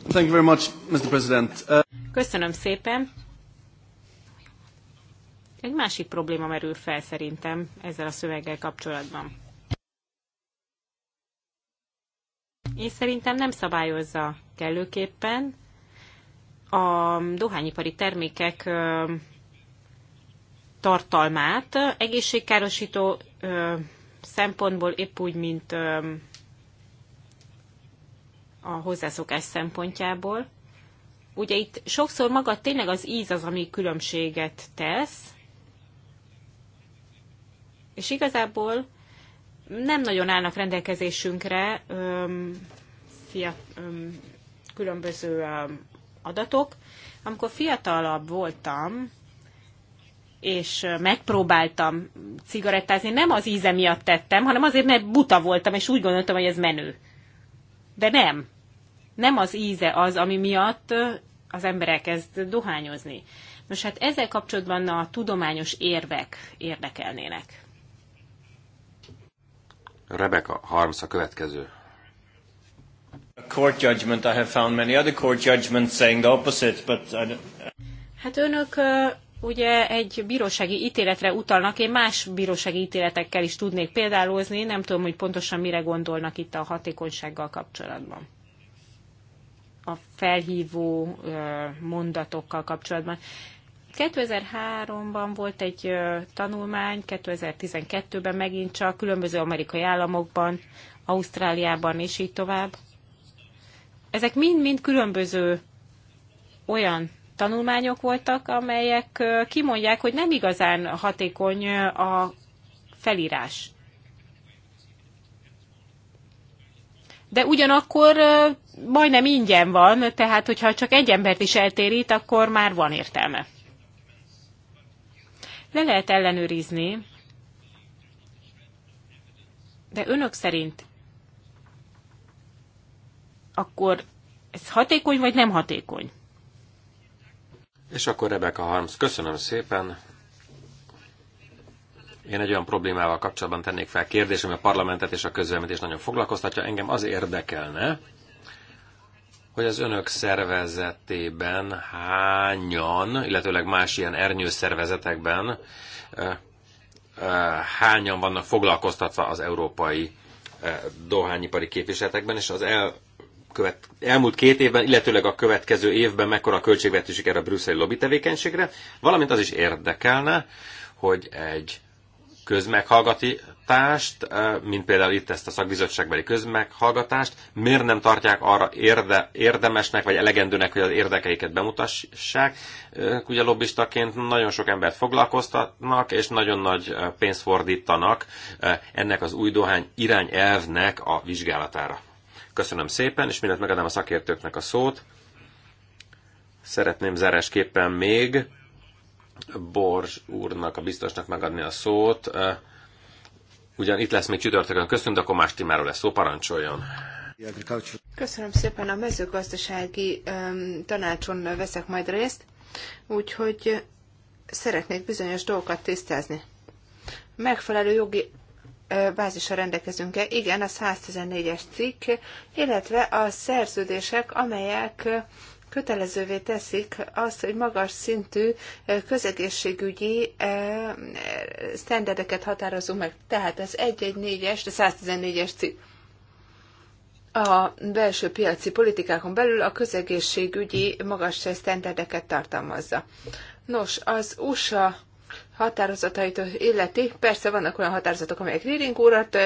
Thank you very much, Mr. President. Uh... Köszönöm szépen. Egy másik probléma merül fel szerintem ezzel a szöveggel kapcsolatban. Én szerintem nem szabályozza kellőképpen a dohányipari termékek tartalmát egészségkárosító szempontból épp úgy, mint a hozzászokás szempontjából. Ugye itt sokszor maga tényleg az íz az, ami különbséget tesz, és igazából nem nagyon állnak rendelkezésünkre öm, fia, öm, különböző öm, adatok. Amikor fiatalabb voltam, és megpróbáltam cigarettázni, nem az íze miatt tettem, hanem azért, mert buta voltam, és úgy gondoltam, hogy ez menő. De nem. Nem az íze az, ami miatt az ember elkezd dohányozni. Nos, hát ezzel kapcsolatban a tudományos érvek érdekelnének. Rebecca Harms a következő court judgment, I have found many other court judgments saying the opposite, but I don't... Hát önök ugye egy bírósági ítéletre utalnak, én más bírósági ítéletekkel is tudnék példálózni, nem tudom, hogy pontosan mire gondolnak itt a hatékonysággal kapcsolatban. A felhívó mondatokkal kapcsolatban. 2003-ban volt egy tanulmány, 2012-ben megint csak különböző amerikai államokban, Ausztráliában és így tovább. Ezek mind-mind különböző olyan tanulmányok voltak, amelyek kimondják, hogy nem igazán hatékony a felírás. De ugyanakkor majdnem ingyen van, tehát hogyha csak egy embert is eltérít, akkor már van értelme. Le lehet ellenőrizni, de önök szerint akkor ez hatékony vagy nem hatékony? És akkor Rebecca Harms, köszönöm szépen. Én egy olyan problémával kapcsolatban tennék fel kérdést, ami a parlamentet és a is nagyon foglalkoztatja. Engem az érdekelne, hogy az önök szervezetében hányan, illetőleg más ilyen ernyő szervezetekben hányan vannak foglalkoztatva az európai dohányipari képviseletekben, és az el, követ, elmúlt két évben, illetőleg a következő évben mekkora a költségvetésük erre a brüsszeli lobby tevékenységre, valamint az is érdekelne, hogy egy közmeghallgatást, mint például itt ezt a szakbizottságbeli közmeghallgatást, miért nem tartják arra érde, érdemesnek, vagy elegendőnek, hogy az érdekeiket bemutassák. Ők ugye lobbistaként nagyon sok embert foglalkoztatnak, és nagyon nagy pénzt fordítanak ennek az új dohány irányelvnek a vizsgálatára. Köszönöm szépen, és mielőtt megadám a szakértőknek a szót. Szeretném zárásképpen még Borz úrnak, a biztosnak megadni a szót. Ugyan itt lesz még csütörtökön köszönöm, de akkor más témáról lesz szó, parancsoljon. Köszönöm szépen, a mezőgazdasági um, tanácson veszek majd részt, úgyhogy szeretnék bizonyos dolgokat tisztázni. Megfelelő jogi bázisra rendelkezünk-e? Igen, a 114-es cikk, illetve a szerződések, amelyek kötelezővé teszik azt, hogy magas szintű közegészségügyi sztenderdeket határozunk meg. Tehát az 114-es, de 114-es cikk. A belső piaci politikákon belül a közegészségügyi magas sztenderdeket tartalmazza. Nos, az USA határozatait illeti. Persze vannak olyan határozatok, amelyek Reading úrat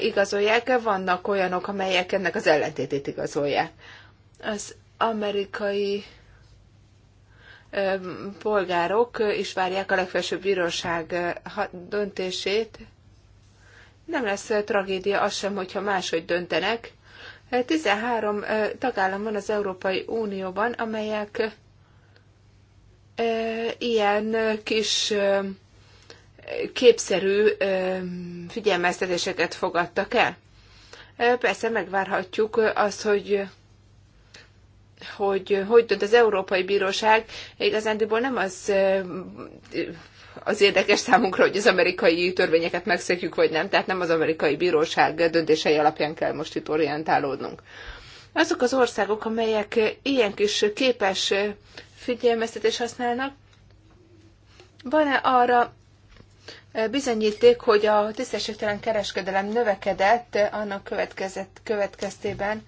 igazolják, vannak olyanok, amelyek ennek az ellentétét igazolják. Az amerikai polgárok is várják a legfelsőbb bíróság döntését. Nem lesz tragédia az sem, hogyha máshogy döntenek. 13 tagállam van az Európai Unióban, amelyek ilyen kis képszerű figyelmeztetéseket fogadtak el. Persze megvárhatjuk azt, hogy hogy hogy dönt az Európai Bíróság, igazándiból nem az az érdekes számunkra, hogy az amerikai törvényeket megszegjük, vagy nem, tehát nem az amerikai bíróság döntései alapján kell most itt orientálódnunk. Azok az országok, amelyek ilyen kis képes figyelmeztetés használnak. Van-e arra eh, bizonyíték, hogy a tisztességtelen kereskedelem növekedett eh, annak következett, következtében,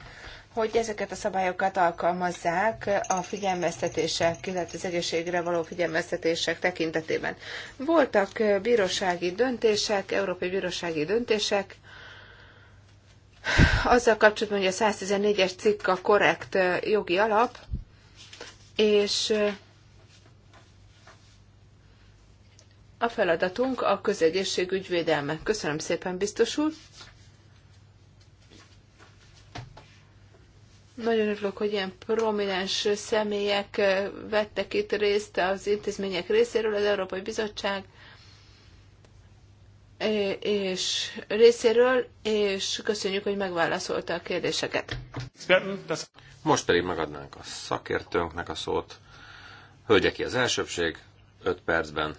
hogy ezeket a szabályokat alkalmazzák eh, a figyelmeztetések, illetve az egészségre való figyelmeztetések tekintetében. Voltak bírósági döntések, európai bírósági döntések, azzal kapcsolatban, hogy a 114-es cikk a korrekt jogi alap, és a feladatunk a közegészségügy védelme. Köszönöm szépen, biztos úr! Nagyon örülök, hogy ilyen prominens személyek vettek itt részt az intézmények részéről, az Európai Bizottság és részéről, és köszönjük, hogy megválaszolta a kérdéseket. Most pedig megadnánk a szakértőnknek a szót. Hölgyeké az elsőbség, 5 percben.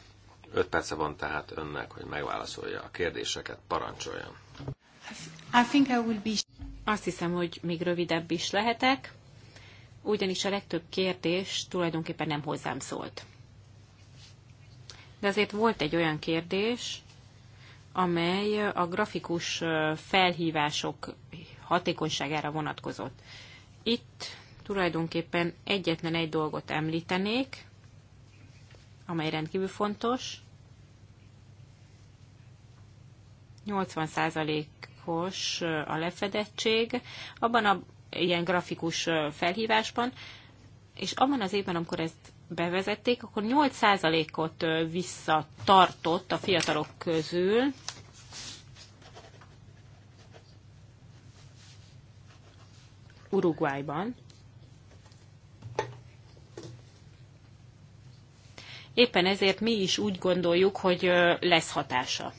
5 perce van tehát önnek, hogy megválaszolja a kérdéseket, parancsoljon. I think I will be... Azt hiszem, hogy még rövidebb is lehetek, ugyanis a legtöbb kérdés tulajdonképpen nem hozzám szólt. De azért volt egy olyan kérdés, amely a grafikus felhívások hatékonyságára vonatkozott. Itt tulajdonképpen egyetlen egy dolgot említenék, amely rendkívül fontos. 80%-os a lefedettség abban a ilyen grafikus felhívásban, és abban az évben, amikor ezt bevezették, akkor 8%-ot visszatartott a fiatalok közül Uruguayban. Éppen ezért mi is úgy gondoljuk, hogy lesz hatása.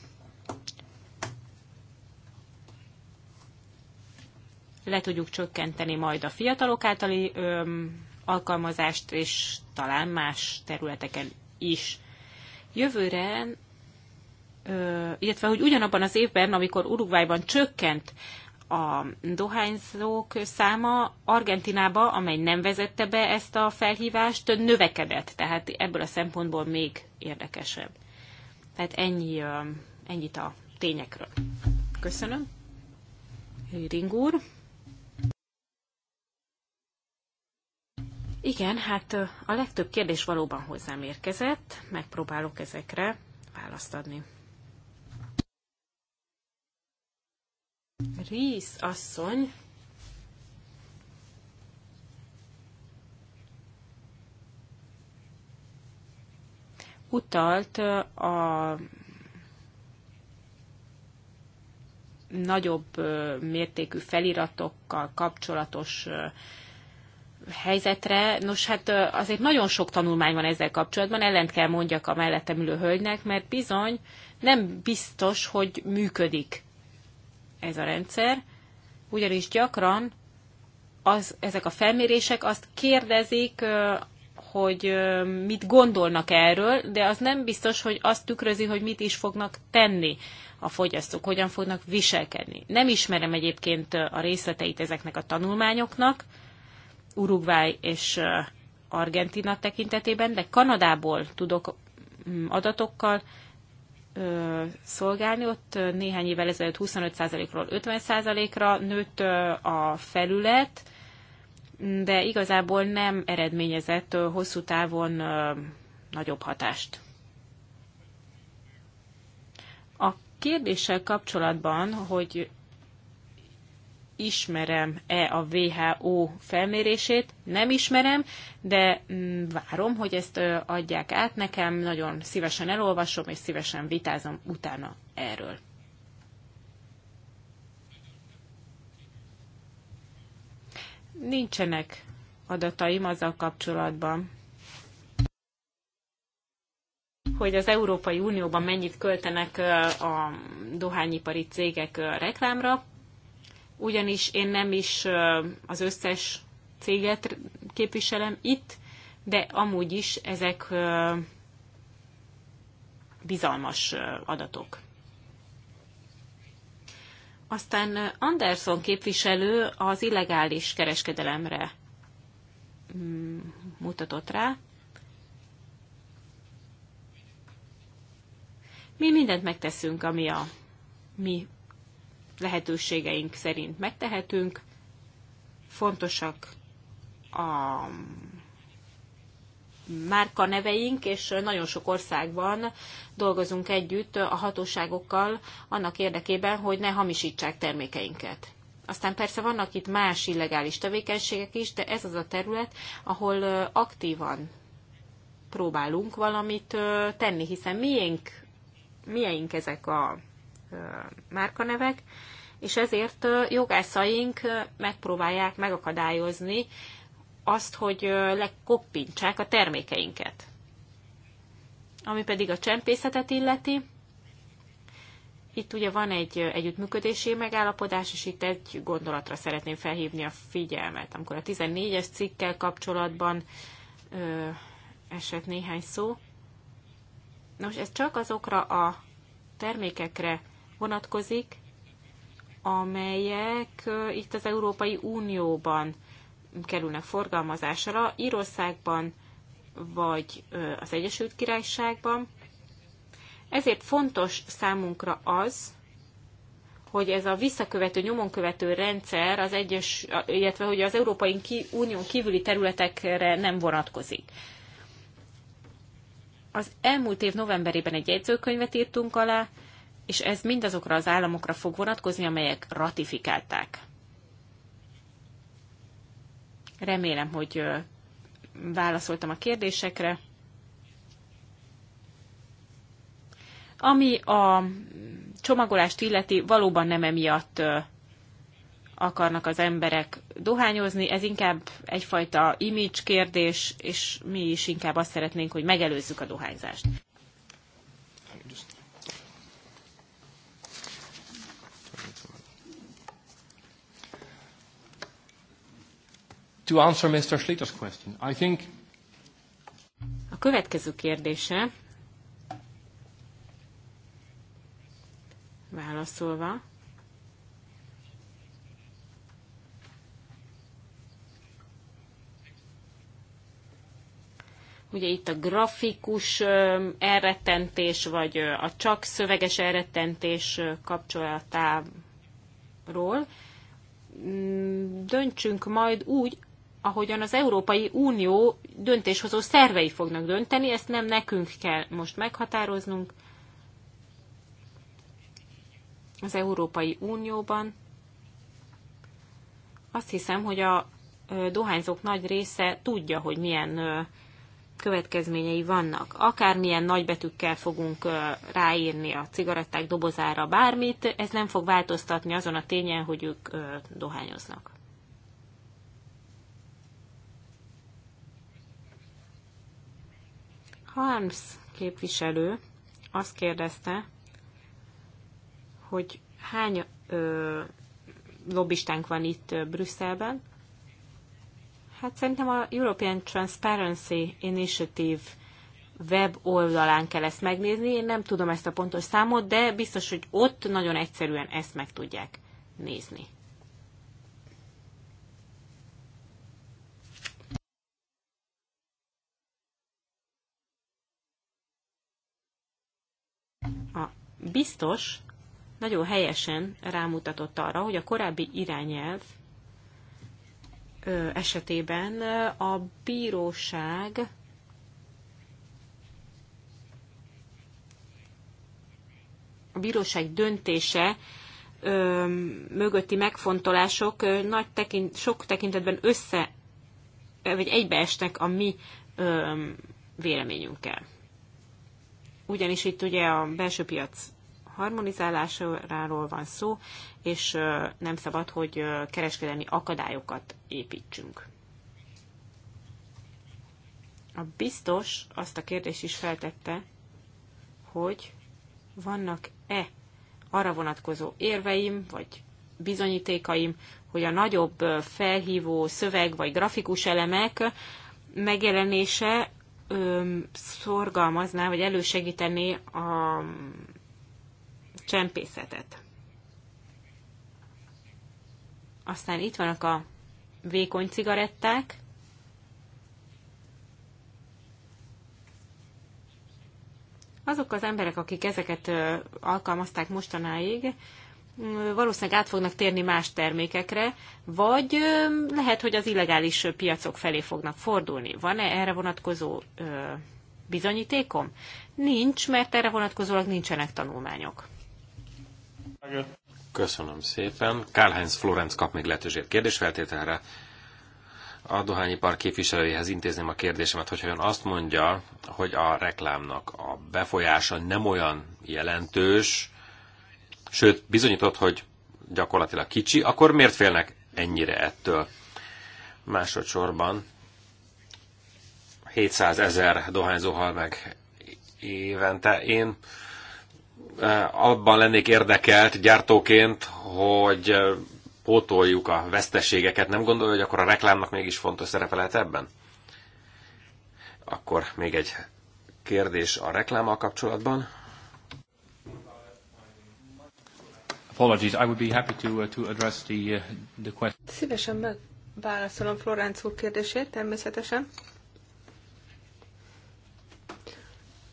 Le tudjuk csökkenteni majd a fiatalok általi öm, alkalmazást, és talán más területeken is. Jövőre illetve hogy ugyanabban az évben, amikor Uruguayban csökkent a dohányzók száma Argentinába, amely nem vezette be ezt a felhívást, növekedett. Tehát ebből a szempontból még érdekesebb. Tehát ennyi, ennyit a tényekről. Köszönöm. Hőring úr. Igen, hát a legtöbb kérdés valóban hozzám érkezett, megpróbálok ezekre választ adni. Rész asszony utalt a nagyobb mértékű feliratokkal kapcsolatos helyzetre. Nos, hát azért nagyon sok tanulmány van ezzel kapcsolatban, ellent kell mondjak a mellettem ülő hölgynek, mert bizony nem biztos, hogy működik ez a rendszer, ugyanis gyakran az, ezek a felmérések azt kérdezik, hogy mit gondolnak erről, de az nem biztos, hogy azt tükrözi, hogy mit is fognak tenni a fogyasztók, hogyan fognak viselkedni. Nem ismerem egyébként a részleteit ezeknek a tanulmányoknak, Uruguay és Argentina tekintetében, de Kanadából tudok mm, adatokkal, szolgálni. Ott néhány évvel ezelőtt 25%-ról 50%-ra nőtt a felület, de igazából nem eredményezett hosszú távon nagyobb hatást. A kérdéssel kapcsolatban, hogy ismerem-e a WHO felmérését, nem ismerem, de mm, várom, hogy ezt adják át nekem, nagyon szívesen elolvasom, és szívesen vitázom utána erről. Nincsenek adataim azzal kapcsolatban, hogy az Európai Unióban mennyit költenek a dohányipari cégek reklámra, ugyanis én nem is az összes céget képviselem itt, de amúgy is ezek bizalmas adatok. Aztán Anderson képviselő az illegális kereskedelemre mm, mutatott rá. Mi mindent megteszünk, ami a mi lehetőségeink szerint megtehetünk. Fontosak a márka neveink, és nagyon sok országban dolgozunk együtt a hatóságokkal annak érdekében, hogy ne hamisítsák termékeinket. Aztán persze vannak itt más illegális tevékenységek is, de ez az a terület, ahol aktívan próbálunk valamit tenni, hiszen miénk, miénk ezek a márkanevek, és ezért jogászaink megpróbálják megakadályozni azt, hogy lekoppintsák a termékeinket. Ami pedig a csempészetet illeti, itt ugye van egy együttműködési megállapodás, és itt egy gondolatra szeretném felhívni a figyelmet. Amikor a 14-es cikkel kapcsolatban ö, esett néhány szó. Nos, ez csak azokra a termékekre vonatkozik, amelyek itt az Európai Unióban kerülnek forgalmazásra, Írországban vagy az Egyesült Királyságban. Ezért fontos számunkra az, hogy ez a visszakövető, nyomonkövető rendszer az egyes, illetve hogy az Európai Unión kívüli területekre nem vonatkozik. Az elmúlt év novemberében egy jegyzőkönyvet írtunk alá, és ez mindazokra az államokra fog vonatkozni, amelyek ratifikálták. Remélem, hogy válaszoltam a kérdésekre. Ami a csomagolást illeti, valóban nem emiatt akarnak az emberek dohányozni, ez inkább egyfajta image kérdés, és mi is inkább azt szeretnénk, hogy megelőzzük a dohányzást. to answer Mr. Schlichter's question, I think... A következő kérdése válaszolva. Ugye itt a grafikus elrettentés, vagy a csak szöveges elrettentés kapcsolatáról mm, döntsünk majd úgy, ahogyan az Európai Unió döntéshozó szervei fognak dönteni, ezt nem nekünk kell most meghatároznunk. Az Európai Unióban azt hiszem, hogy a dohányzók nagy része tudja, hogy milyen következményei vannak. Akármilyen nagybetűkkel fogunk ráírni a cigaretták dobozára bármit, ez nem fog változtatni azon a tényen, hogy ők dohányoznak. Harms képviselő azt kérdezte, hogy hány ö, lobbistánk van itt Brüsszelben. Hát szerintem a European Transparency Initiative web oldalán kell ezt megnézni. Én nem tudom ezt a pontos számot, de biztos, hogy ott nagyon egyszerűen ezt meg tudják nézni. A biztos nagyon helyesen rámutatott arra, hogy a korábbi irányelv esetében a bíróság a bíróság döntése ö, mögötti megfontolások ö, nagy tekint, sok tekintetben össze, vagy egybeesnek a mi ö, véleményünkkel ugyanis itt ugye a belső piac harmonizálásáról van szó, és nem szabad, hogy kereskedelmi akadályokat építsünk. A biztos azt a kérdést is feltette, hogy vannak-e arra vonatkozó érveim, vagy bizonyítékaim, hogy a nagyobb felhívó szöveg vagy grafikus elemek megjelenése öm, szorgalmazná, vagy elősegítené a csempészetet. Aztán itt vannak a vékony cigaretták, azok az emberek, akik ezeket alkalmazták mostanáig, valószínűleg át fognak térni más termékekre, vagy lehet, hogy az illegális piacok felé fognak fordulni. Van-e erre vonatkozó bizonyítékom? Nincs, mert erre vonatkozólag nincsenek tanulmányok. Köszönöm szépen. Karl-Heinz Florenz kap még lehetőséget kérdésfeltételre. A dohányipar képviselőjéhez intézném a kérdésemet, hogyha ön azt mondja, hogy a reklámnak a befolyása nem olyan jelentős, sőt bizonyított, hogy gyakorlatilag kicsi, akkor miért félnek ennyire ettől? Másodszorban 700 ezer dohányzó hal meg évente. Én e, abban lennék érdekelt gyártóként, hogy e, pótoljuk a veszteségeket. Nem gondolja, hogy akkor a reklámnak mégis fontos szerepe lehet ebben? Akkor még egy kérdés a reklámmal kapcsolatban. Apologies, I would be happy to, uh, to address the, uh, the question. Szívesen megválaszolom Florenc úr kérdését, természetesen.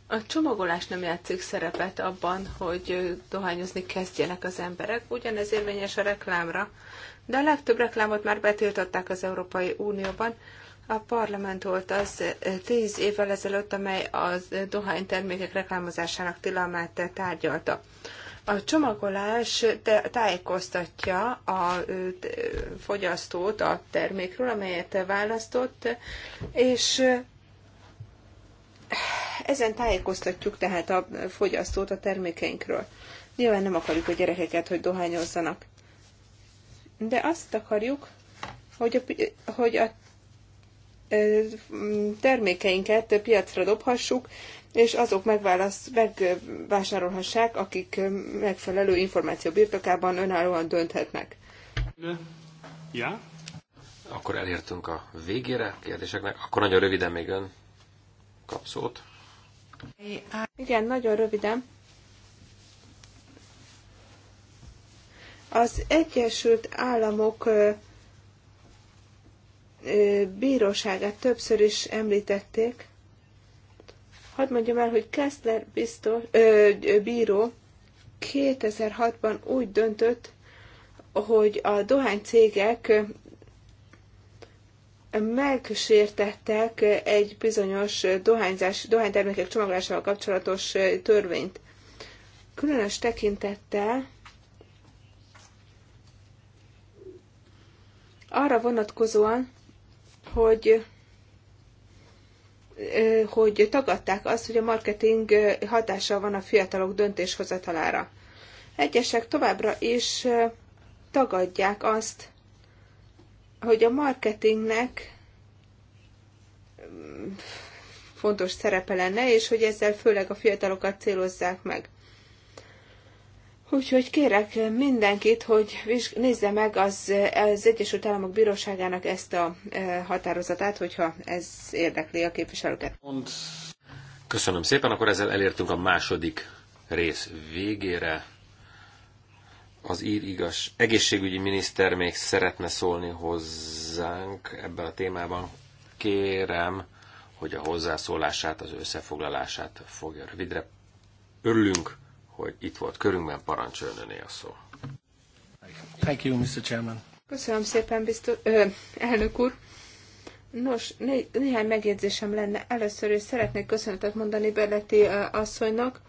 A csomagolás nem játszik szerepet abban, hogy dohányozni kezdjenek az emberek, ugyanez érvényes a reklámra, de a legtöbb reklámot már betiltották az Európai Unióban. A parlament volt az tíz évvel ezelőtt, amely a dohánytermékek reklámozásának tilalmát tárgyalta. A csomagolás tájékoztatja a fogyasztót a termékről, amelyet választott, és ezen tájékoztatjuk tehát a fogyasztót a termékeinkről. Nyilván nem akarjuk a gyerekeket, hogy dohányozzanak. De azt akarjuk, hogy a, hogy a termékeinket piacra dobhassuk, és azok megválaszt megvásárolhassák, akik megfelelő információ birtokában önállóan dönthetnek. Ja? Akkor elértünk a végére kérdéseknek. Akkor nagyon röviden még ön kap szót. Igen, nagyon röviden. Az Egyesült Államok bíróságát többször is említették. Hadd mondjam el, hogy Kessler biztos, ö, bíró 2006-ban úgy döntött, hogy a dohánycégek megsértettek egy bizonyos dohányzás, dohánytermékek csomagolásával kapcsolatos törvényt. Különös tekintettel arra vonatkozóan, hogy hogy tagadták azt, hogy a marketing hatással van a fiatalok döntéshozatalára. Egyesek továbbra is tagadják azt, hogy a marketingnek mm, fontos szerepe lenne, és hogy ezzel főleg a fiatalokat célozzák meg. Úgyhogy kérek mindenkit, hogy nézze meg az, az Egyesült Államok Bíróságának ezt a e, határozatát, hogyha ez érdekli a képviselőket. Köszönöm szépen, akkor ezzel elértünk a második rész végére. Az ír igaz, egészségügyi miniszter még szeretne szólni hozzánk ebben a témában. Kérem, hogy a hozzászólását, az összefoglalását fogja rövidre. Örülünk! hogy itt volt körünkben, parancsoljon öné a szó. Thank you, Mr. Chairman. Köszönöm szépen, biztos, ö, elnök úr. Nos, né- néhány megjegyzésem lenne. Először is szeretnék köszönetet mondani Beleti asszonynak,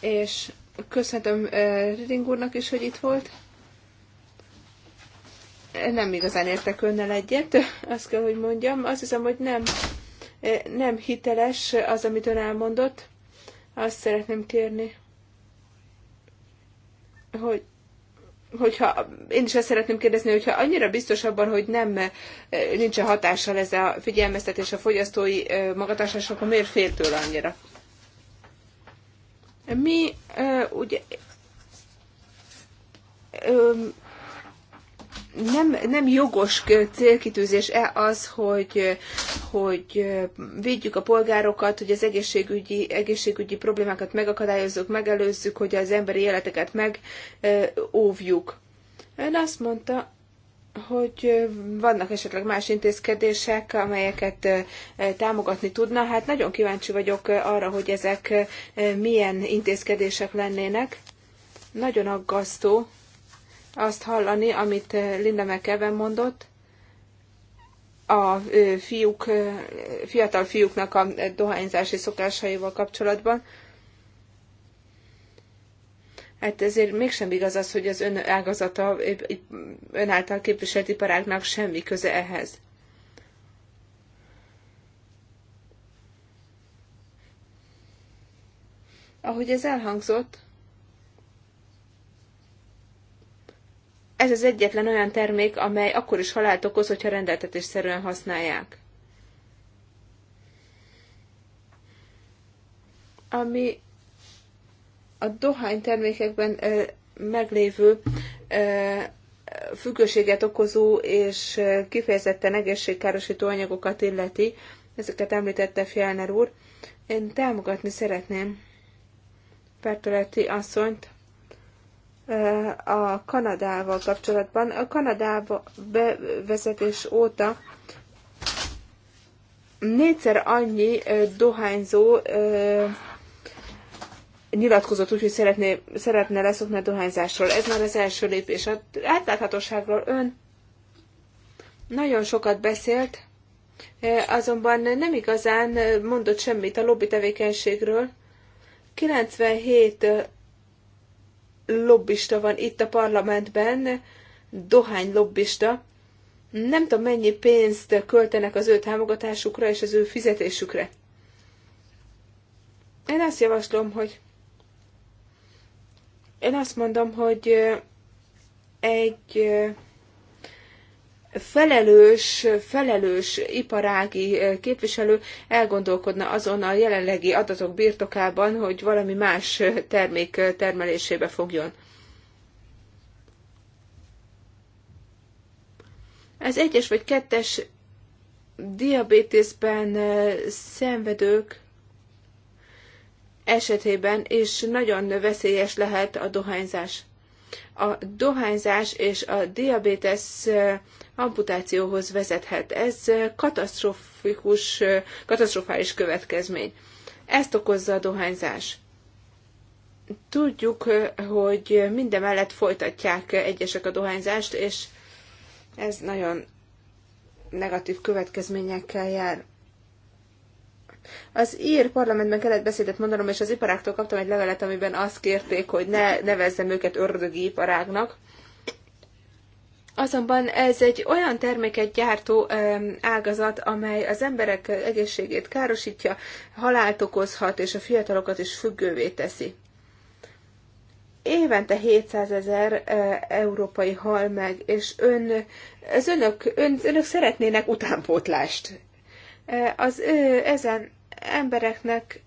és köszöntöm Riding úrnak is, hogy itt volt. Nem igazán értek önnel egyet, azt kell, hogy mondjam. Azt hiszem, hogy nem, nem hiteles az, amit ön elmondott. Azt szeretném kérni, hogy hogyha, én is azt szeretném kérdezni, hogyha annyira biztos abban, hogy nem eh, a hatással ez a figyelmeztetés a fogyasztói eh, magatartásra, akkor miért fél tőle annyira? Mi eh, ugye nem, nem jogos célkitűzés -e az, hogy, hogy védjük a polgárokat, hogy az egészségügyi, egészségügyi problémákat megakadályozzuk, megelőzzük, hogy az emberi életeket megóvjuk. Ön azt mondta, hogy vannak esetleg más intézkedések, amelyeket támogatni tudna. Hát nagyon kíváncsi vagyok arra, hogy ezek milyen intézkedések lennének. Nagyon aggasztó, azt hallani, amit Linda McEwen mondott, a fiúk, fiatal fiúknak a dohányzási szokásaival kapcsolatban. Hát ezért mégsem igaz az, hogy az ön ágazata, ön által képviselt iparágnak semmi köze ehhez. Ahogy ez elhangzott, Ez az egyetlen olyan termék, amely akkor is halált okoz, hogyha rendeltetésszerűen használják. Ami a dohánytermékekben ö, meglévő ö, függőséget okozó és kifejezetten egészségkárosító anyagokat illeti, ezeket említette Fjellner úr, én támogatni szeretném Pertoletti asszonyt a Kanadával kapcsolatban. A Kanadába bevezetés óta négyszer annyi dohányzó nyilatkozott úgy, hogy szeretné, szeretne leszokni a dohányzásról. Ez már az első lépés. A átláthatóságról ön nagyon sokat beszélt, azonban nem igazán mondott semmit a lobby tevékenységről. 97 lobbista van itt a parlamentben, dohány lobbista. Nem tudom, mennyi pénzt költenek az ő támogatásukra és az ő fizetésükre. Én azt javaslom, hogy én azt mondom, hogy egy felelős, felelős iparági eh, képviselő elgondolkodna azon a jelenlegi adatok birtokában, hogy valami más eh, termék eh, termelésébe fogjon. Ez egyes vagy kettes diabétészben szenvedők esetében is nagyon veszélyes lehet a dohányzás. A dohányzás és a diabétesz amputációhoz vezethet. Ez katasztrofikus, katasztrofális következmény. Ezt okozza a dohányzás. Tudjuk, hogy minden mellett folytatják egyesek a dohányzást, és ez nagyon negatív következményekkel jár. Az ír parlamentben kellett beszédet mondanom, és az iparáktól kaptam egy levelet, amiben azt kérték, hogy ne nevezzem őket ördögi iparágnak. Azonban ez egy olyan terméket gyártó ágazat, amely az emberek egészségét károsítja, halált okozhat, és a fiatalokat is függővé teszi. Évente 700 ezer európai hal meg, és ön, az önök, ön, önök szeretnének utánpótlást. Az ezen embereknek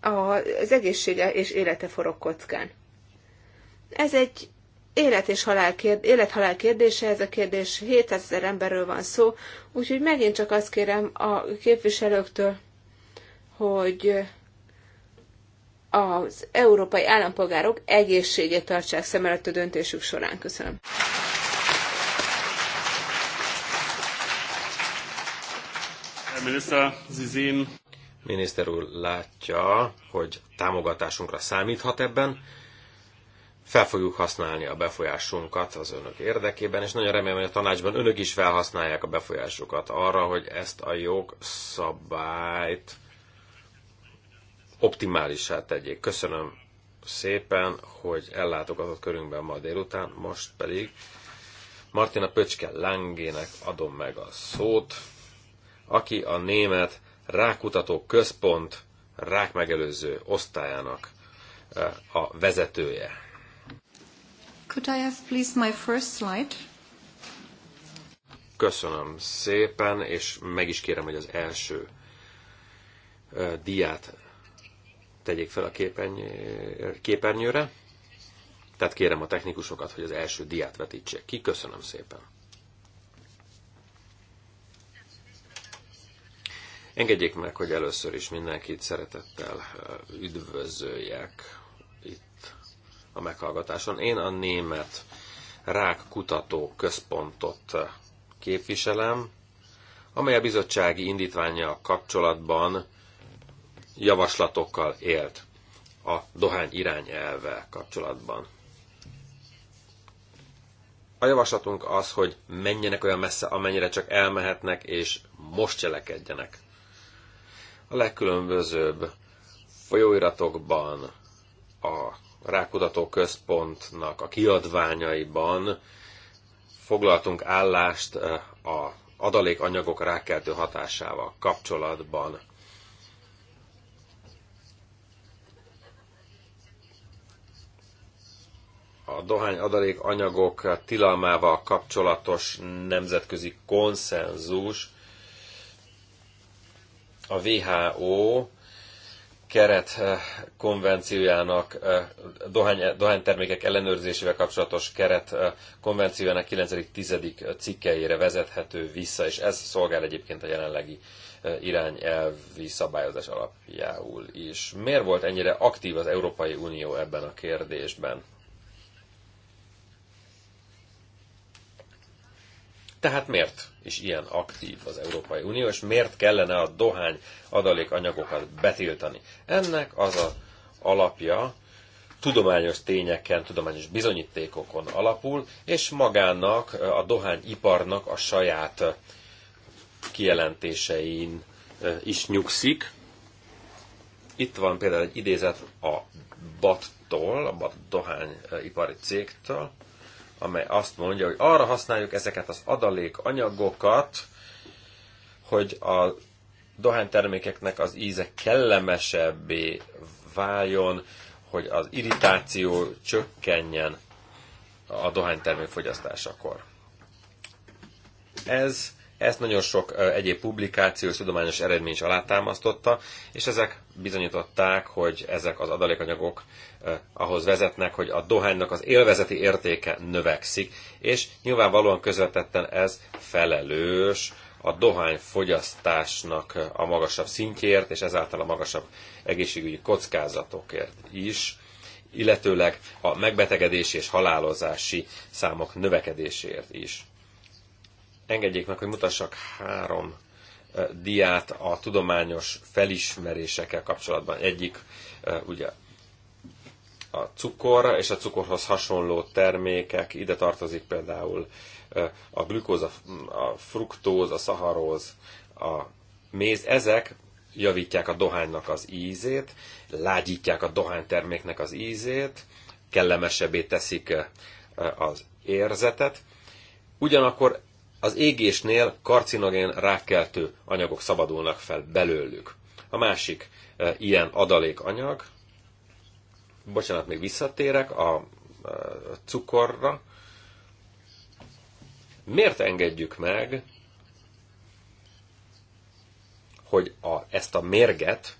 az egészsége és élete forog kockán. Ez egy élet és halál kérd, élet-halál kérdése, ez a kérdés 7000 emberről van szó, úgyhogy megint csak azt kérem a képviselőktől, hogy az európai állampolgárok egészségét tartsák szem előtt a döntésük során. Köszönöm. Miniszter, Miniszter úr látja, hogy támogatásunkra számíthat ebben fel fogjuk használni a befolyásunkat az önök érdekében, és nagyon remélem, hogy a tanácsban önök is felhasználják a befolyásukat arra, hogy ezt a jogszabályt optimálisá tegyék. Köszönöm szépen, hogy ellátogatott körünkben ma délután, most pedig Martina Pöcske Langének adom meg a szót, aki a német rákutató központ rákmegelőző osztályának eh, a vezetője. Could I have please my first slide? Köszönöm szépen, és meg is kérem, hogy az első uh, diát tegyék fel a képerny képernyőre. Tehát kérem a technikusokat, hogy az első diát vetítsék ki. Köszönöm szépen. Engedjék meg, hogy először is mindenkit szeretettel üdvözöljek a meghallgatáson. Én a német rákkutató központot képviselem, amely a bizottsági indítványa kapcsolatban javaslatokkal élt a dohány irányelve kapcsolatban. A javaslatunk az, hogy menjenek olyan messze, amennyire csak elmehetnek, és most cselekedjenek. A legkülönbözőbb folyóiratokban, a Rákutató Központnak a kiadványaiban foglaltunk állást eh, a adalékanyagok rákkeltő hatásával kapcsolatban. a dohány adalék anyagok tilalmával kapcsolatos nemzetközi konszenzus a WHO keret eh, konvenciójának, eh, dohány, dohánytermékek ellenőrzésével kapcsolatos keret eh, konvenciójának 9.-10. cikkeire vezethető vissza, és ez szolgál egyébként a jelenlegi irányelvi szabályozás alapjául is. Miért volt ennyire aktív az Európai Unió ebben a kérdésben? Tehát miért is ilyen aktív az Európai Unió, és miért kellene a dohány adalékanyagokat betiltani? Ennek az a alapja tudományos tényeken, tudományos bizonyítékokon alapul, és magának, a dohányiparnak a saját kijelentésein is nyugszik. Itt van például egy idézet a BAT-tól, a BAT dohányipari cégtől, amely azt mondja, hogy arra használjuk ezeket az adalék anyagokat, hogy a dohánytermékeknek az íze kellemesebbé váljon, hogy az irritáció csökkenjen a dohánytermék fogyasztásakor. Ez ezt nagyon sok egyéb publikáció és tudományos eredmény is alátámasztotta, és ezek bizonyították, hogy ezek az adalékanyagok ahhoz vezetnek, hogy a dohánynak az élvezeti értéke növekszik, és nyilvánvalóan közvetetten ez felelős a fogyasztásnak a magasabb szintjért, és ezáltal a magasabb egészségügyi kockázatokért is, illetőleg a megbetegedési és halálozási számok növekedéséért is. Engedjék meg, hogy mutassak három diát a tudományos felismerésekkel kapcsolatban. Egyik ugye a cukor és a cukorhoz hasonló termékek, ide tartozik például a glükóz, a fruktóz, a szaharóz, a méz, ezek javítják a dohánynak az ízét, lágyítják a dohányterméknek az ízét, kellemesebbé teszik az érzetet, ugyanakkor az égésnél karcinogén rákkeltő anyagok szabadulnak fel belőlük. A másik e, ilyen adalékanyag, bocsánat, még visszatérek a e, cukorra. Miért engedjük meg, hogy a, ezt a mérget,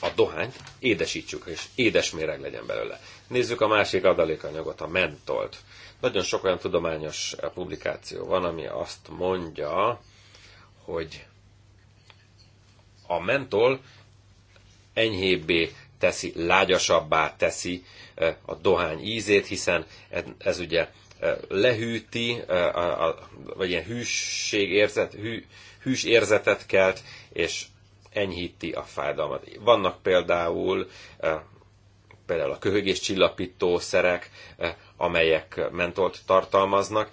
a dohányt édesítsük, és édes méreg legyen belőle. Nézzük a másik adalékanyagot, a mentolt. Nagyon sok olyan tudományos eh, publikáció van, ami azt mondja, hogy a mentol enyhébbé teszi, lágyasabbá teszi eh, a dohány ízét, hiszen ez ugye eh, lehűti, vagy ilyen érzet, hű, hűs érzetet kelt, és enyhíti a fájdalmat. Vannak például például a köhögés csillapító szerek, eh, amelyek mentolt tartalmaznak,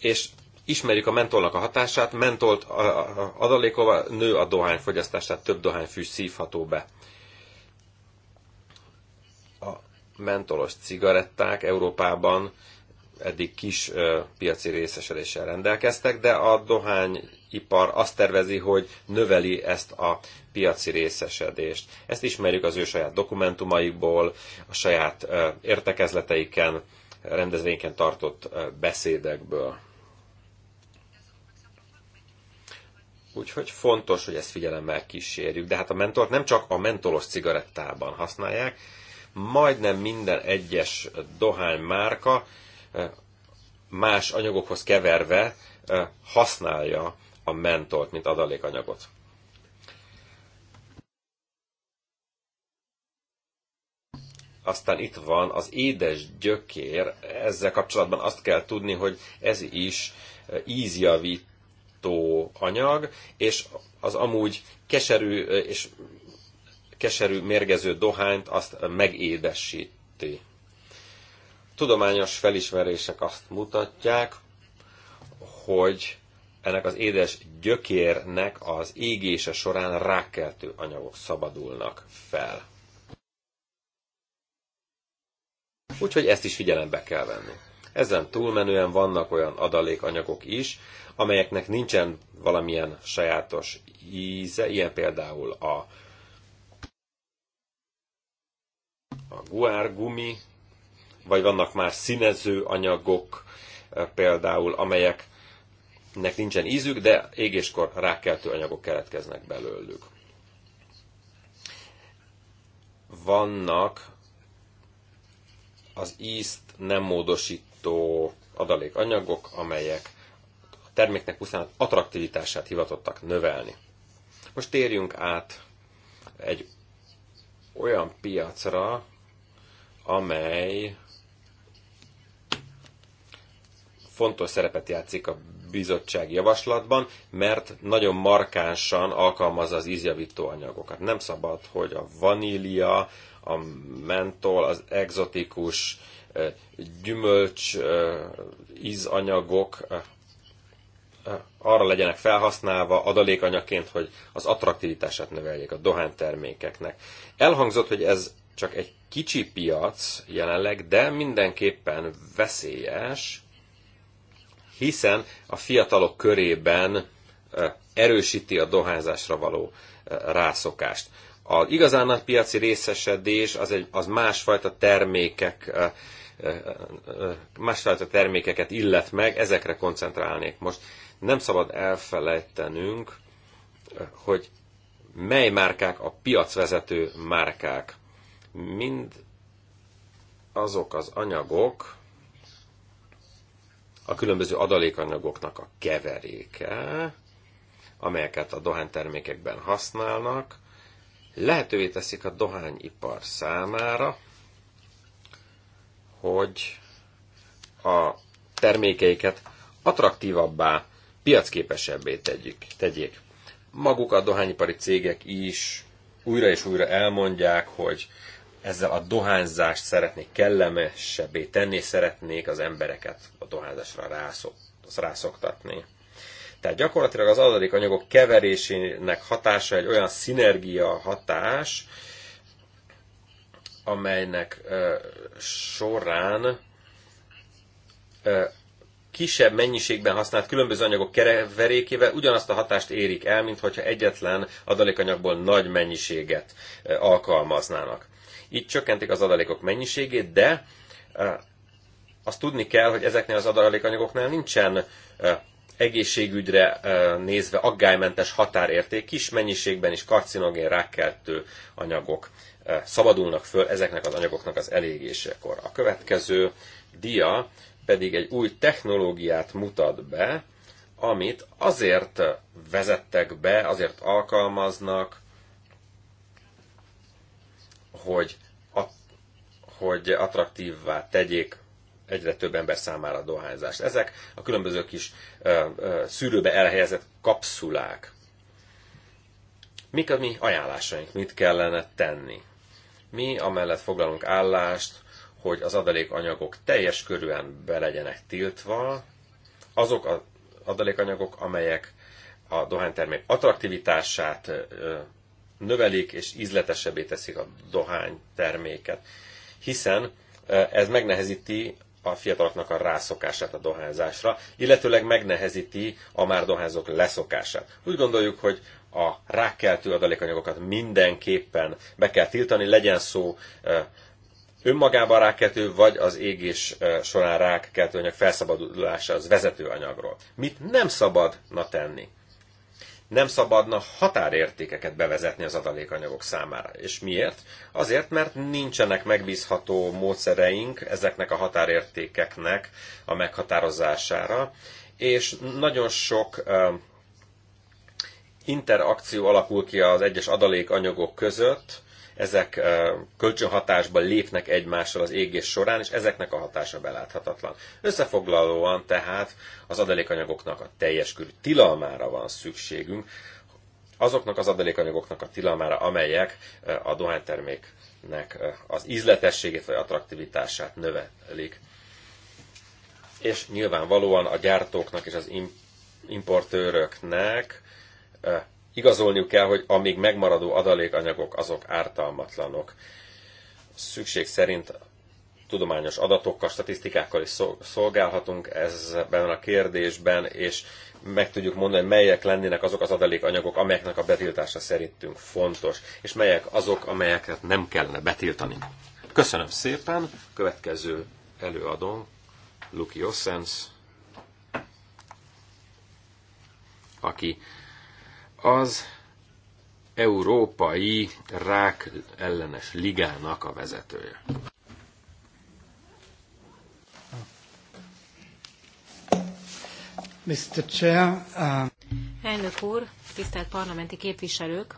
és ismerjük a mentolnak a hatását, mentolt adalékova nő a fogyasztás, tehát több dohányfű szívható be. A mentolos cigaretták Európában eddig kis piaci részesedéssel rendelkeztek, de a dohányipar azt tervezi, hogy növeli ezt a piaci részesedést. Ezt ismerjük az ő saját dokumentumaikból, a saját értekezleteiken, rendezvényeken tartott beszédekből. Úgyhogy fontos, hogy ezt figyelemmel kísérjük. De hát a mentort nem csak a mentolos cigarettában használják, majdnem minden egyes dohány márka más anyagokhoz keverve használja a mentolt, mint adalékanyagot. Aztán itt van az édes gyökér, ezzel kapcsolatban azt kell tudni, hogy ez is ízjavító anyag, és az amúgy keserű és keserű mérgező dohányt azt megédesíti tudományos felismerések azt mutatják, hogy ennek az édes gyökérnek az égése során rákkeltő anyagok szabadulnak fel. Úgyhogy ezt is figyelembe kell venni. Ezen túlmenően vannak olyan adalékanyagok is, amelyeknek nincsen valamilyen sajátos íze, ilyen például a, a guárgumi, vagy vannak más színező anyagok, eh, például, amelyeknek nincsen ízük, de égéskor rákkeltő anyagok keletkeznek belőlük. Vannak az ízt nem módosító adalékanyagok, amelyek a terméknek pusztán attraktivitását hivatottak növelni. Most térjünk át egy olyan piacra, amely fontos szerepet játszik a bizottság javaslatban, mert nagyon markánsan alkalmazza az ízjavító anyagokat. Nem szabad, hogy a vanília, a mentol, az exotikus gyümölcs ízanyagok arra legyenek felhasználva adalékanyagként, hogy az attraktivitását növeljék a dohánytermékeknek. Elhangzott, hogy ez csak egy kicsi piac jelenleg, de mindenképpen veszélyes, hiszen a fiatalok körében eh, erősíti a dohányzásra való eh, rászokást. A igazán nagy piaci részesedés az, egy, az másfajta termékek eh, másfajta termékeket illet meg, ezekre koncentrálnék most. Nem szabad elfelejtenünk, hogy mely márkák a piacvezető márkák. Mind azok az anyagok, a különböző adalékanyagoknak a keveréke, amelyeket a dohánytermékekben használnak, lehetővé teszik a dohányipar számára, hogy a termékeiket attraktívabbá, piacképesebbé tegyük, tegyék. Maguk a dohányipari cégek is újra és újra elmondják, hogy ezzel a dohányzást szeretnék kellemesebbé tenni, szeretnék az embereket a dohányzásra rászoktatni. Tehát gyakorlatilag az adalékanyagok keverésének hatása egy olyan szinergia hatás, amelynek ö, során ö, kisebb mennyiségben használt különböző anyagok keverékével ugyanazt a hatást érik el, mint hogyha egyetlen adalékanyagból nagy mennyiséget alkalmaznának. Így csökkentik az adalékok mennyiségét, de azt tudni kell, hogy ezeknél az adalékanyagoknál nincsen egészségügyre nézve aggálymentes határérték, kis mennyiségben is karcinogén rákkeltő anyagok szabadulnak föl ezeknek az anyagoknak az elégésekor. A következő dia pedig egy új technológiát mutat be, amit azért vezettek be, azért alkalmaznak, hogy, a, hogy attraktívvá tegyék egyre több ember számára a dohányzást. Ezek a különböző kis ö, ö, szűrőbe elhelyezett kapszulák. Mik a mi ajánlásaink? Mit kellene tenni? Mi amellett foglalunk állást, hogy az adalékanyagok teljes körűen be legyenek tiltva, azok az adalékanyagok, amelyek a dohánytermék attraktivitását növelik és ízletesebbé teszik a dohány terméket. Hiszen ez megnehezíti a fiataloknak a rászokását a dohányzásra, illetőleg megnehezíti a már dohányzók leszokását. Úgy gondoljuk, hogy a rákkeltő adalékanyagokat mindenképpen be kell tiltani, legyen szó önmagában rákkeltő, vagy az égés során rákkeltő anyag felszabadulása az vezető anyagról. Mit nem szabadna tenni? nem szabadna határértékeket bevezetni az adalékanyagok számára. És miért? Azért, mert nincsenek megbízható módszereink ezeknek a határértékeknek a meghatározására, és nagyon sok interakció alakul ki az egyes adalékanyagok között, ezek kölcsönhatásban lépnek egymással az égés során, és ezeknek a hatása beláthatatlan. Összefoglalóan tehát az adalékanyagoknak a teljes körű tilalmára van szükségünk, azoknak az adalékanyagoknak a tilalmára, amelyek a dohányterméknek az ízletességét vagy attraktivitását növelik. És nyilvánvalóan a gyártóknak és az importőröknek igazolniuk kell, hogy a még megmaradó adalékanyagok azok ártalmatlanok. Szükség szerint tudományos adatokkal, statisztikákkal is szolgálhatunk ezben a kérdésben, és meg tudjuk mondani, melyek lennének azok az adalékanyagok, amelyeknek a betiltása szerintünk fontos, és melyek azok, amelyeket nem kellene betiltani. Köszönöm szépen, következő előadón Luki Ossens, aki az Európai Rák ellenes ligának a vezetője. Mr. Chair, uh... Elnök úr, tisztelt parlamenti képviselők!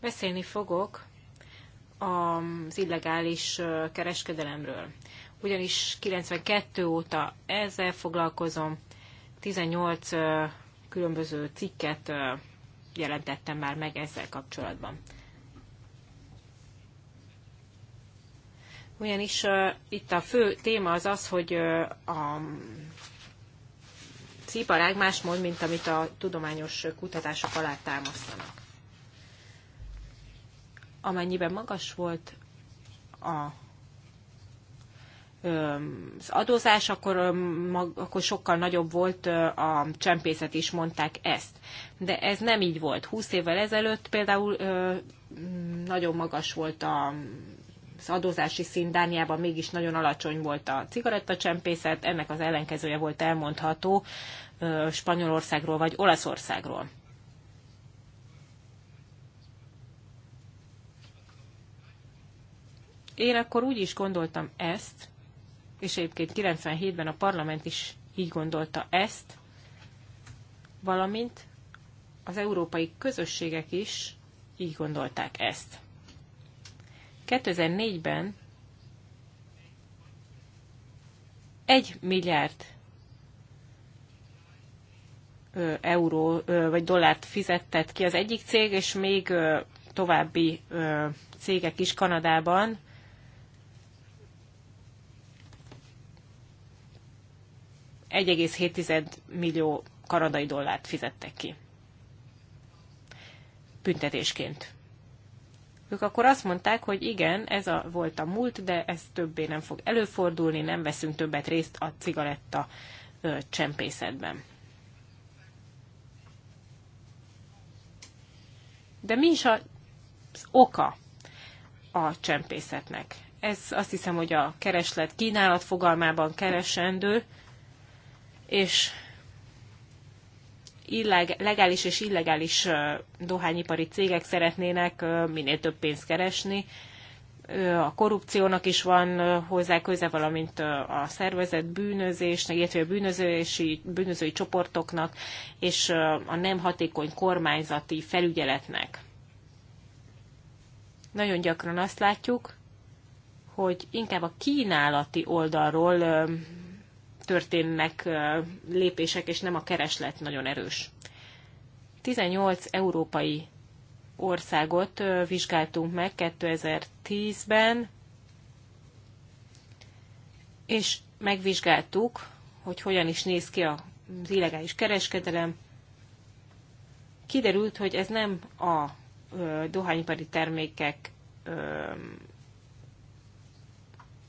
Beszélni fogok az illegális kereskedelemről. Ugyanis 92 óta ezzel foglalkozom, 18 különböző cikket jelentettem már meg ezzel kapcsolatban. Ugyanis uh, itt a fő téma az az, hogy uh, a sziparág másmód, mint amit a tudományos kutatások alá támasztanak. Amennyiben magas volt a az adózás, akkor, akkor sokkal nagyobb volt a csempészet is, mondták ezt. De ez nem így volt. 20 évvel ezelőtt például nagyon magas volt a az adózási szint Dániában mégis nagyon alacsony volt a cigarettacsempészet, ennek az ellenkezője volt elmondható Spanyolországról vagy Olaszországról. Én akkor úgy is gondoltam ezt, és egyébként 97-ben a parlament is így gondolta ezt, valamint az európai közösségek is így gondolták ezt. 2004-ben 1 milliárd euró vagy dollárt fizetett ki az egyik cég, és még további cégek is Kanadában 1,7 millió kanadai dollárt fizettek ki büntetésként. Ők akkor azt mondták, hogy igen, ez a, volt a múlt, de ez többé nem fog előfordulni, nem veszünk többet részt a cigaretta ö, csempészetben. De mi is az oka a csempészetnek? Ez azt hiszem, hogy a kereslet kínálat fogalmában keresendő, és illeg, legális és illegális dohányipari cégek szeretnének minél több pénzt keresni. A korrupciónak is van hozzá köze, valamint a szervezet bűnözésnek, illetve a bűnözési, bűnözői csoportoknak és a nem hatékony kormányzati felügyeletnek. Nagyon gyakran azt látjuk, hogy inkább a kínálati oldalról történnek lépések, és nem a kereslet nagyon erős. 18 európai országot vizsgáltunk meg 2010-ben, és megvizsgáltuk, hogy hogyan is néz ki az illegális kereskedelem. Kiderült, hogy ez nem a dohányipari termékek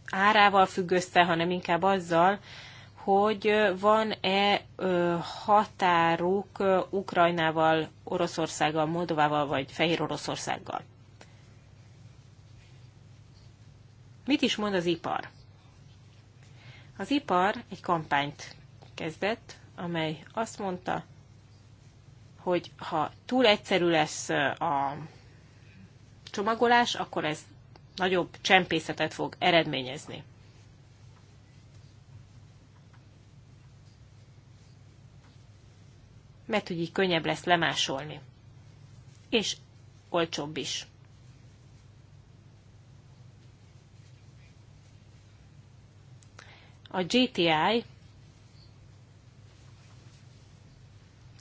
árával függ össze, hanem inkább azzal, hogy van-e határuk Ukrajnával, Oroszországgal, Moldovával vagy Fehér Oroszországgal. Mit is mond az ipar? Az ipar egy kampányt kezdett, amely azt mondta, hogy ha túl egyszerű lesz a csomagolás, akkor ez nagyobb csempészetet fog eredményezni. mert hogy így könnyebb lesz lemásolni. És olcsóbb is. A GTI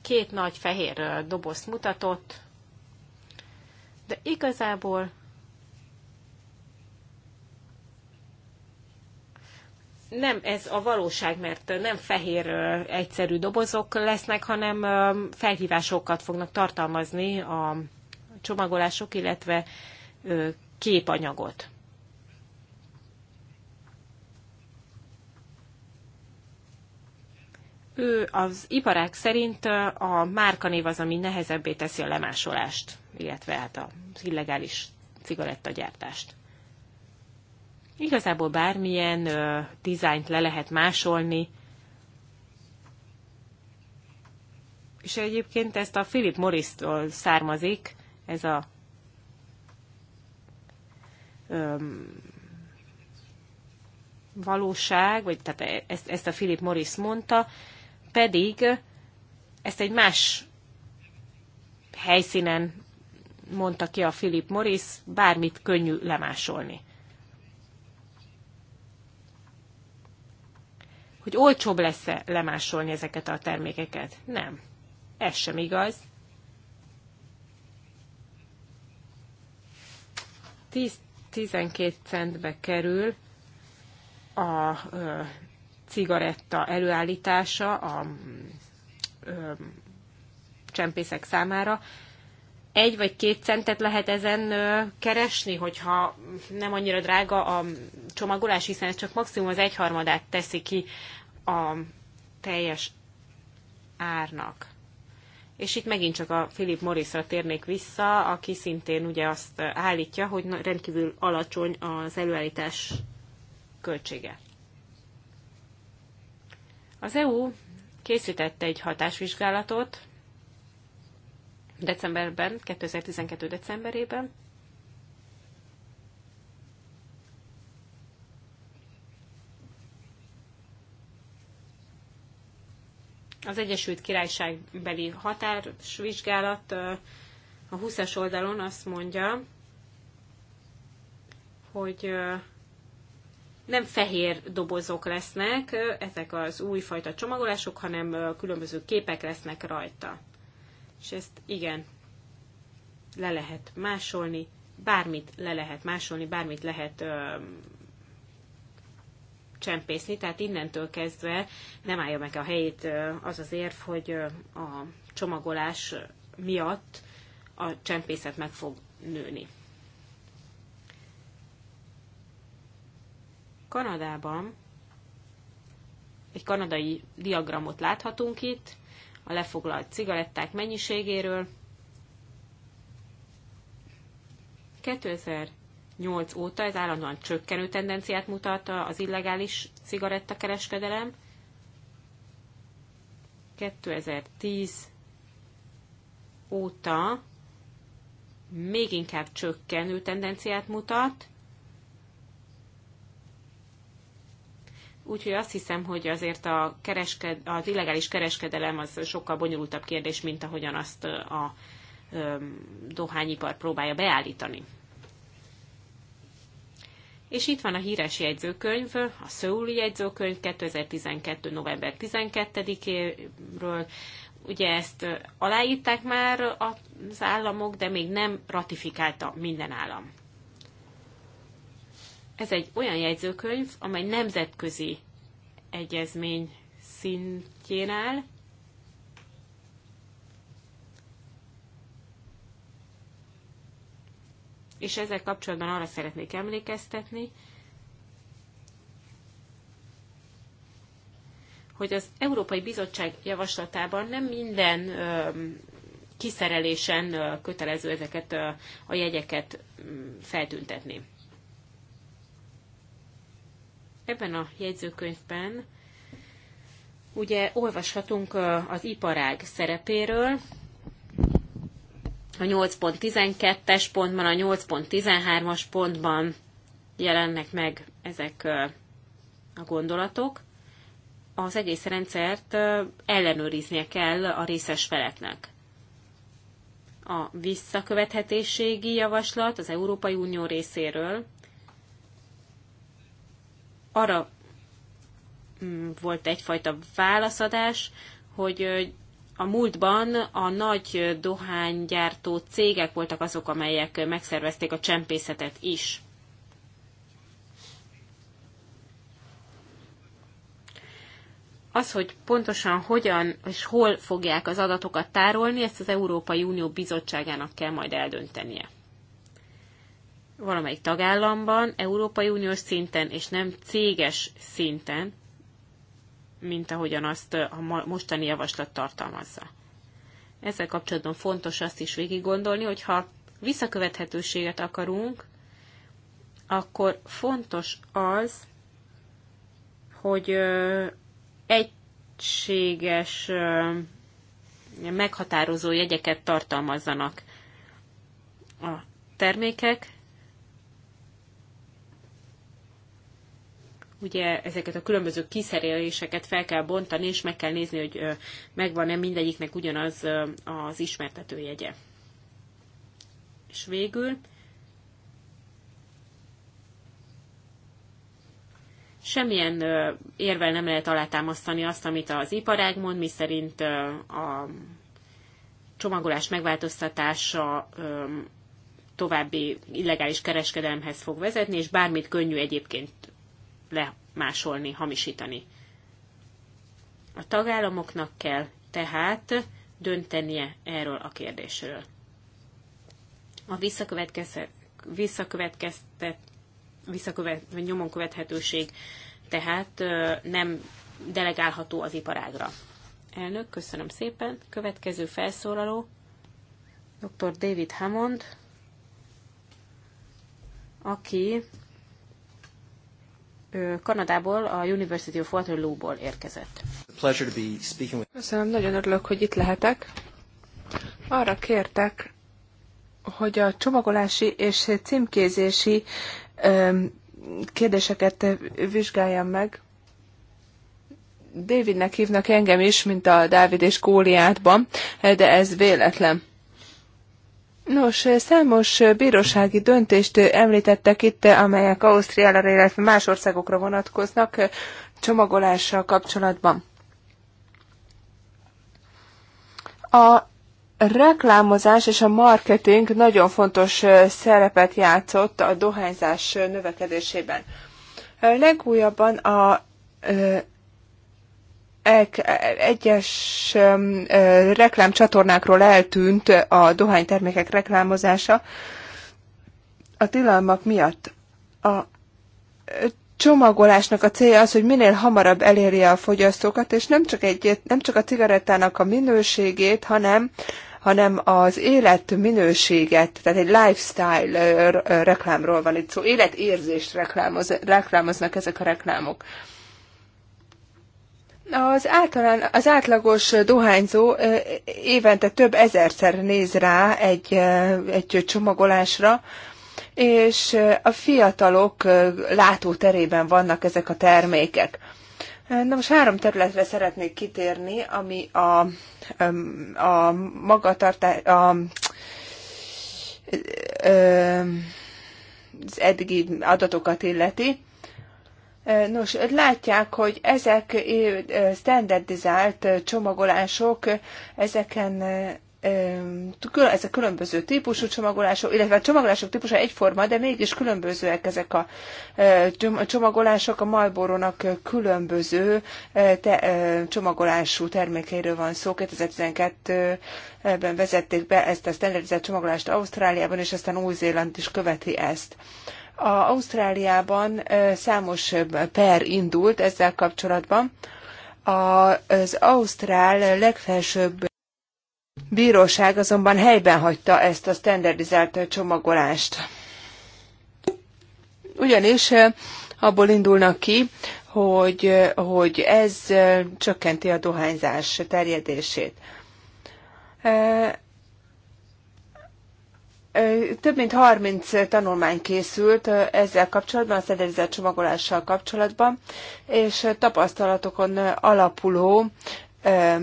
két nagy fehér dobozt mutatott, de igazából nem ez a valóság, mert nem fehér egyszerű dobozok lesznek, hanem felhívásokat fognak tartalmazni a csomagolások, illetve képanyagot. Ő az iparák szerint a márkanév az, ami nehezebbé teszi a lemásolást, illetve hát az illegális cigarettagyártást. Igazából bármilyen ö, dizájnt le lehet másolni, és egyébként ezt a Philip Morris-tól származik, ez a ö, valóság, vagy tehát e, ezt, ezt a Philip Morris mondta, pedig ezt egy más helyszínen mondta ki a Philip Morris, bármit könnyű lemásolni. hogy olcsóbb lesz-e lemásolni ezeket a termékeket. Nem. Ez sem igaz. 10-12 centbe kerül a ö, cigaretta előállítása a ö, csempészek számára, egy vagy két centet lehet ezen keresni, hogyha nem annyira drága a csomagolás, hiszen ez csak maximum az egyharmadát teszi ki a teljes árnak. És itt megint csak a Philip Morrisra térnék vissza, aki szintén ugye azt állítja, hogy rendkívül alacsony az előállítás költsége. Az EU készítette egy hatásvizsgálatot, decemberben, 2012. decemberében. Az Egyesült Királyság beli határvizsgálat a 20-as oldalon azt mondja, hogy nem fehér dobozok lesznek ezek az újfajta csomagolások, hanem különböző képek lesznek rajta és ezt igen, le lehet másolni, bármit le lehet másolni, bármit lehet ö, csempészni, tehát innentől kezdve nem állja meg a helyét az az érv, hogy a csomagolás miatt a csempészet meg fog nőni. Kanadában egy kanadai diagramot láthatunk itt, a lefoglalt cigaretták mennyiségéről. 2008 óta ez állandóan csökkenő tendenciát mutat az illegális cigarettakereskedelem. 2010 óta még inkább csökkenő tendenciát mutat, Úgyhogy azt hiszem, hogy azért a keresked, az illegális kereskedelem az sokkal bonyolultabb kérdés, mint ahogyan azt a dohányipar próbálja beállítani. És itt van a híres jegyzőkönyv, a Szöuli jegyzőkönyv 2012. november 12-éről. Ugye ezt aláírták már az államok, de még nem ratifikálta minden állam. Ez egy olyan jegyzőkönyv, amely nemzetközi egyezmény szintjén áll, és ezzel kapcsolatban arra szeretnék emlékeztetni, hogy az Európai Bizottság javaslatában nem minden ö, kiszerelésen ö, kötelező ezeket ö, a jegyeket ö, feltüntetni. Ebben a jegyzőkönyvben ugye olvashatunk az iparág szerepéről, a 8.12-es pontban, a 8.13-as pontban jelennek meg ezek a gondolatok. Az egész rendszert ellenőriznie kell a részes feleknek. A visszakövethetőségi javaslat az Európai Unió részéről arra mm, volt egyfajta válaszadás, hogy a múltban a nagy dohánygyártó cégek voltak azok, amelyek megszervezték a csempészetet is. Az, hogy pontosan hogyan és hol fogják az adatokat tárolni, ezt az Európai Unió Bizottságának kell majd eldöntenie valamelyik tagállamban, Európai Uniós szinten, és nem céges szinten, mint ahogyan azt a mostani javaslat tartalmazza. Ezzel kapcsolatban fontos azt is végig gondolni, ha visszakövethetőséget akarunk, akkor fontos az, hogy egységes meghatározó jegyeket tartalmazzanak a termékek, ugye ezeket a különböző kiszereléseket fel kell bontani, és meg kell nézni, hogy megvan-e mindegyiknek ugyanaz az ismertetőjegye. És végül semmilyen érvel nem lehet alátámasztani azt, amit az iparág mond, mi szerint a csomagolás megváltoztatása további illegális kereskedelemhez fog vezetni, és bármit könnyű egyébként lemásolni, hamisítani. A tagállamoknak kell tehát döntenie erről a kérdésről. A visszakövetkeztet, visszakövet, vagy nyomon követhetőség tehát nem delegálható az iparágra. Elnök, köszönöm szépen. Következő felszólaló, dr. David Hammond, aki Kanadából, a University of Waterloo-ból érkezett. Köszönöm, nagyon örülök, hogy itt lehetek. Arra kértek, hogy a csomagolási és címkézési kérdéseket vizsgáljam meg. Davidnek hívnak engem is, mint a Dávid és Góliátban, de ez véletlen. Nos, számos bírósági döntést említettek itt, amelyek Ausztriára, illetve más országokra vonatkoznak csomagolással kapcsolatban. A reklámozás és a marketing nagyon fontos szerepet játszott a dohányzás növekedésében. Legújabban a egyes reklámcsatornákról eltűnt a dohánytermékek reklámozása a tilalmak miatt. A csomagolásnak a célja az, hogy minél hamarabb elérje a fogyasztókat, és nem csak, egy, nem csak a cigarettának a minőségét, hanem hanem az élet minőséget, tehát egy lifestyle reklámról van itt szó, életérzést reklámoz, reklámoznak ezek a reklámok. Az, általán, az átlagos dohányzó évente több ezerszer néz rá egy, egy csomagolásra, és a fiatalok látóterében vannak ezek a termékek. Na most három területre szeretnék kitérni, ami a, a magatartás, a, az eddigi adatokat illeti. Nos, látják, hogy ezek standardizált csomagolások, ezeken ezek különböző típusú csomagolások, illetve a csomagolások típusa egyforma, de mégis különbözőek ezek a csomagolások. A Malborónak különböző te, csomagolású termékeiről van szó. 2012-ben vezették be ezt a standardizált csomagolást Ausztráliában, és aztán Új-Zéland is követi ezt. A Ausztráliában számos per indult ezzel kapcsolatban. Az Ausztrál legfelsőbb bíróság azonban helyben hagyta ezt a standardizált csomagolást. Ugyanis abból indulnak ki, hogy, hogy ez csökkenti a dohányzás terjedését. Több mint 30 tanulmány készült ezzel kapcsolatban, a szedezett csomagolással kapcsolatban, és tapasztalatokon alapuló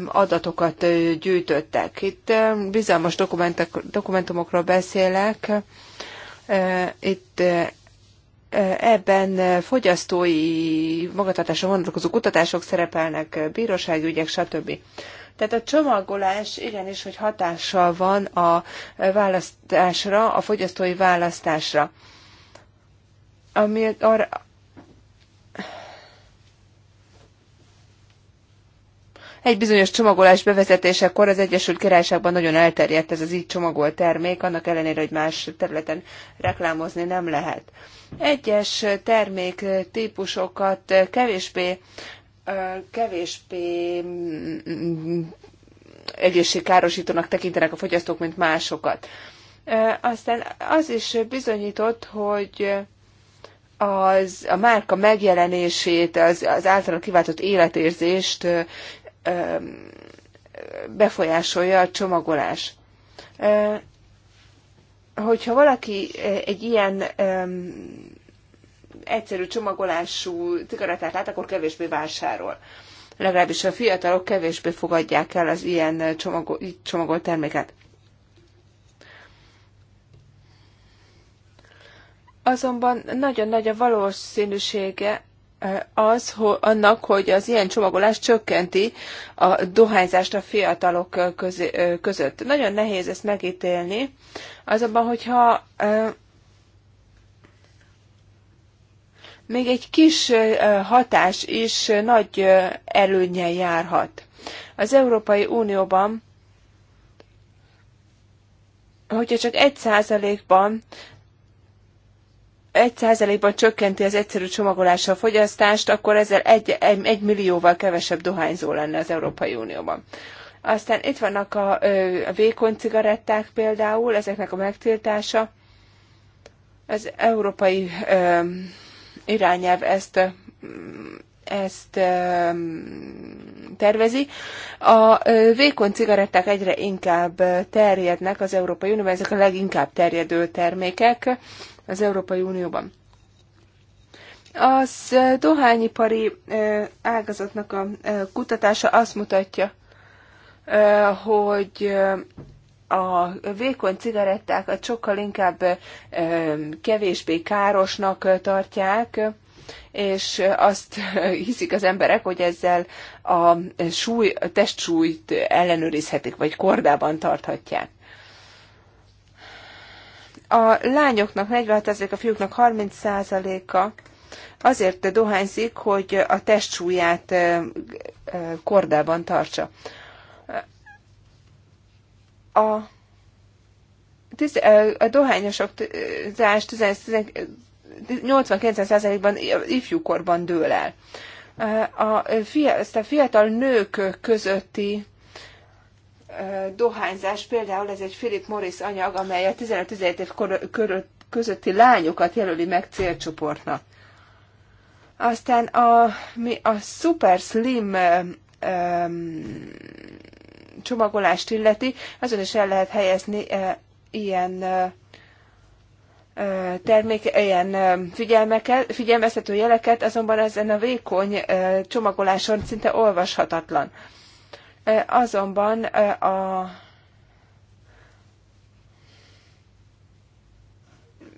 adatokat gyűjtöttek. Itt bizalmas dokumentumokról beszélek. Itt ebben fogyasztói magatartásra vonatkozó kutatások szerepelnek, bíróságügyek, stb. Tehát a csomagolás igenis, hogy hatással van a választásra, a fogyasztói választásra. Ami arra, Egy bizonyos csomagolás bevezetésekor az Egyesült Királyságban nagyon elterjedt ez az így csomagolt termék, annak ellenére, hogy más területen reklámozni nem lehet. Egyes termék típusokat kevésbé kevésbé mm, egészségkárosítónak tekintenek a fogyasztók, mint másokat. Aztán az is bizonyított, hogy az, a márka megjelenését, az, az általa kiváltott életérzést befolyásolja a csomagolás. Hogyha valaki egy ilyen egyszerű csomagolású cigarettát lát, akkor kevésbé vásárol. Legalábbis a fiatalok kevésbé fogadják el az ilyen csomagol, csomagolt terméket. Azonban nagyon nagy a valószínűsége az, hogy annak, hogy az ilyen csomagolás csökkenti a dohányzást a fiatalok közé, között. Nagyon nehéz ezt megítélni, azonban, hogyha még egy kis hatás is nagy előnyel járhat. Az Európai Unióban, hogyha csak egy százalékban egy százalékban csökkenti az egyszerű csomagolással a fogyasztást, akkor ezzel egy, egy, egy millióval kevesebb dohányzó lenne az Európai Unióban. Aztán itt vannak a, a vékony cigaretták például, ezeknek a megtiltása. Az európai irányelv ezt ezt tervezi. A vékony cigaretták egyre inkább terjednek az Európai Unióban, ezek a leginkább terjedő termékek az Európai Unióban. Az dohányipari ágazatnak a kutatása azt mutatja, hogy a vékony cigarettákat sokkal inkább kevésbé károsnak tartják, és azt hiszik az emberek, hogy ezzel a súly, a testsúlyt ellenőrizhetik, vagy kordában tarthatják. A lányoknak 46%, a fiúknak 30%-a azért dohányzik, hogy a testsúlyát kordában tartsa a, tiz, a dohányosok zás 89%-ban ifjúkorban dől el. A, ezt a fiatal nők közötti dohányzás, például ez egy Philip Morris anyag, amely a 15-17 év közötti lányokat jelöli meg célcsoportnak. Aztán a, mi a super slim um, csomagolást illeti, azon is el lehet helyezni eh, ilyen eh, eh, termék, ilyen figyelmeket, figyelmeztető jeleket, azonban ezen a vékony csomagoláson szinte olvashatatlan. Azonban a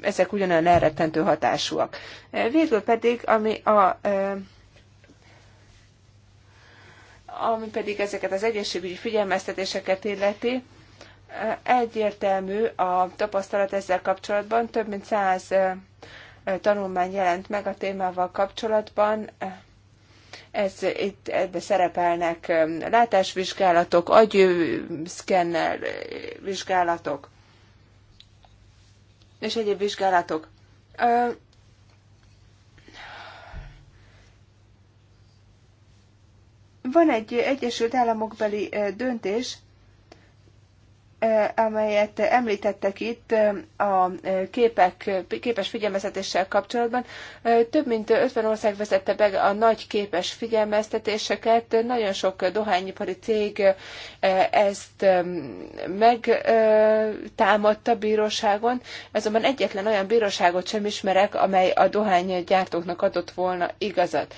ezek ugyanolyan elrettentő hatásúak. Végül pedig, ami a ami pedig ezeket az egészségügyi figyelmeztetéseket illeti, egyértelmű a tapasztalat ezzel kapcsolatban. Több mint száz tanulmány jelent meg a témával kapcsolatban. Ez, itt, ebbe szerepelnek látásvizsgálatok, agyszkennel vizsgálatok és egyéb vizsgálatok. Van egy Egyesült Államokbeli döntés, amelyet említettek itt a képek, képes figyelmeztetéssel kapcsolatban. Több mint 50 ország vezette be a nagy képes figyelmeztetéseket. Nagyon sok dohányipari cég ezt megtámadta bíróságon. Azonban egyetlen olyan bíróságot sem ismerek, amely a dohánygyártóknak adott volna igazat.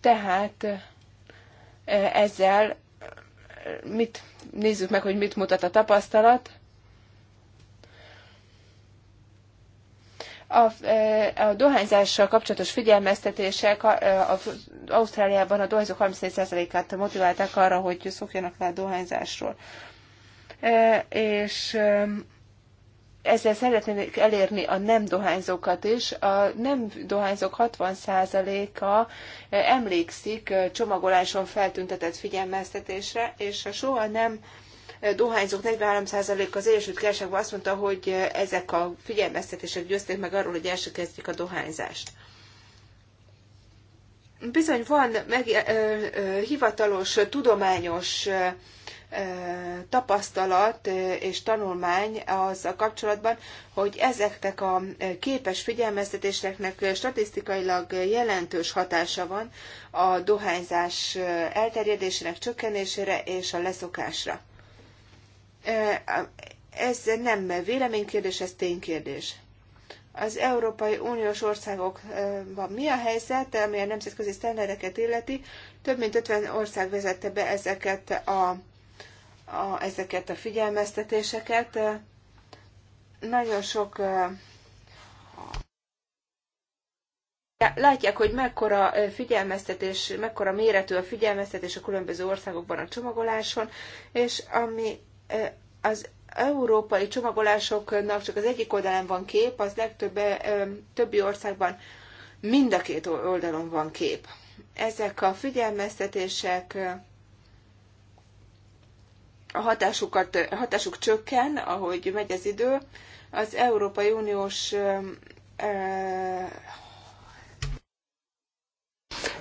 Tehát ezzel mit, nézzük meg, hogy mit mutat a tapasztalat. A, a dohányzással kapcsolatos figyelmeztetések az Ausztráliában a dohányzók 34%-át motiválták arra, hogy szokjanak le a dohányzásról. E, és ezzel szeretnék elérni a nem dohányzókat is. A nem dohányzók 60%-a eh, emlékszik eh, csomagoláson feltüntetett figyelmeztetésre, és a soha nem eh, dohányzók 43% az Egyesült Királyságban azt mondta, hogy ezek a figyelmeztetések győzték meg arról, hogy el kezdjük a dohányzást. Bizony van meg, ö, ö, hivatalos, tudományos tapasztalat és tanulmány az a kapcsolatban, hogy ezeknek a képes figyelmeztetéseknek statisztikailag jelentős hatása van a dohányzás elterjedésének csökkenésére és a leszokásra. Ez nem véleménykérdés, ez ténykérdés az Európai Uniós országokban mi a helyzet, ami a nemzetközi sztendereket illeti. Több mint 50 ország vezette be ezeket a a, ezeket a figyelmeztetéseket. Nagyon sok Látják, hogy mekkora figyelmeztetés, mekkora méretű a figyelmeztetés a különböző országokban a csomagoláson, és ami az európai csomagolásoknak csak az egyik oldalán van kép, az legtöbb többi országban mind a két oldalon van kép. Ezek a figyelmeztetések a hatásukat, hatásuk csökken, ahogy megy az idő. Az Európai Uniós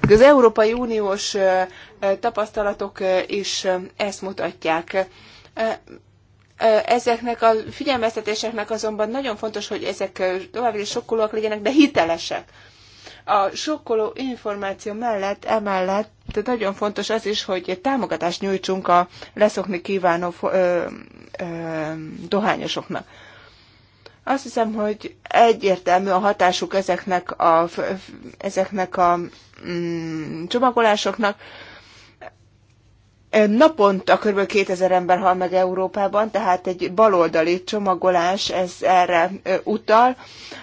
az Európai Uniós tapasztalatok is ezt mutatják. Ezeknek a figyelmeztetéseknek azonban nagyon fontos, hogy ezek továbbra is sokkolóak legyenek, de hitelesek a sokkoló információ mellett, emellett nagyon fontos az is, hogy támogatást nyújtsunk a leszokni kívánó ö, ö, dohányosoknak. Azt hiszem, hogy egyértelmű a hatásuk ezeknek a, ezeknek a mm, csomagolásoknak Naponta kb. 2000 ember hal meg Európában, tehát egy baloldali csomagolás ez erre utal.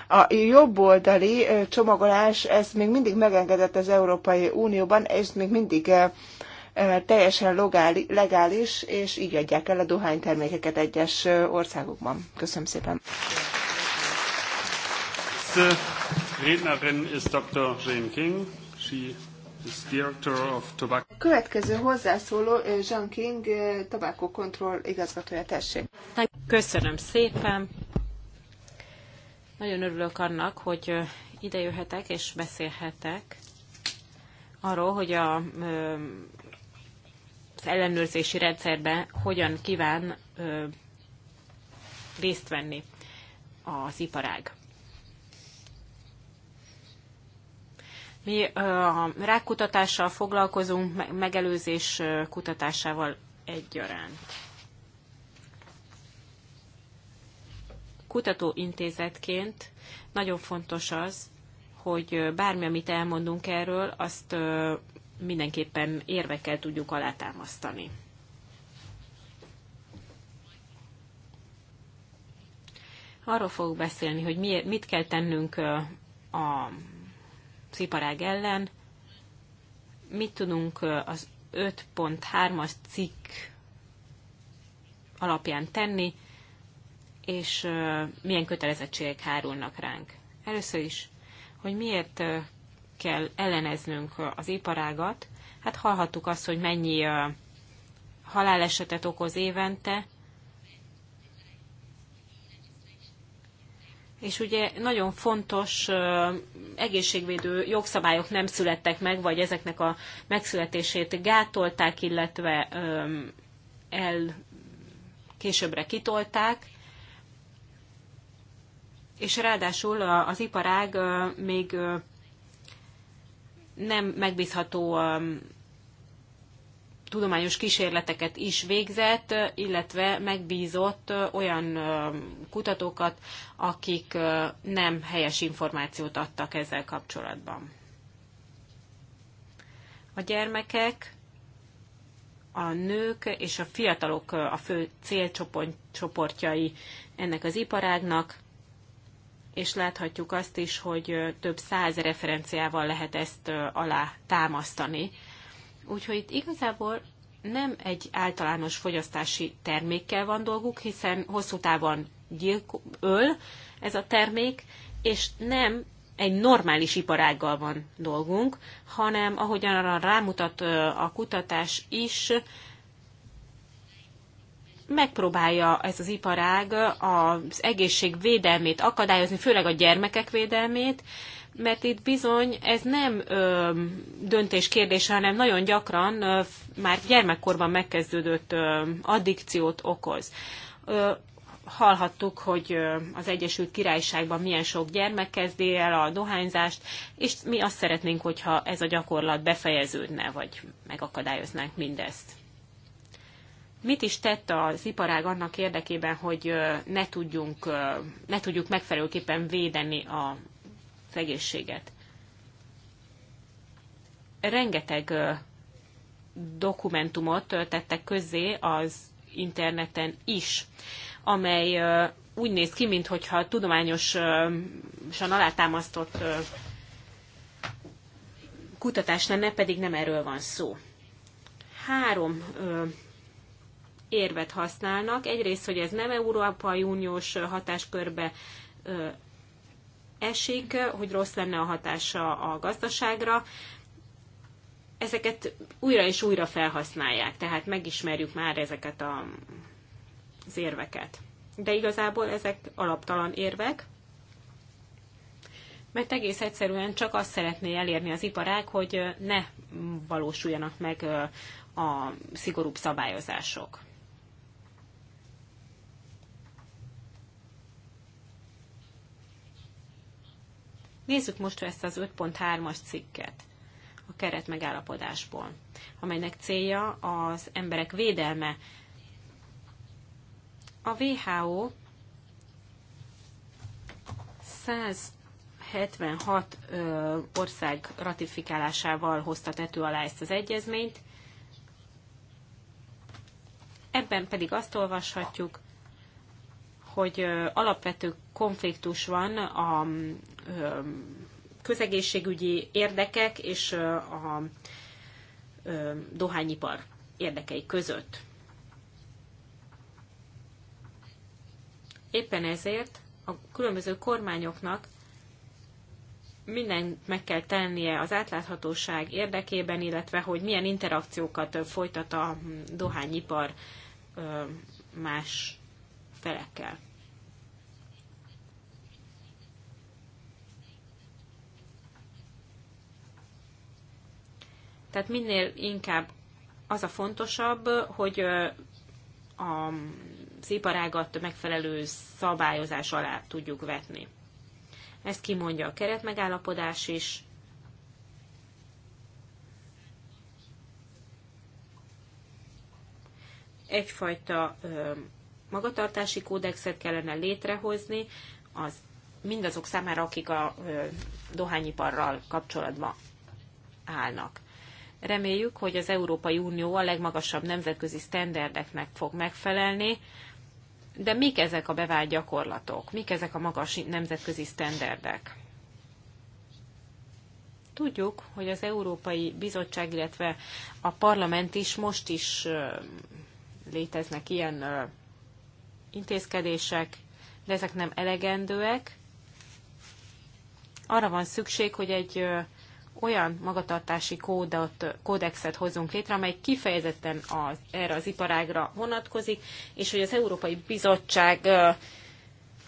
A jobboldali csomagolás, ez még mindig megengedett az Európai Unióban, ez még mindig teljesen legális, és így adják el a dohánytermékeket egyes országokban. Köszönöm szépen. Rednerin ist Dr. Jane King. She Következő hozzászóló eh, Jean King, eh, Tobacco Control igazgatója, tessék. Köszönöm szépen. Nagyon örülök annak, hogy eh, ide jöhetek és beszélhetek arról, hogy a, az ellenőrzési rendszerben hogyan kíván részt venni az iparág. Mi a rákutatással foglalkozunk, megelőzés kutatásával egyaránt. Kutatóintézetként nagyon fontos az, hogy bármi, amit elmondunk erről, azt mindenképpen érvekkel tudjuk alátámasztani. Arról fogok beszélni, hogy mit kell tennünk a sziparág ellen. Mit tudunk az 5.3-as cikk alapján tenni, és milyen kötelezettségek hárulnak ránk. Először is, hogy miért kell elleneznünk az iparágat, hát hallhattuk azt, hogy mennyi halálesetet okoz évente, és ugye nagyon fontos egészségvédő jogszabályok nem születtek meg, vagy ezeknek a megszületését gátolták, illetve el későbbre kitolták, és ráadásul az iparág még nem megbízható tudományos kísérleteket is végzett, illetve megbízott olyan kutatókat, akik nem helyes információt adtak ezzel kapcsolatban. A gyermekek, a nők és a fiatalok a fő célcsoportjai ennek az iparágnak, és láthatjuk azt is, hogy több száz referenciával lehet ezt alá támasztani Úgyhogy itt igazából nem egy általános fogyasztási termékkel van dolguk, hiszen hosszú távon öl ez a termék, és nem egy normális iparággal van dolgunk, hanem ahogyan arra rámutat a kutatás is, megpróbálja ez az iparág az egészség védelmét akadályozni, főleg a gyermekek védelmét, mert itt bizony ez nem ö, döntés kérdése, hanem nagyon gyakran ö, már gyermekkorban megkezdődött ö, addikciót okoz. Ö, hallhattuk, hogy ö, az Egyesült Királyságban milyen sok gyermek kezdi el a dohányzást, és mi azt szeretnénk, hogyha ez a gyakorlat befejeződne, vagy megakadályoznánk mindezt mit is tett az iparág annak érdekében, hogy ne, tudjunk, ne tudjuk megfelelőképpen védeni a egészséget? Rengeteg dokumentumot tettek közzé az interneten is, amely úgy néz ki, mintha tudományosan alátámasztott kutatás lenne, pedig nem erről van szó. Három érvet használnak. Egyrészt, hogy ez nem Európai Uniós hatáskörbe esik, hogy rossz lenne a hatása a gazdaságra, ezeket újra és újra felhasználják, tehát megismerjük már ezeket a, az érveket. De igazából ezek alaptalan érvek, mert egész egyszerűen csak azt szeretné elérni az iparág, hogy ne valósuljanak meg a szigorúbb szabályozások. Nézzük most ezt az 5.3-as cikket a keret megállapodásból, amelynek célja az emberek védelme. A WHO 176 ö, ország ratifikálásával hozta tető alá ezt az egyezményt, ebben pedig azt olvashatjuk, hogy alapvető konfliktus van a közegészségügyi érdekek és a dohányipar érdekei között. Éppen ezért a különböző kormányoknak mindent meg kell tennie az átláthatóság érdekében, illetve hogy milyen interakciókat folytat a hm, dohányipar más felekkel. Tehát minél inkább az a fontosabb, hogy a iparágat megfelelő szabályozás alá tudjuk vetni. Ezt kimondja a keretmegállapodás is. Egyfajta magatartási kódexet kellene létrehozni az mindazok számára, akik a dohányiparral kapcsolatban állnak. Reméljük, hogy az Európai Unió a legmagasabb nemzetközi sztenderdeknek fog megfelelni, de mik ezek a bevált gyakorlatok? Mik ezek a magas nemzetközi sztenderdek? Tudjuk, hogy az Európai Bizottság, illetve a parlament is most is léteznek ilyen intézkedések, de ezek nem elegendőek. Arra van szükség, hogy egy olyan magatartási kódot, kódexet hozunk létre, amely kifejezetten az, erre az iparágra vonatkozik, és hogy az Európai Bizottság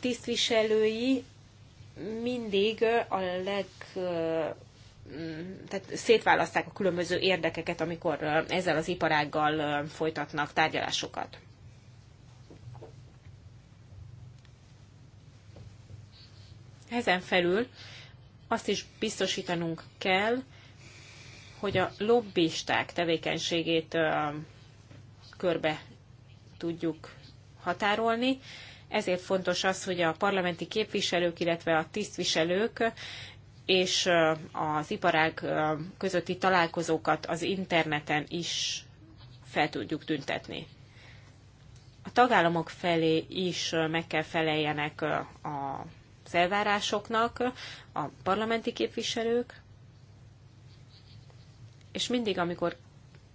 tisztviselői mindig a leg tehát szétválaszták a különböző érdekeket, amikor ezzel az iparággal folytatnak tárgyalásokat. Ezen felül azt is biztosítanunk kell, hogy a lobbisták tevékenységét körbe tudjuk határolni. Ezért fontos az, hogy a parlamenti képviselők, illetve a tisztviselők és az iparág közötti találkozókat az interneten is fel tudjuk tüntetni. A tagállamok felé is meg kell feleljenek a az elvárásoknak a parlamenti képviselők, és mindig, amikor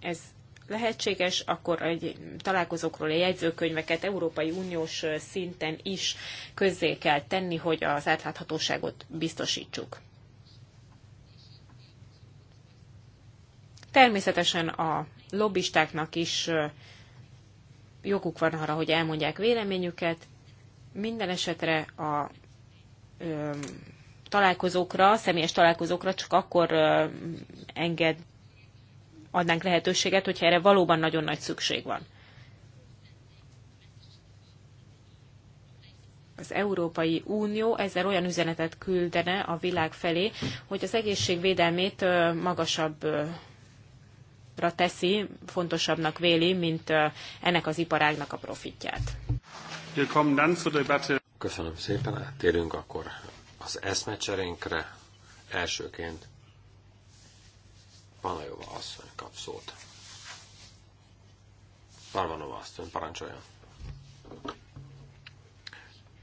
ez lehetséges, akkor egy találkozókról a jegyzőkönyveket Európai Uniós szinten is közzé kell tenni, hogy az átláthatóságot biztosítsuk. Természetesen a lobbistáknak is joguk van arra, hogy elmondják véleményüket. Minden esetre a találkozókra, személyes találkozókra csak akkor enged adnánk lehetőséget, hogyha erre valóban nagyon nagy szükség van. az Európai Unió ezzel olyan üzenetet küldene a világ felé, hogy az egészségvédelmét magasabbra teszi, fontosabbnak véli, mint ennek az iparágnak a profitját. Köszönöm szépen, áttérünk akkor az eszmecserénkre. Elsőként Panajova asszony kap szót. Parvanova asszony, parancsoljon.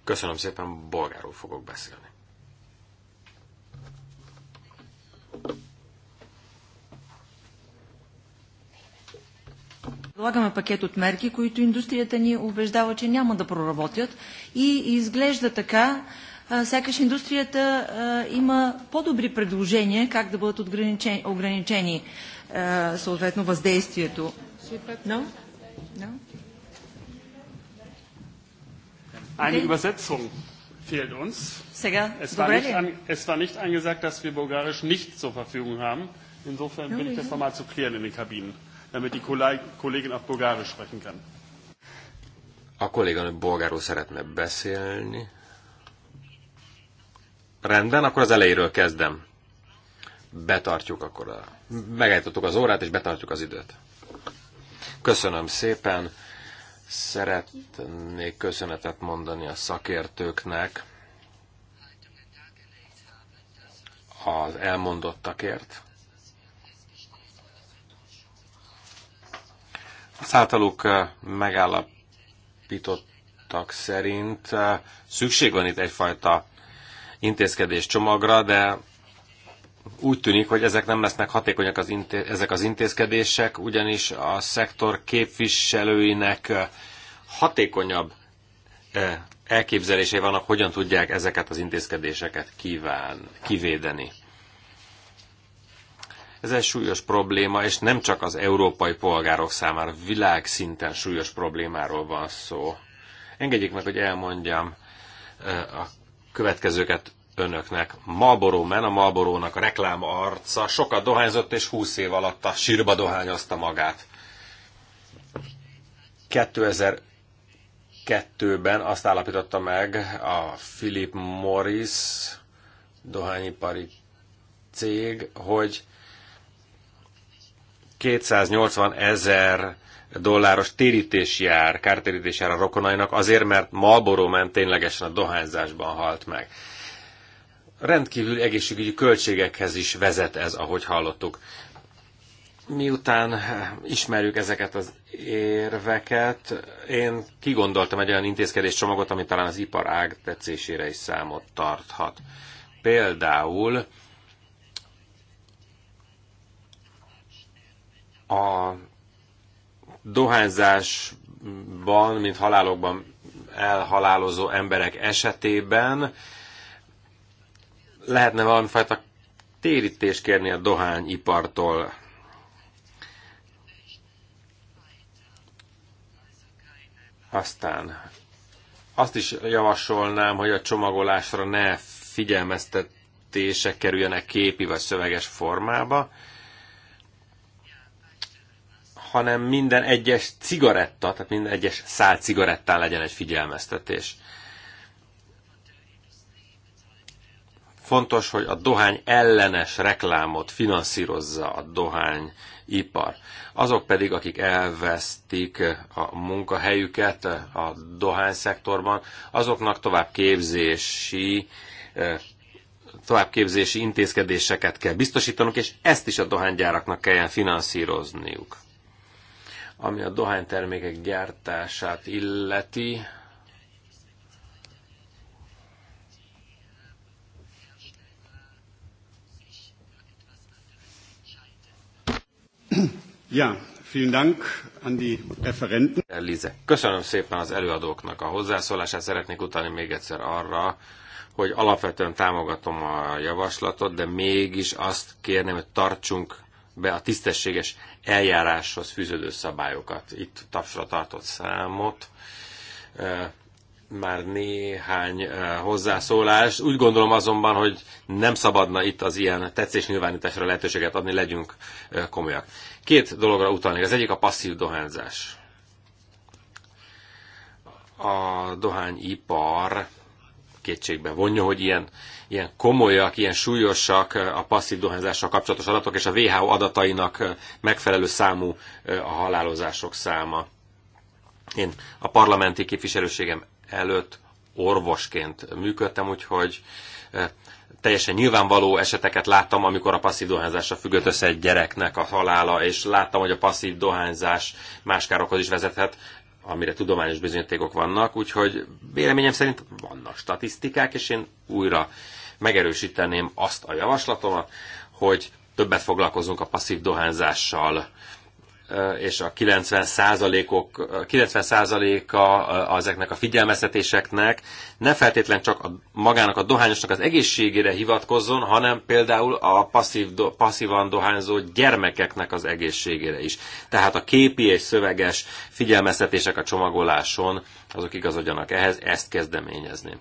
Köszönöm szépen, bolgárul fogok beszélni. Предлагаме пакет от мерки, които индустрията ни убеждава, че няма да проработят и изглежда така, сякаш индустрията има по-добри предложения как да бъдат ограничени, ограничени съответно въздействието. No? No? Eine Übersetzung fehlt uns. Сега, es, war nicht an, es war nicht angesagt, dass wir Bulgarisch nicht zur Verfügung haben. Insofern no, bin ich das nochmal zu klären in den Kabinen damit die Kollegin auch bulgarisch sprechen kann. A kolléganő bolgáról szeretne beszélni. Rendben, akkor az elejéről kezdem. Betartjuk akkor a... Megállítottuk az órát, és betartjuk az időt. Köszönöm szépen. Szeretnék köszönetet mondani a szakértőknek az elmondottakért. Az általuk eh, megállapítottak szerint eh, szükség van itt egyfajta intézkedés csomagra, de úgy tűnik, hogy ezek nem lesznek hatékonyak az intéz, ezek az intézkedések, ugyanis a szektor képviselőinek eh, hatékonyabb elképzelései vannak, hogyan tudják ezeket az intézkedéseket kíván, kivédeni. Ez egy súlyos probléma, és nem csak az európai polgárok számára, világszinten súlyos problémáról van szó. Engedjék meg, hogy elmondjam a következőket önöknek. Malboró Men, a Malborónak a reklám arca, sokat dohányzott, és 20 év alatt a sírba dohányozta magát. 2002-ben azt állapította meg a Philip Morris dohányipari cég, hogy 280 ezer dolláros térítés jár, kártérítés jár a rokonainak, azért, mert Malboró ment ténylegesen a dohányzásban halt meg. Rendkívül egészségügyi költségekhez is vezet ez, ahogy hallottuk. Miután ismerjük ezeket az érveket, én kigondoltam egy olyan intézkedés csomagot, ami talán az iparág tetszésére is számot tarthat. Például A dohányzásban, mint halálokban elhalálozó emberek esetében lehetne valamifajta térítést kérni a dohányipartól. Aztán azt is javasolnám, hogy a csomagolásra ne figyelmeztetések kerüljenek képi vagy szöveges formába hanem minden egyes cigaretta, tehát minden egyes szál cigarettán legyen egy figyelmeztetés. Fontos, hogy a dohány ellenes reklámot finanszírozza a dohány ipar. Azok pedig, akik elvesztik a munkahelyüket a Dohány szektorban, azoknak tovább képzési eh, továbbképzési intézkedéseket kell biztosítanunk, és ezt is a dohánygyáraknak kelljen finanszírozniuk. Ami a dohánytermékek gyártását illeti, Ja, vielen Dank an die Referenten. Lize, köszönöm szépen az előadóknak a hozzászólását. Szeretnék utalni még egyszer arra, hogy alapvetően támogatom a javaslatot, de mégis azt kérném, hogy tartsunk be a tisztességes eljáráshoz fűződő szabályokat. Itt tapsra tartott számot már néhány hozzászólás. Úgy gondolom azonban, hogy nem szabadna itt az ilyen tetszés nyilvánításra lehetőséget adni, legyünk komolyak. Két dologra utalnék. Az egyik a passzív dohányzás. A dohányipar kétségbe vonja, hogy ilyen ilyen komolyak, ilyen súlyosak eh, a passzív dohányzással kapcsolatos adatok, és a WHO adatainak eh, megfelelő számú eh, a halálozások száma. Én a parlamenti képviselőségem előtt orvosként működtem, úgyhogy teljesen nyilvánvaló eseteket láttam, amikor a passzív dohányzásra függött össze egy gyereknek a halála, és láttam, hogy a passzív dohányzás más károkhoz is vezethet, amire tudományos bizonyítékok vannak, úgyhogy véleményem szerint vannak statisztikák, és én újra megerősíteném azt a javaslatomat, hogy többet foglalkozunk a passzív dohányzással, és a 90%-ok, 90%-a ezeknek a figyelmeztetéseknek ne feltétlen csak a, magának a dohányosnak az egészségére hivatkozzon, hanem például a passzív, do, passzívan dohányzó gyermekeknek az egészségére is. Tehát a képi és szöveges figyelmeztetések a csomagoláson, azok igazodjanak ehhez, ezt kezdeményezni.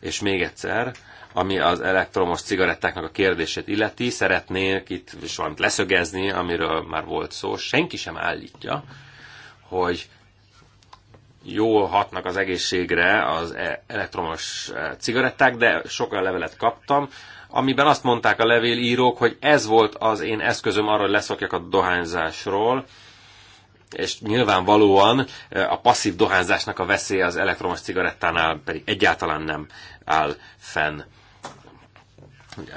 És még egyszer, ami az elektromos cigarettáknak a kérdését illeti, szeretnék itt is valamit leszögezni, amiről már volt szó. Senki sem állítja, hogy jól hatnak az egészségre az e- elektromos e, cigaretták, de sok olyan levelet kaptam, amiben azt mondták a levélírók, hogy ez volt az én eszközöm arra, hogy leszokjak a dohányzásról, és nyilvánvalóan e, a passzív dohányzásnak a veszélye az elektromos cigarettánál pedig egyáltalán nem áll fenn.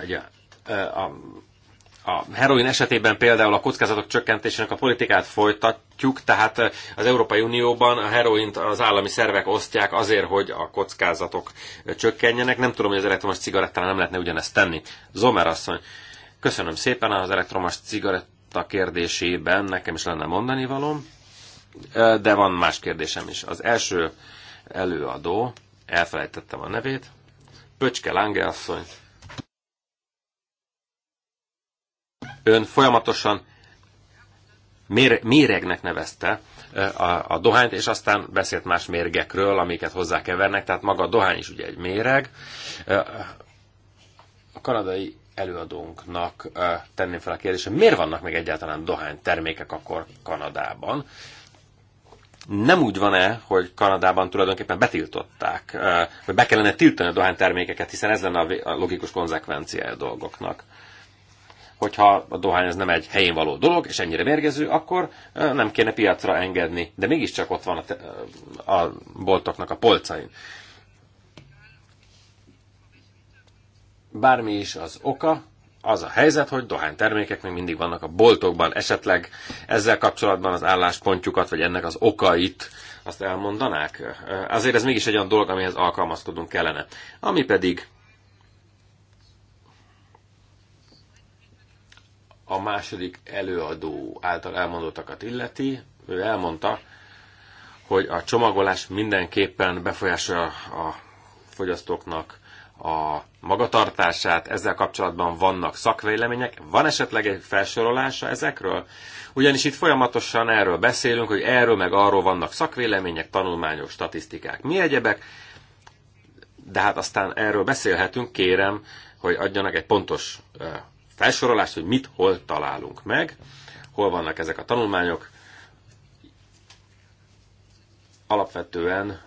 Ugye, a, a heroin esetében például a kockázatok csökkentésének a politikát folytatjuk, tehát az Európai Unióban a heroint az állami szervek osztják azért, hogy a kockázatok csökkenjenek. Nem tudom, hogy az elektromos cigarettára nem lehetne ugyanezt tenni. Zomer asszony, köszönöm szépen az elektromos cigaretta kérdésében, nekem is lenne mondani valom, de van más kérdésem is. Az első előadó, elfelejtettem a nevét, Pöcske Lange asszony, Ön folyamatosan méregnek nevezte a, a dohányt, és aztán beszélt más mérgekről, amiket hozzákevernek, tehát maga a dohány is ugye egy méreg. A kanadai előadónknak tenném fel a kérdést, hogy miért vannak még egyáltalán dohány termékek akkor Kanadában? Nem úgy van-e, hogy Kanadában tulajdonképpen betiltották, vagy be kellene tiltani a Dohány termékeket? hiszen ez lenne a logikus konzekvenciája a dolgoknak hogyha a dohány ez nem egy helyén való dolog, és ennyire mérgező, akkor nem kéne piacra engedni. De mégiscsak ott van a, te, a boltoknak a polcain. Bármi is az oka, az a helyzet, hogy dohánytermékek még mindig vannak a boltokban. Esetleg ezzel kapcsolatban az álláspontjukat, vagy ennek az okait azt elmondanák? Azért ez mégis egy olyan dolog, amihez alkalmazkodunk kellene. Ami pedig a második előadó által elmondottakat illeti, ő elmondta, hogy a csomagolás mindenképpen befolyásolja a fogyasztóknak a magatartását, ezzel kapcsolatban vannak szakvélemények. Van esetleg egy felsorolása ezekről? Ugyanis itt folyamatosan erről beszélünk, hogy erről meg arról vannak szakvélemények, tanulmányok, statisztikák, mi egyebek, de hát aztán erről beszélhetünk, kérem, hogy adjanak egy pontos felsorolást, hogy mit hol találunk meg, hol vannak ezek a tanulmányok. Alapvetően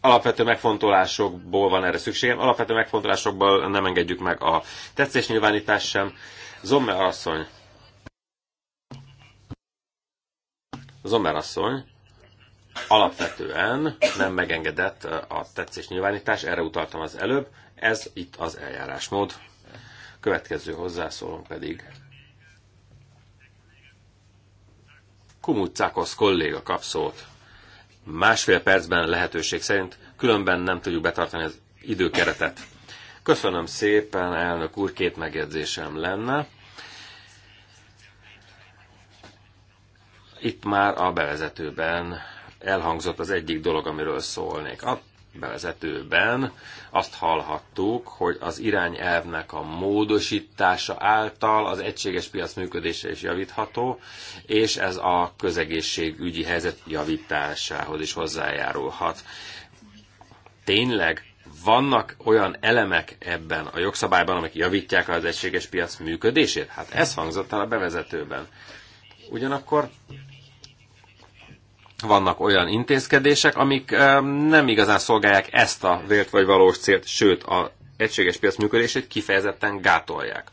alapvető megfontolásokból van erre szükségem. Alapvető megfontolásokból nem engedjük meg a tetszésnyilvánítást sem. Zommer asszony. Zommer asszony alapvetően nem megengedett uh, a tetszés nyilvánítás, erre utaltam az előbb, ez itt az eljárásmód. Következő hozzászólom pedig Kumutzákosz kolléga kap szót. Másfél percben lehetőség szerint, különben nem tudjuk betartani az időkeretet. Köszönöm szépen, elnök úr, két megjegyzésem lenne. Itt már a bevezetőben elhangzott az egyik dolog, amiről szólnék. A bevezetőben azt hallhattuk, hogy az irányelvnek a módosítása által az egységes piac működése is javítható, és ez a közegészségügyi helyzet javításához is hozzájárulhat. Tényleg vannak olyan elemek ebben a jogszabályban, amik javítják az egységes piac működését? Hát ez hangzott el a bevezetőben. Ugyanakkor vannak olyan intézkedések, amik nem igazán szolgálják ezt a vért vagy valós célt, sőt, a egységes piac működését kifejezetten gátolják.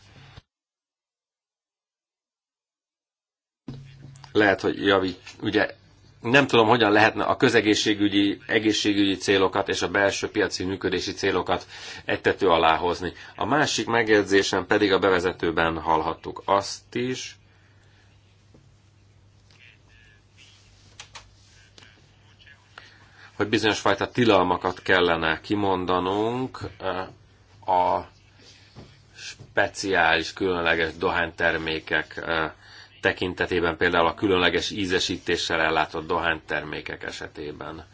Lehet, hogy javi, ugye nem tudom, hogyan lehetne a közegészségügyi, egészségügyi célokat és a belső piaci működési célokat egytető alá hozni. A másik megjegyzésen pedig a bevezetőben hallhattuk azt is, hogy bizonyos fajta tilalmakat kellene kimondanunk eh, a speciális, különleges dohánytermékek eh, tekintetében, például a különleges ízesítéssel ellátott dohánytermékek esetében.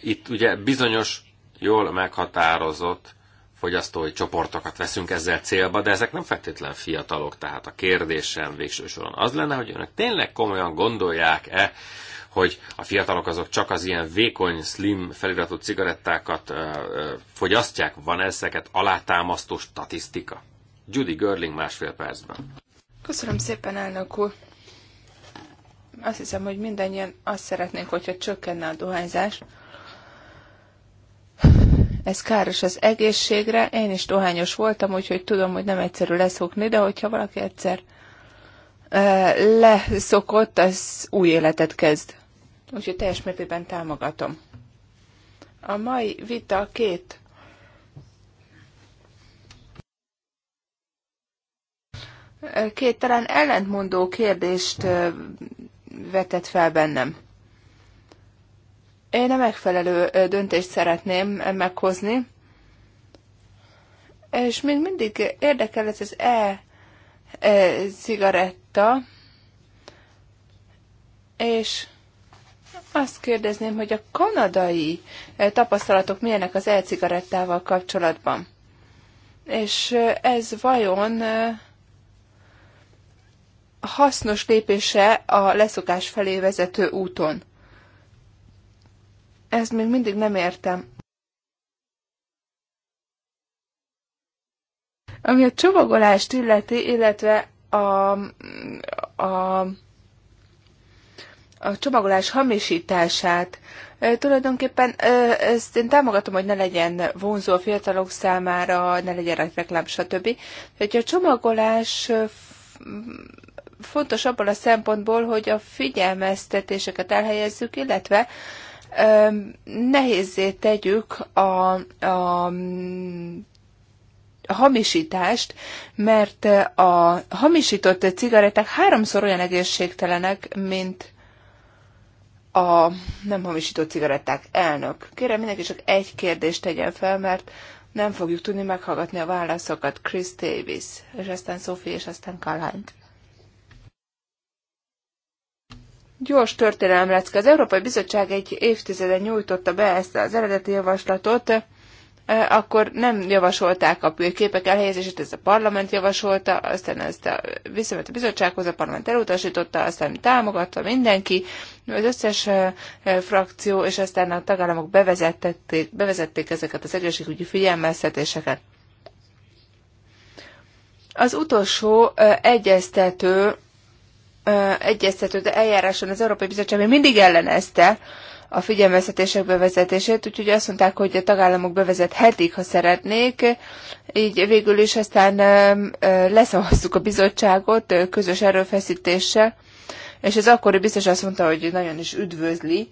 Itt ugye bizonyos, jól meghatározott fogyasztói csoportokat veszünk ezzel célba, de ezek nem feltétlen fiatalok, tehát a kérdésem végső soron az lenne, hogy önök tényleg komolyan gondolják-e, hogy a fiatalok azok csak az ilyen vékony, slim feliratú cigarettákat ö, ö, fogyasztják, van ezeket alátámasztó statisztika? Judy Görling másfél percben. Köszönöm szépen, elnök úr. Azt hiszem, hogy mindannyian azt szeretnénk, hogyha csökkenne a dohányzás, ez káros az egészségre. Én is dohányos voltam, úgyhogy tudom, hogy nem egyszerű leszokni, de hogyha valaki egyszer e, leszokott, az új életet kezd. Úgyhogy teljes mértékben támogatom. A mai vita két e, két talán ellentmondó kérdést e, vetett fel bennem. Én a megfelelő döntést szeretném meghozni, és még mindig érdekel ez az e-cigaretta, e, és azt kérdezném, hogy a kanadai tapasztalatok milyenek az e-cigarettával kapcsolatban. És ez vajon hasznos lépése a leszokás felé vezető úton. Ezt még mindig nem értem. Ami a csomagolást illeti, illetve a, a, a csomagolás hamisítását, tulajdonképpen ezt én támogatom, hogy ne legyen vonzó a fiatalok számára, ne legyen reklám, stb. hogy a csomagolás fontos abban a szempontból, hogy a figyelmeztetéseket elhelyezzük, illetve nehézé tegyük a, a hamisítást, mert a hamisított cigaretták háromszor olyan egészségtelenek, mint a nem hamisított cigaretták. Elnök, kérem mindenki csak egy kérdést tegyen fel, mert nem fogjuk tudni meghallgatni a válaszokat. Chris Davis, és aztán Sophie, és aztán Kalhányt. gyors történelemlecke. Az Európai Bizottság egy évtizeden nyújtotta be ezt az eredeti javaslatot, e, akkor nem javasolták a képek elhelyezését, ez a parlament javasolta, aztán ezt a, visszament a bizottsághoz, a parlament elutasította, aztán támogatta mindenki, az összes e, e, frakció, és aztán a tagállamok bevezették, bevezették ezeket az egészségügyi figyelmeztetéseket. Az utolsó egyeztető egyeztető eljáráson az Európai Bizottság még mindig ellenezte a figyelmeztetések bevezetését, úgyhogy azt mondták, hogy a tagállamok bevezethetik, ha szeretnék. Így végül is aztán leszavaztuk a bizottságot közös erőfeszítéssel, és az akkori biztos azt mondta, hogy nagyon is üdvözli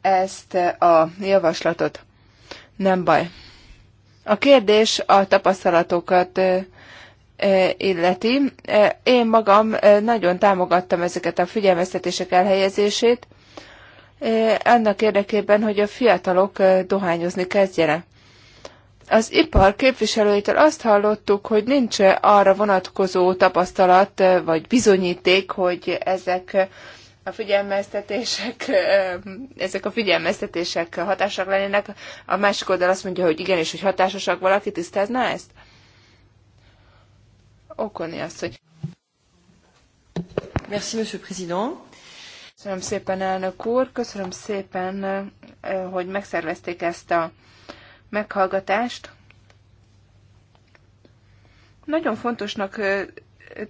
ezt a javaslatot. Nem baj. A kérdés a tapasztalatokat illeti. Én magam nagyon támogattam ezeket a figyelmeztetések elhelyezését, annak érdekében, hogy a fiatalok dohányozni kezdjenek. Az ipar képviselőitől azt hallottuk, hogy nincs arra vonatkozó tapasztalat vagy bizonyíték, hogy ezek a figyelmeztetések, ezek a figyelmeztetések hatásak lennének. A másik oldal azt mondja, hogy igenis, hogy hatásosak valaki tisztázná ezt? okolni azt, hogy... Merci, Monsieur Président. Köszönöm szépen, elnök úr. Köszönöm szépen, eh, hogy megszervezték ezt a meghallgatást. Nagyon fontosnak eh,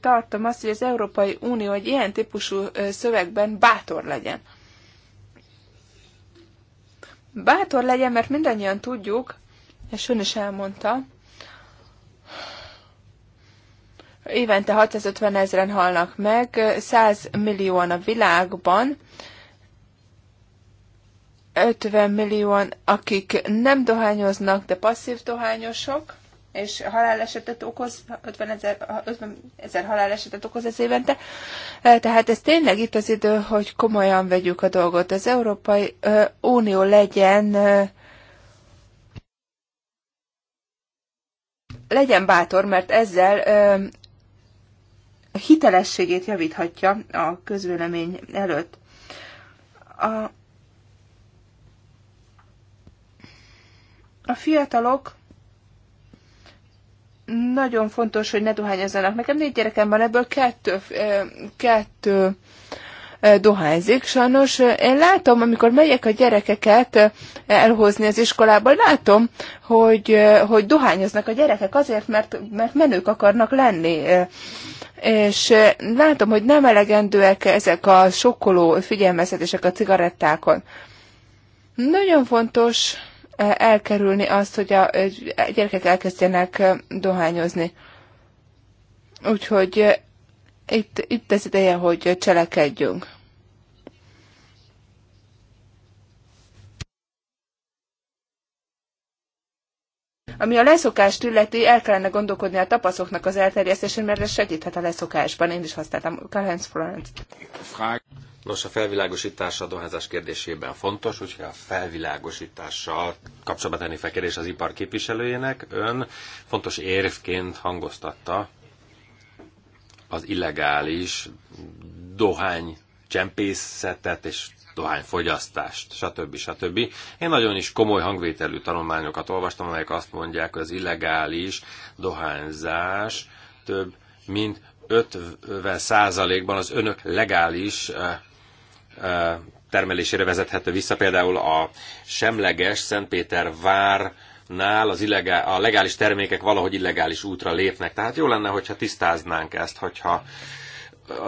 tartom azt, hogy az Európai Unió egy ilyen típusú eh, szövegben bátor legyen. Bátor legyen, mert mindannyian tudjuk, és ön is elmondta, Évente 650 ezeren halnak meg, 100 millióan a világban, 50 millióan, akik nem dohányoznak, de passzív dohányosok, és halálesetet okoz, 50 ezer, 50 ezer halálesetet okoz ez évente. Eh, tehát ez tényleg itt az idő, hogy komolyan vegyük a dolgot. Az Európai eh, Unió legyen eh, legyen bátor, mert ezzel hitelességét javíthatja a közvélemény előtt. A, a fiatalok nagyon fontos, hogy ne dohányozzanak. Nekem négy gyerekem van, ebből kettő, kettő dohányzik. Sajnos én látom, amikor megyek a gyerekeket elhozni az iskolába, látom, hogy, hogy dohányoznak a gyerekek azért, mert, mert menők akarnak lenni. És látom, hogy nem elegendőek ezek a sokkoló figyelmeztetések a cigarettákon. Nagyon fontos elkerülni azt, hogy a gyerekek elkezdjenek dohányozni. Úgyhogy itt, itt az ideje, hogy cselekedjünk. Ami a leszokást illeti, el kellene gondolkodni a tapaszoknak az elterjesztésén, mert ez segíthet a leszokásban. Én is használtam Karenz Florenc. Nos, a felvilágosítás a dohányzás kérdésében fontos, úgyhogy a felvilágosítással kapcsolatban tenni felkérés az ipar képviselőjének. Ön fontos érvként hangoztatta, az illegális dohány csempészetet és dohányfogyasztást, stb. stb. Én nagyon is komoly hangvételű tanulmányokat olvastam, amelyek azt mondják, hogy az illegális dohányzás több mint 50%-ban az önök legális eh, eh, termelésére vezethető vissza. Például a semleges Szentpétervár vár nál az illegál, a legális termékek valahogy illegális útra lépnek. Tehát jó lenne, hogyha tisztáznánk ezt, hogyha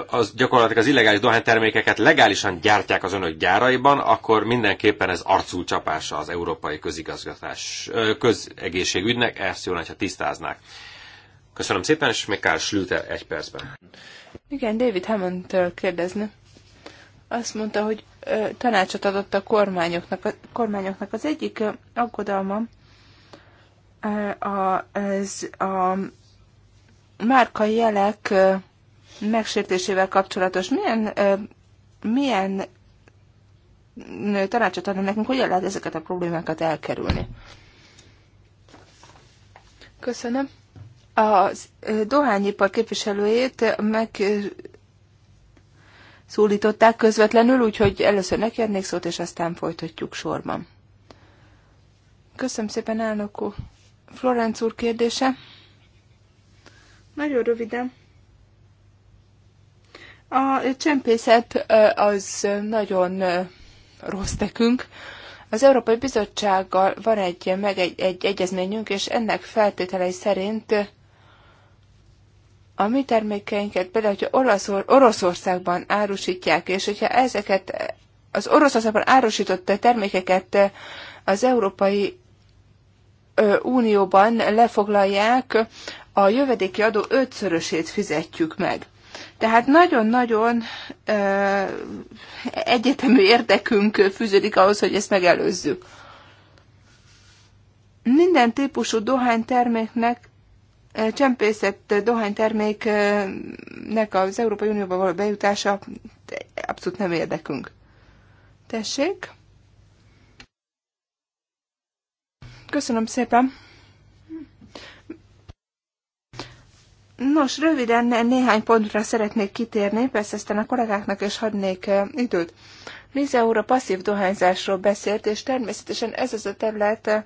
az gyakorlatilag az illegális dohánytermékeket legálisan gyártják az önök gyáraiban, akkor mindenképpen ez arcú csapása az európai közigazgatás, közegészségügynek, ezt jól, ha tisztáznák. Köszönöm szépen, és még Kár Schlüter egy percben. Igen, David Hammond kérdezne. Azt mondta, hogy ö, tanácsot adott a kormányoknak, a kormányoknak. Az egyik aggodalma, a, ez a márka jelek megsértésével kapcsolatos milyen, milyen tanácsot adna nekünk, hogyan lehet ezeket a problémákat elkerülni? Köszönöm. A dohányipar képviselőjét meg szólították közvetlenül, úgyhogy először neki adnék szót, és aztán folytatjuk sorban. Köszönöm szépen, elnök úr. Florenc úr kérdése. Nagyon röviden. A csempészet az nagyon rossz nekünk. Az Európai Bizottsággal van egy, meg egy, egy egyezményünk, és ennek feltételei szerint a mi termékeinket, például, hogyha Olaszor, Oroszországban árusítják, és hogyha ezeket az Oroszországban árusított termékeket az Európai Unióban lefoglalják, a jövedéki adó ötszörösét fizetjük meg. Tehát nagyon-nagyon ö, egyetemű érdekünk fűződik ahhoz, hogy ezt megelőzzük. Minden típusú dohányterméknek, csempészett dohányterméknek az Európai Unióba való bejutása abszolút nem érdekünk. Tessék? Köszönöm szépen. Nos, röviden néhány pontra szeretnék kitérni, persze aztán a kollégáknak is hadnék eh, időt. Lize úr a passzív dohányzásról beszélt, és természetesen ez az a terület, eh,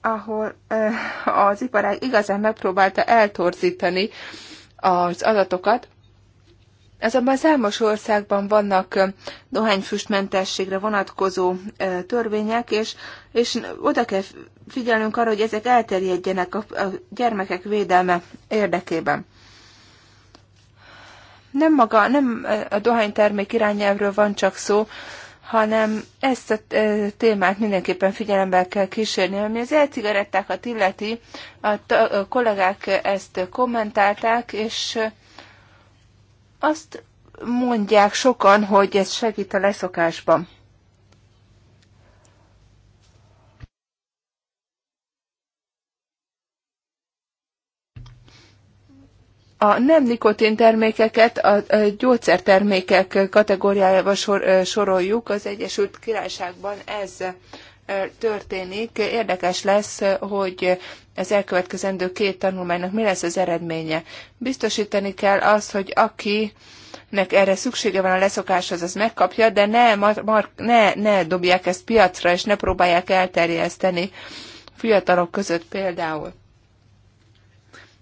ahol eh, az iparág igazán megpróbálta eltorzítani az adatokat, Azonban számos országban vannak dohányfüstmentességre vonatkozó törvények, és, és oda kell figyelnünk arra, hogy ezek elterjedjenek a, a gyermekek védelme érdekében. Nem maga, nem a dohánytermék irányelvről van csak szó, hanem ezt a témát mindenképpen figyelembe kell kísérni. Ami az e-cigarettákat illeti, a, a kollégák ezt kommentálták, és azt mondják sokan, hogy ez segít a leszokásban. A nem nikotin termékeket a gyógyszertermékek kategóriájába sor, soroljuk. Az Egyesült Királyságban ez történik. Érdekes lesz, hogy az elkövetkezendő két tanulmánynak mi lesz az eredménye. Biztosítani kell azt, hogy aki nek erre szüksége van a leszokáshoz, az megkapja, de ne, mar, ne, ne dobják ezt piacra, és ne próbálják elterjeszteni fiatalok között például.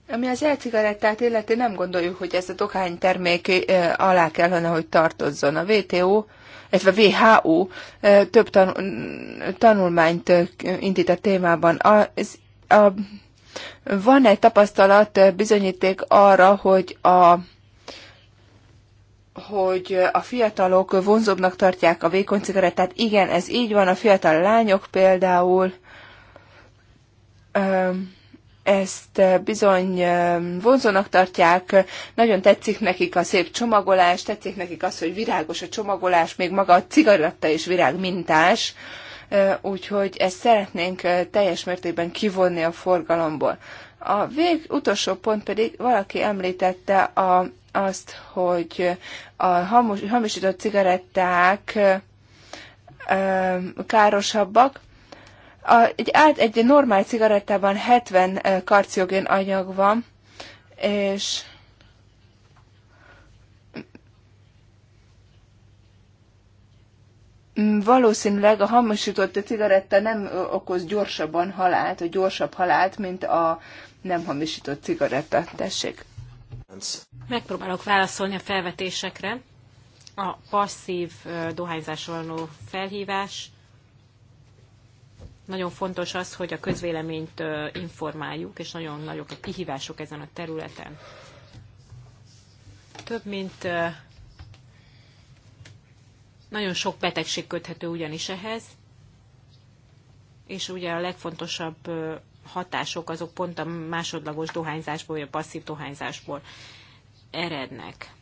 Ami az elcigarettát illeti, nem gondoljuk, hogy ez a dohánytermék eh, alá kellene, hogy tartozzon. A WTO illetve WHO több tanulmányt indít a témában. Az, a, van egy tapasztalat, bizonyíték arra, hogy a hogy a fiatalok vonzóbbnak tartják a vékony cigarettát. Igen, ez így van, a fiatal lányok például. Um, ezt eh, bizony eh, vonzónak tartják, nagyon tetszik nekik a szép csomagolás, tetszik nekik az, hogy virágos a csomagolás, még maga a cigaretta és virág mintás, eh, úgyhogy ezt szeretnénk teljes mértékben kivonni a forgalomból. A vég utolsó pont pedig valaki említette a, azt, hogy a hamis, hamisított cigaretták károsabbak, a, egy, át, egy normál cigarettában 70 karciogén anyag van, és valószínűleg a hamisított cigaretta nem okoz gyorsabban halált, vagy gyorsabb halált, mint a nem hamisított cigaretta. Tessék. Megpróbálok válaszolni a felvetésekre. A passzív dohányzásról felhívás nagyon fontos az, hogy a közvéleményt informáljuk, és nagyon nagyok a kihívások ezen a területen. Több mint nagyon sok betegség köthető ugyanis ehhez, és ugye a legfontosabb hatások azok pont a másodlagos dohányzásból, vagy a passzív dohányzásból erednek.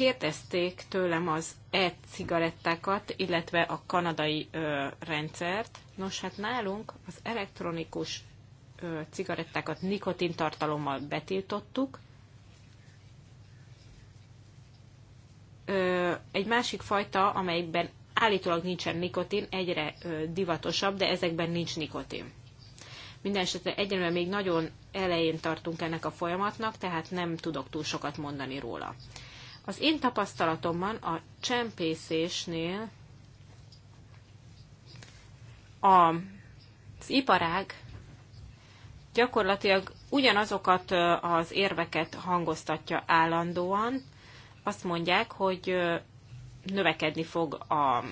kérdezték tőlem az e-cigarettákat, illetve a kanadai ö, rendszert. Nos, hát nálunk az elektronikus ö, cigarettákat nikotintartalommal betiltottuk. Ö, egy másik fajta, amelyben állítólag nincsen nikotin, egyre ö, divatosabb, de ezekben nincs nikotin. Mindenesetre egyenlően még nagyon elején tartunk ennek a folyamatnak, tehát nem tudok túl sokat mondani róla. Az én tapasztalatomban a csempészésnél a, az iparág gyakorlatilag ugyanazokat az érveket hangoztatja állandóan. Azt mondják, hogy növekedni fog a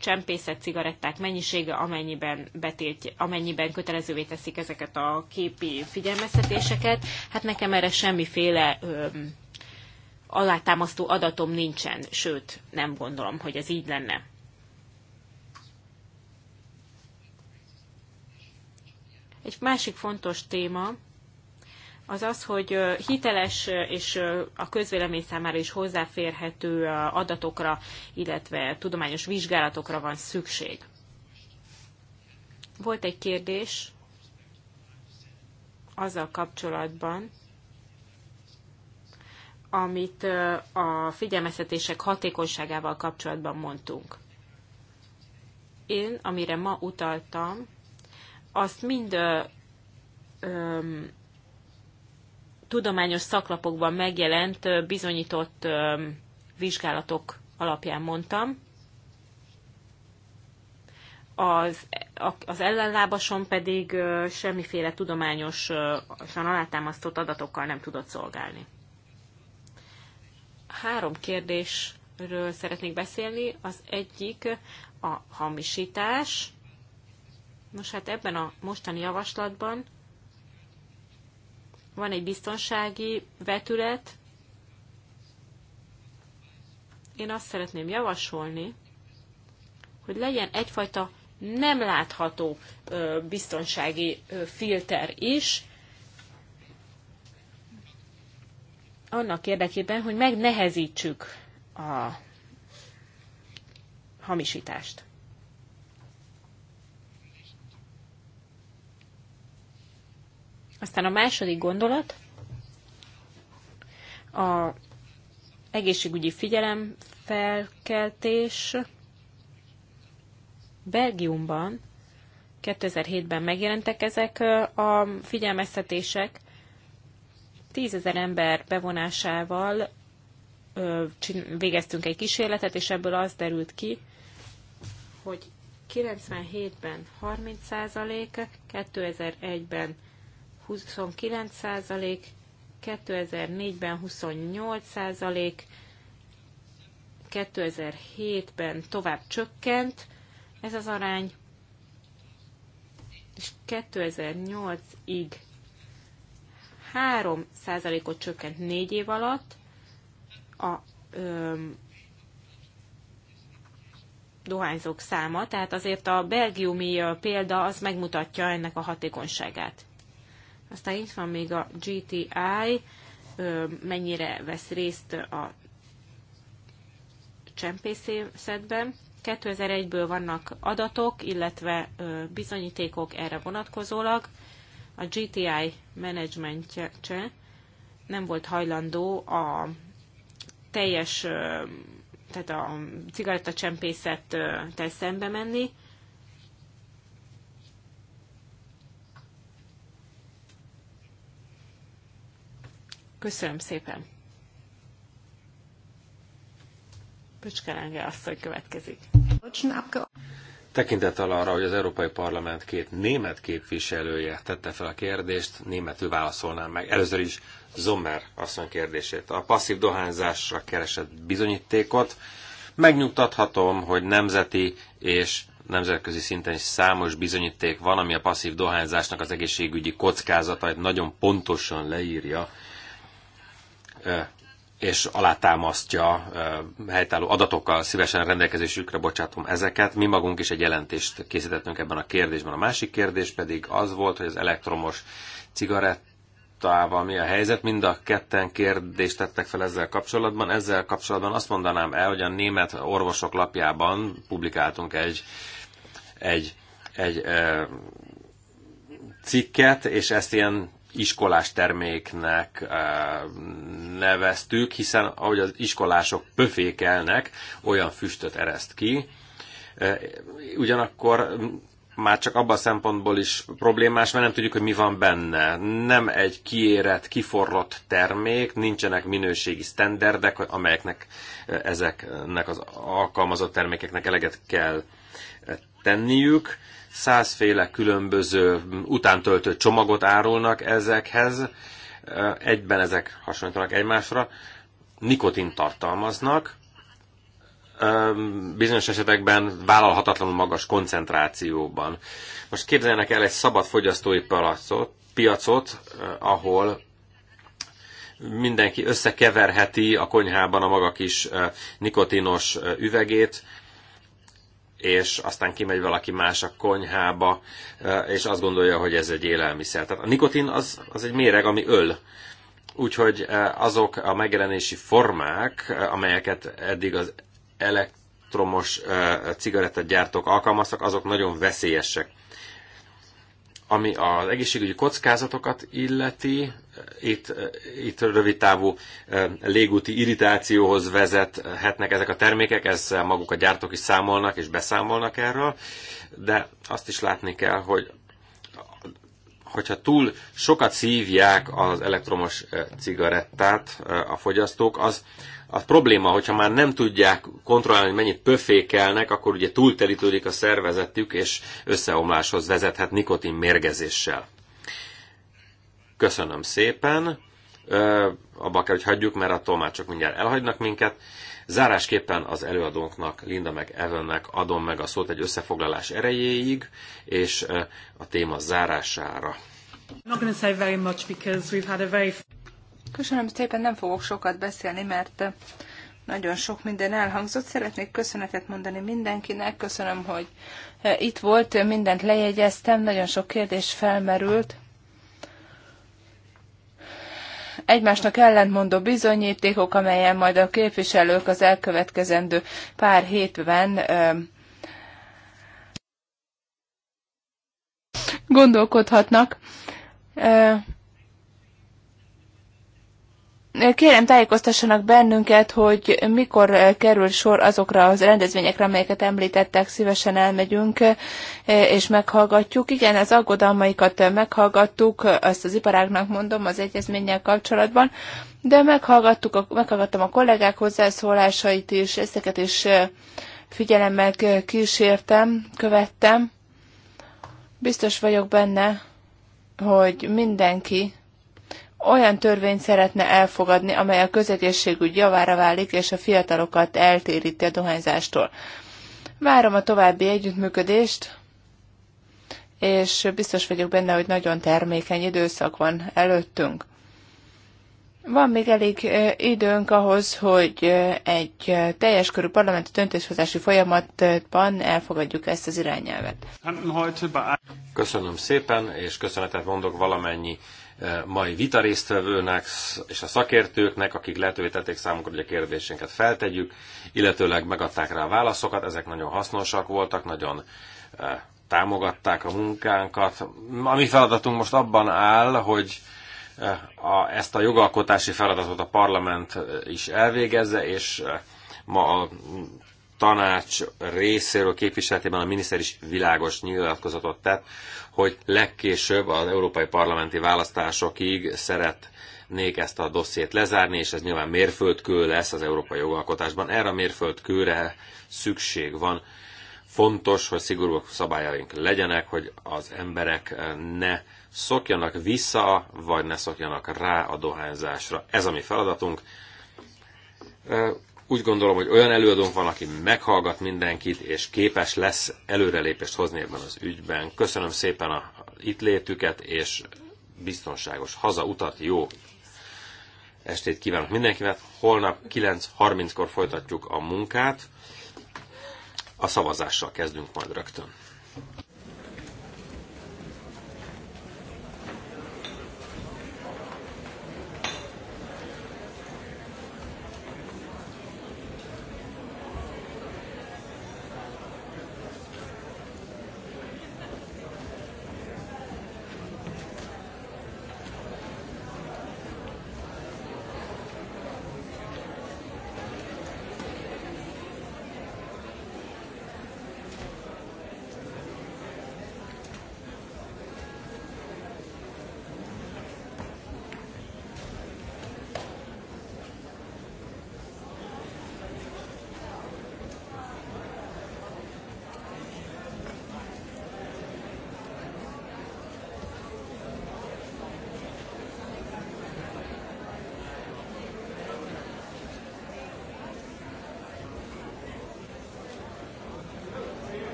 csempészet cigaretták mennyisége, amennyiben, betiltja, amennyiben kötelezővé teszik ezeket a képi figyelmeztetéseket. Hát nekem erre semmiféle alátámasztó adatom nincsen, sőt, nem gondolom, hogy ez így lenne. Egy másik fontos téma az az, hogy hiteles és a közvélemény számára is hozzáférhető adatokra, illetve tudományos vizsgálatokra van szükség. Volt egy kérdés azzal kapcsolatban, amit a figyelmeztetések hatékonyságával kapcsolatban mondtunk. Én, amire ma utaltam, azt mind ö, ö, tudományos szaklapokban megjelent bizonyított ö, vizsgálatok alapján mondtam. Az, az ellenlábason pedig semmiféle tudományosan alátámasztott adatokkal nem tudott szolgálni három kérdésről szeretnék beszélni. Az egyik a hamisítás. Most hát ebben a mostani javaslatban van egy biztonsági vetület. Én azt szeretném javasolni, hogy legyen egyfajta nem látható biztonsági filter is, annak érdekében, hogy megnehezítsük a hamisítást. Aztán a második gondolat, a egészségügyi figyelem felkeltés Belgiumban 2007-ben megjelentek ezek a figyelmeztetések, tízezer ember bevonásával ö, végeztünk egy kísérletet, és ebből az derült ki, hogy 97-ben 30 százalék, 2001-ben 29 százalék, 2004-ben 28 százalék, 2007-ben tovább csökkent ez az arány, és 2008-ig 3%-ot csökkent 4 év alatt a ö, dohányzók száma, tehát azért a belgiumi példa az megmutatja ennek a hatékonyságát. Aztán itt van még a GTI, ö, mennyire vesz részt a csempészetben. 2001-ből vannak adatok, illetve bizonyítékok erre vonatkozólag a GTI menedzsmentje nem volt hajlandó a teljes, tehát a cigarettacsempészettel szembe menni, Köszönöm szépen. azt asszony következik. Tekintettel arra, hogy az Európai Parlament két német képviselője tette fel a kérdést, németül válaszolnám meg. Először is Sommer asszony kérdését. A passzív dohányzásra keresett bizonyítékot. Megnyugtathatom, hogy nemzeti és nemzetközi szinten is számos bizonyíték van, ami a passzív dohányzásnak az egészségügyi kockázatait nagyon pontosan leírja és alátámasztja helytálló adatokkal szívesen rendelkezésükre bocsátom ezeket. Mi magunk is egy jelentést készítettünk ebben a kérdésben. A másik kérdés pedig az volt, hogy az elektromos cigarettával mi a helyzet. Mind a ketten kérdést tettek fel ezzel kapcsolatban. Ezzel kapcsolatban azt mondanám el, hogy a német orvosok lapjában publikáltunk egy, egy, egy cikket, és ezt ilyen iskolás terméknek eh, neveztük, hiszen ahogy az iskolások pöfékelnek, olyan füstöt ereszt ki. Eh, ugyanakkor már csak abban a szempontból is problémás, mert nem tudjuk, hogy mi van benne. Nem egy kiérett, kiforrott termék, nincsenek minőségi sztenderdek, amelyeknek eh, ezeknek az alkalmazott termékeknek eleget kell tenniük százféle különböző utántöltött csomagot árulnak ezekhez, egyben ezek hasonlítanak egymásra, nikotin tartalmaznak, bizonyos esetekben vállalhatatlanul magas koncentrációban. Most képzeljenek el egy szabad fogyasztói palacot, piacot, ahol mindenki összekeverheti a konyhában a maga kis nikotinos üvegét, és aztán kimegy valaki más a konyhába, eh, és azt gondolja, hogy ez egy élelmiszer. Tehát a nikotin az, az egy méreg, ami öl. Úgyhogy eh, azok a megjelenési formák, eh, amelyeket eddig az elektromos cigarettagyártók alkalmaztak, azok nagyon veszélyesek. Ami az egészségügyi kockázatokat illeti, itt, itt rövidtávú légúti irritációhoz vezethetnek ezek a termékek, ezzel maguk a gyártók is számolnak és beszámolnak erről, de azt is látni kell, hogy hogyha túl sokat szívják az elektromos cigarettát a fogyasztók, az, a probléma, hogyha már nem tudják kontrollálni, hogy mennyit pöfékelnek, akkor ugye túltelítődik a szervezetük, és összeomláshoz vezethet nikotin mérgezéssel. Köszönöm szépen. Abba kell, hogy hagyjuk, mert a csak mindjárt elhagynak minket. Zárásképpen az előadónknak, Linda meg Evelnek adom meg a szót egy összefoglalás erejéig, és a téma zárására. Köszönöm szépen, nem fogok sokat beszélni, mert nagyon sok minden elhangzott. Szeretnék köszönetet mondani mindenkinek, köszönöm, hogy itt volt, mindent lejegyeztem, nagyon sok kérdés felmerült. egymásnak ellentmondó bizonyítékok, amelyen majd a képviselők az elkövetkezendő pár hétben gondolkodhatnak. Kérem, tájékoztassanak bennünket, hogy mikor eh, kerül sor azokra az rendezvényekre, amelyeket említettek, szívesen elmegyünk eh, és meghallgatjuk. Igen, az aggodalmaikat eh, meghallgattuk, azt az iparágnak mondom az egyezménnyel kapcsolatban, de meghallgattuk, a, meghallgattam a kollégák hozzászólásait is, ezeket is figyelemmel kísértem, követtem. Biztos vagyok benne, hogy mindenki olyan törvényt szeretne elfogadni, amely a közegészségügy javára válik, és a fiatalokat eltéríti a dohányzástól. Várom a további együttműködést, és biztos vagyok benne, hogy nagyon termékeny időszak van előttünk. Van még elég időnk ahhoz, hogy egy teljes körű parlamenti döntéshozási folyamatban elfogadjuk ezt az irányelvet. Köszönöm szépen, és köszönetet mondok valamennyi E, mai vita résztvevőnek és a szakértőknek, akik lehetővé tették számunkra, hogy a kérdésünket feltegyük, illetőleg megadták rá a válaszokat, ezek nagyon hasznosak voltak, nagyon e, támogatták a munkánkat. A mi feladatunk most abban áll, hogy e, a, ezt a jogalkotási feladatot a parlament is elvégezze, és ma a tanács részéről képviseletében a miniszter is világos nyilatkozatot tett, hogy legkésőbb az európai parlamenti választásokig szeretnék ezt a dossziét lezárni, és ez nyilván mérföldkő lesz az európai jogalkotásban. Erre a mérföldkőre szükség van. Fontos, hogy szigorú szabályaink legyenek, hogy az emberek ne szokjanak vissza, vagy ne szokjanak rá a dohányzásra. Ez a mi feladatunk úgy gondolom, hogy olyan előadónk van, aki meghallgat mindenkit, és képes lesz előrelépést hozni ebben az ügyben. Köszönöm szépen a itt létüket, és biztonságos hazautat, jó estét kívánok mindenkinek. Holnap 9.30-kor folytatjuk a munkát. A szavazással kezdünk majd rögtön.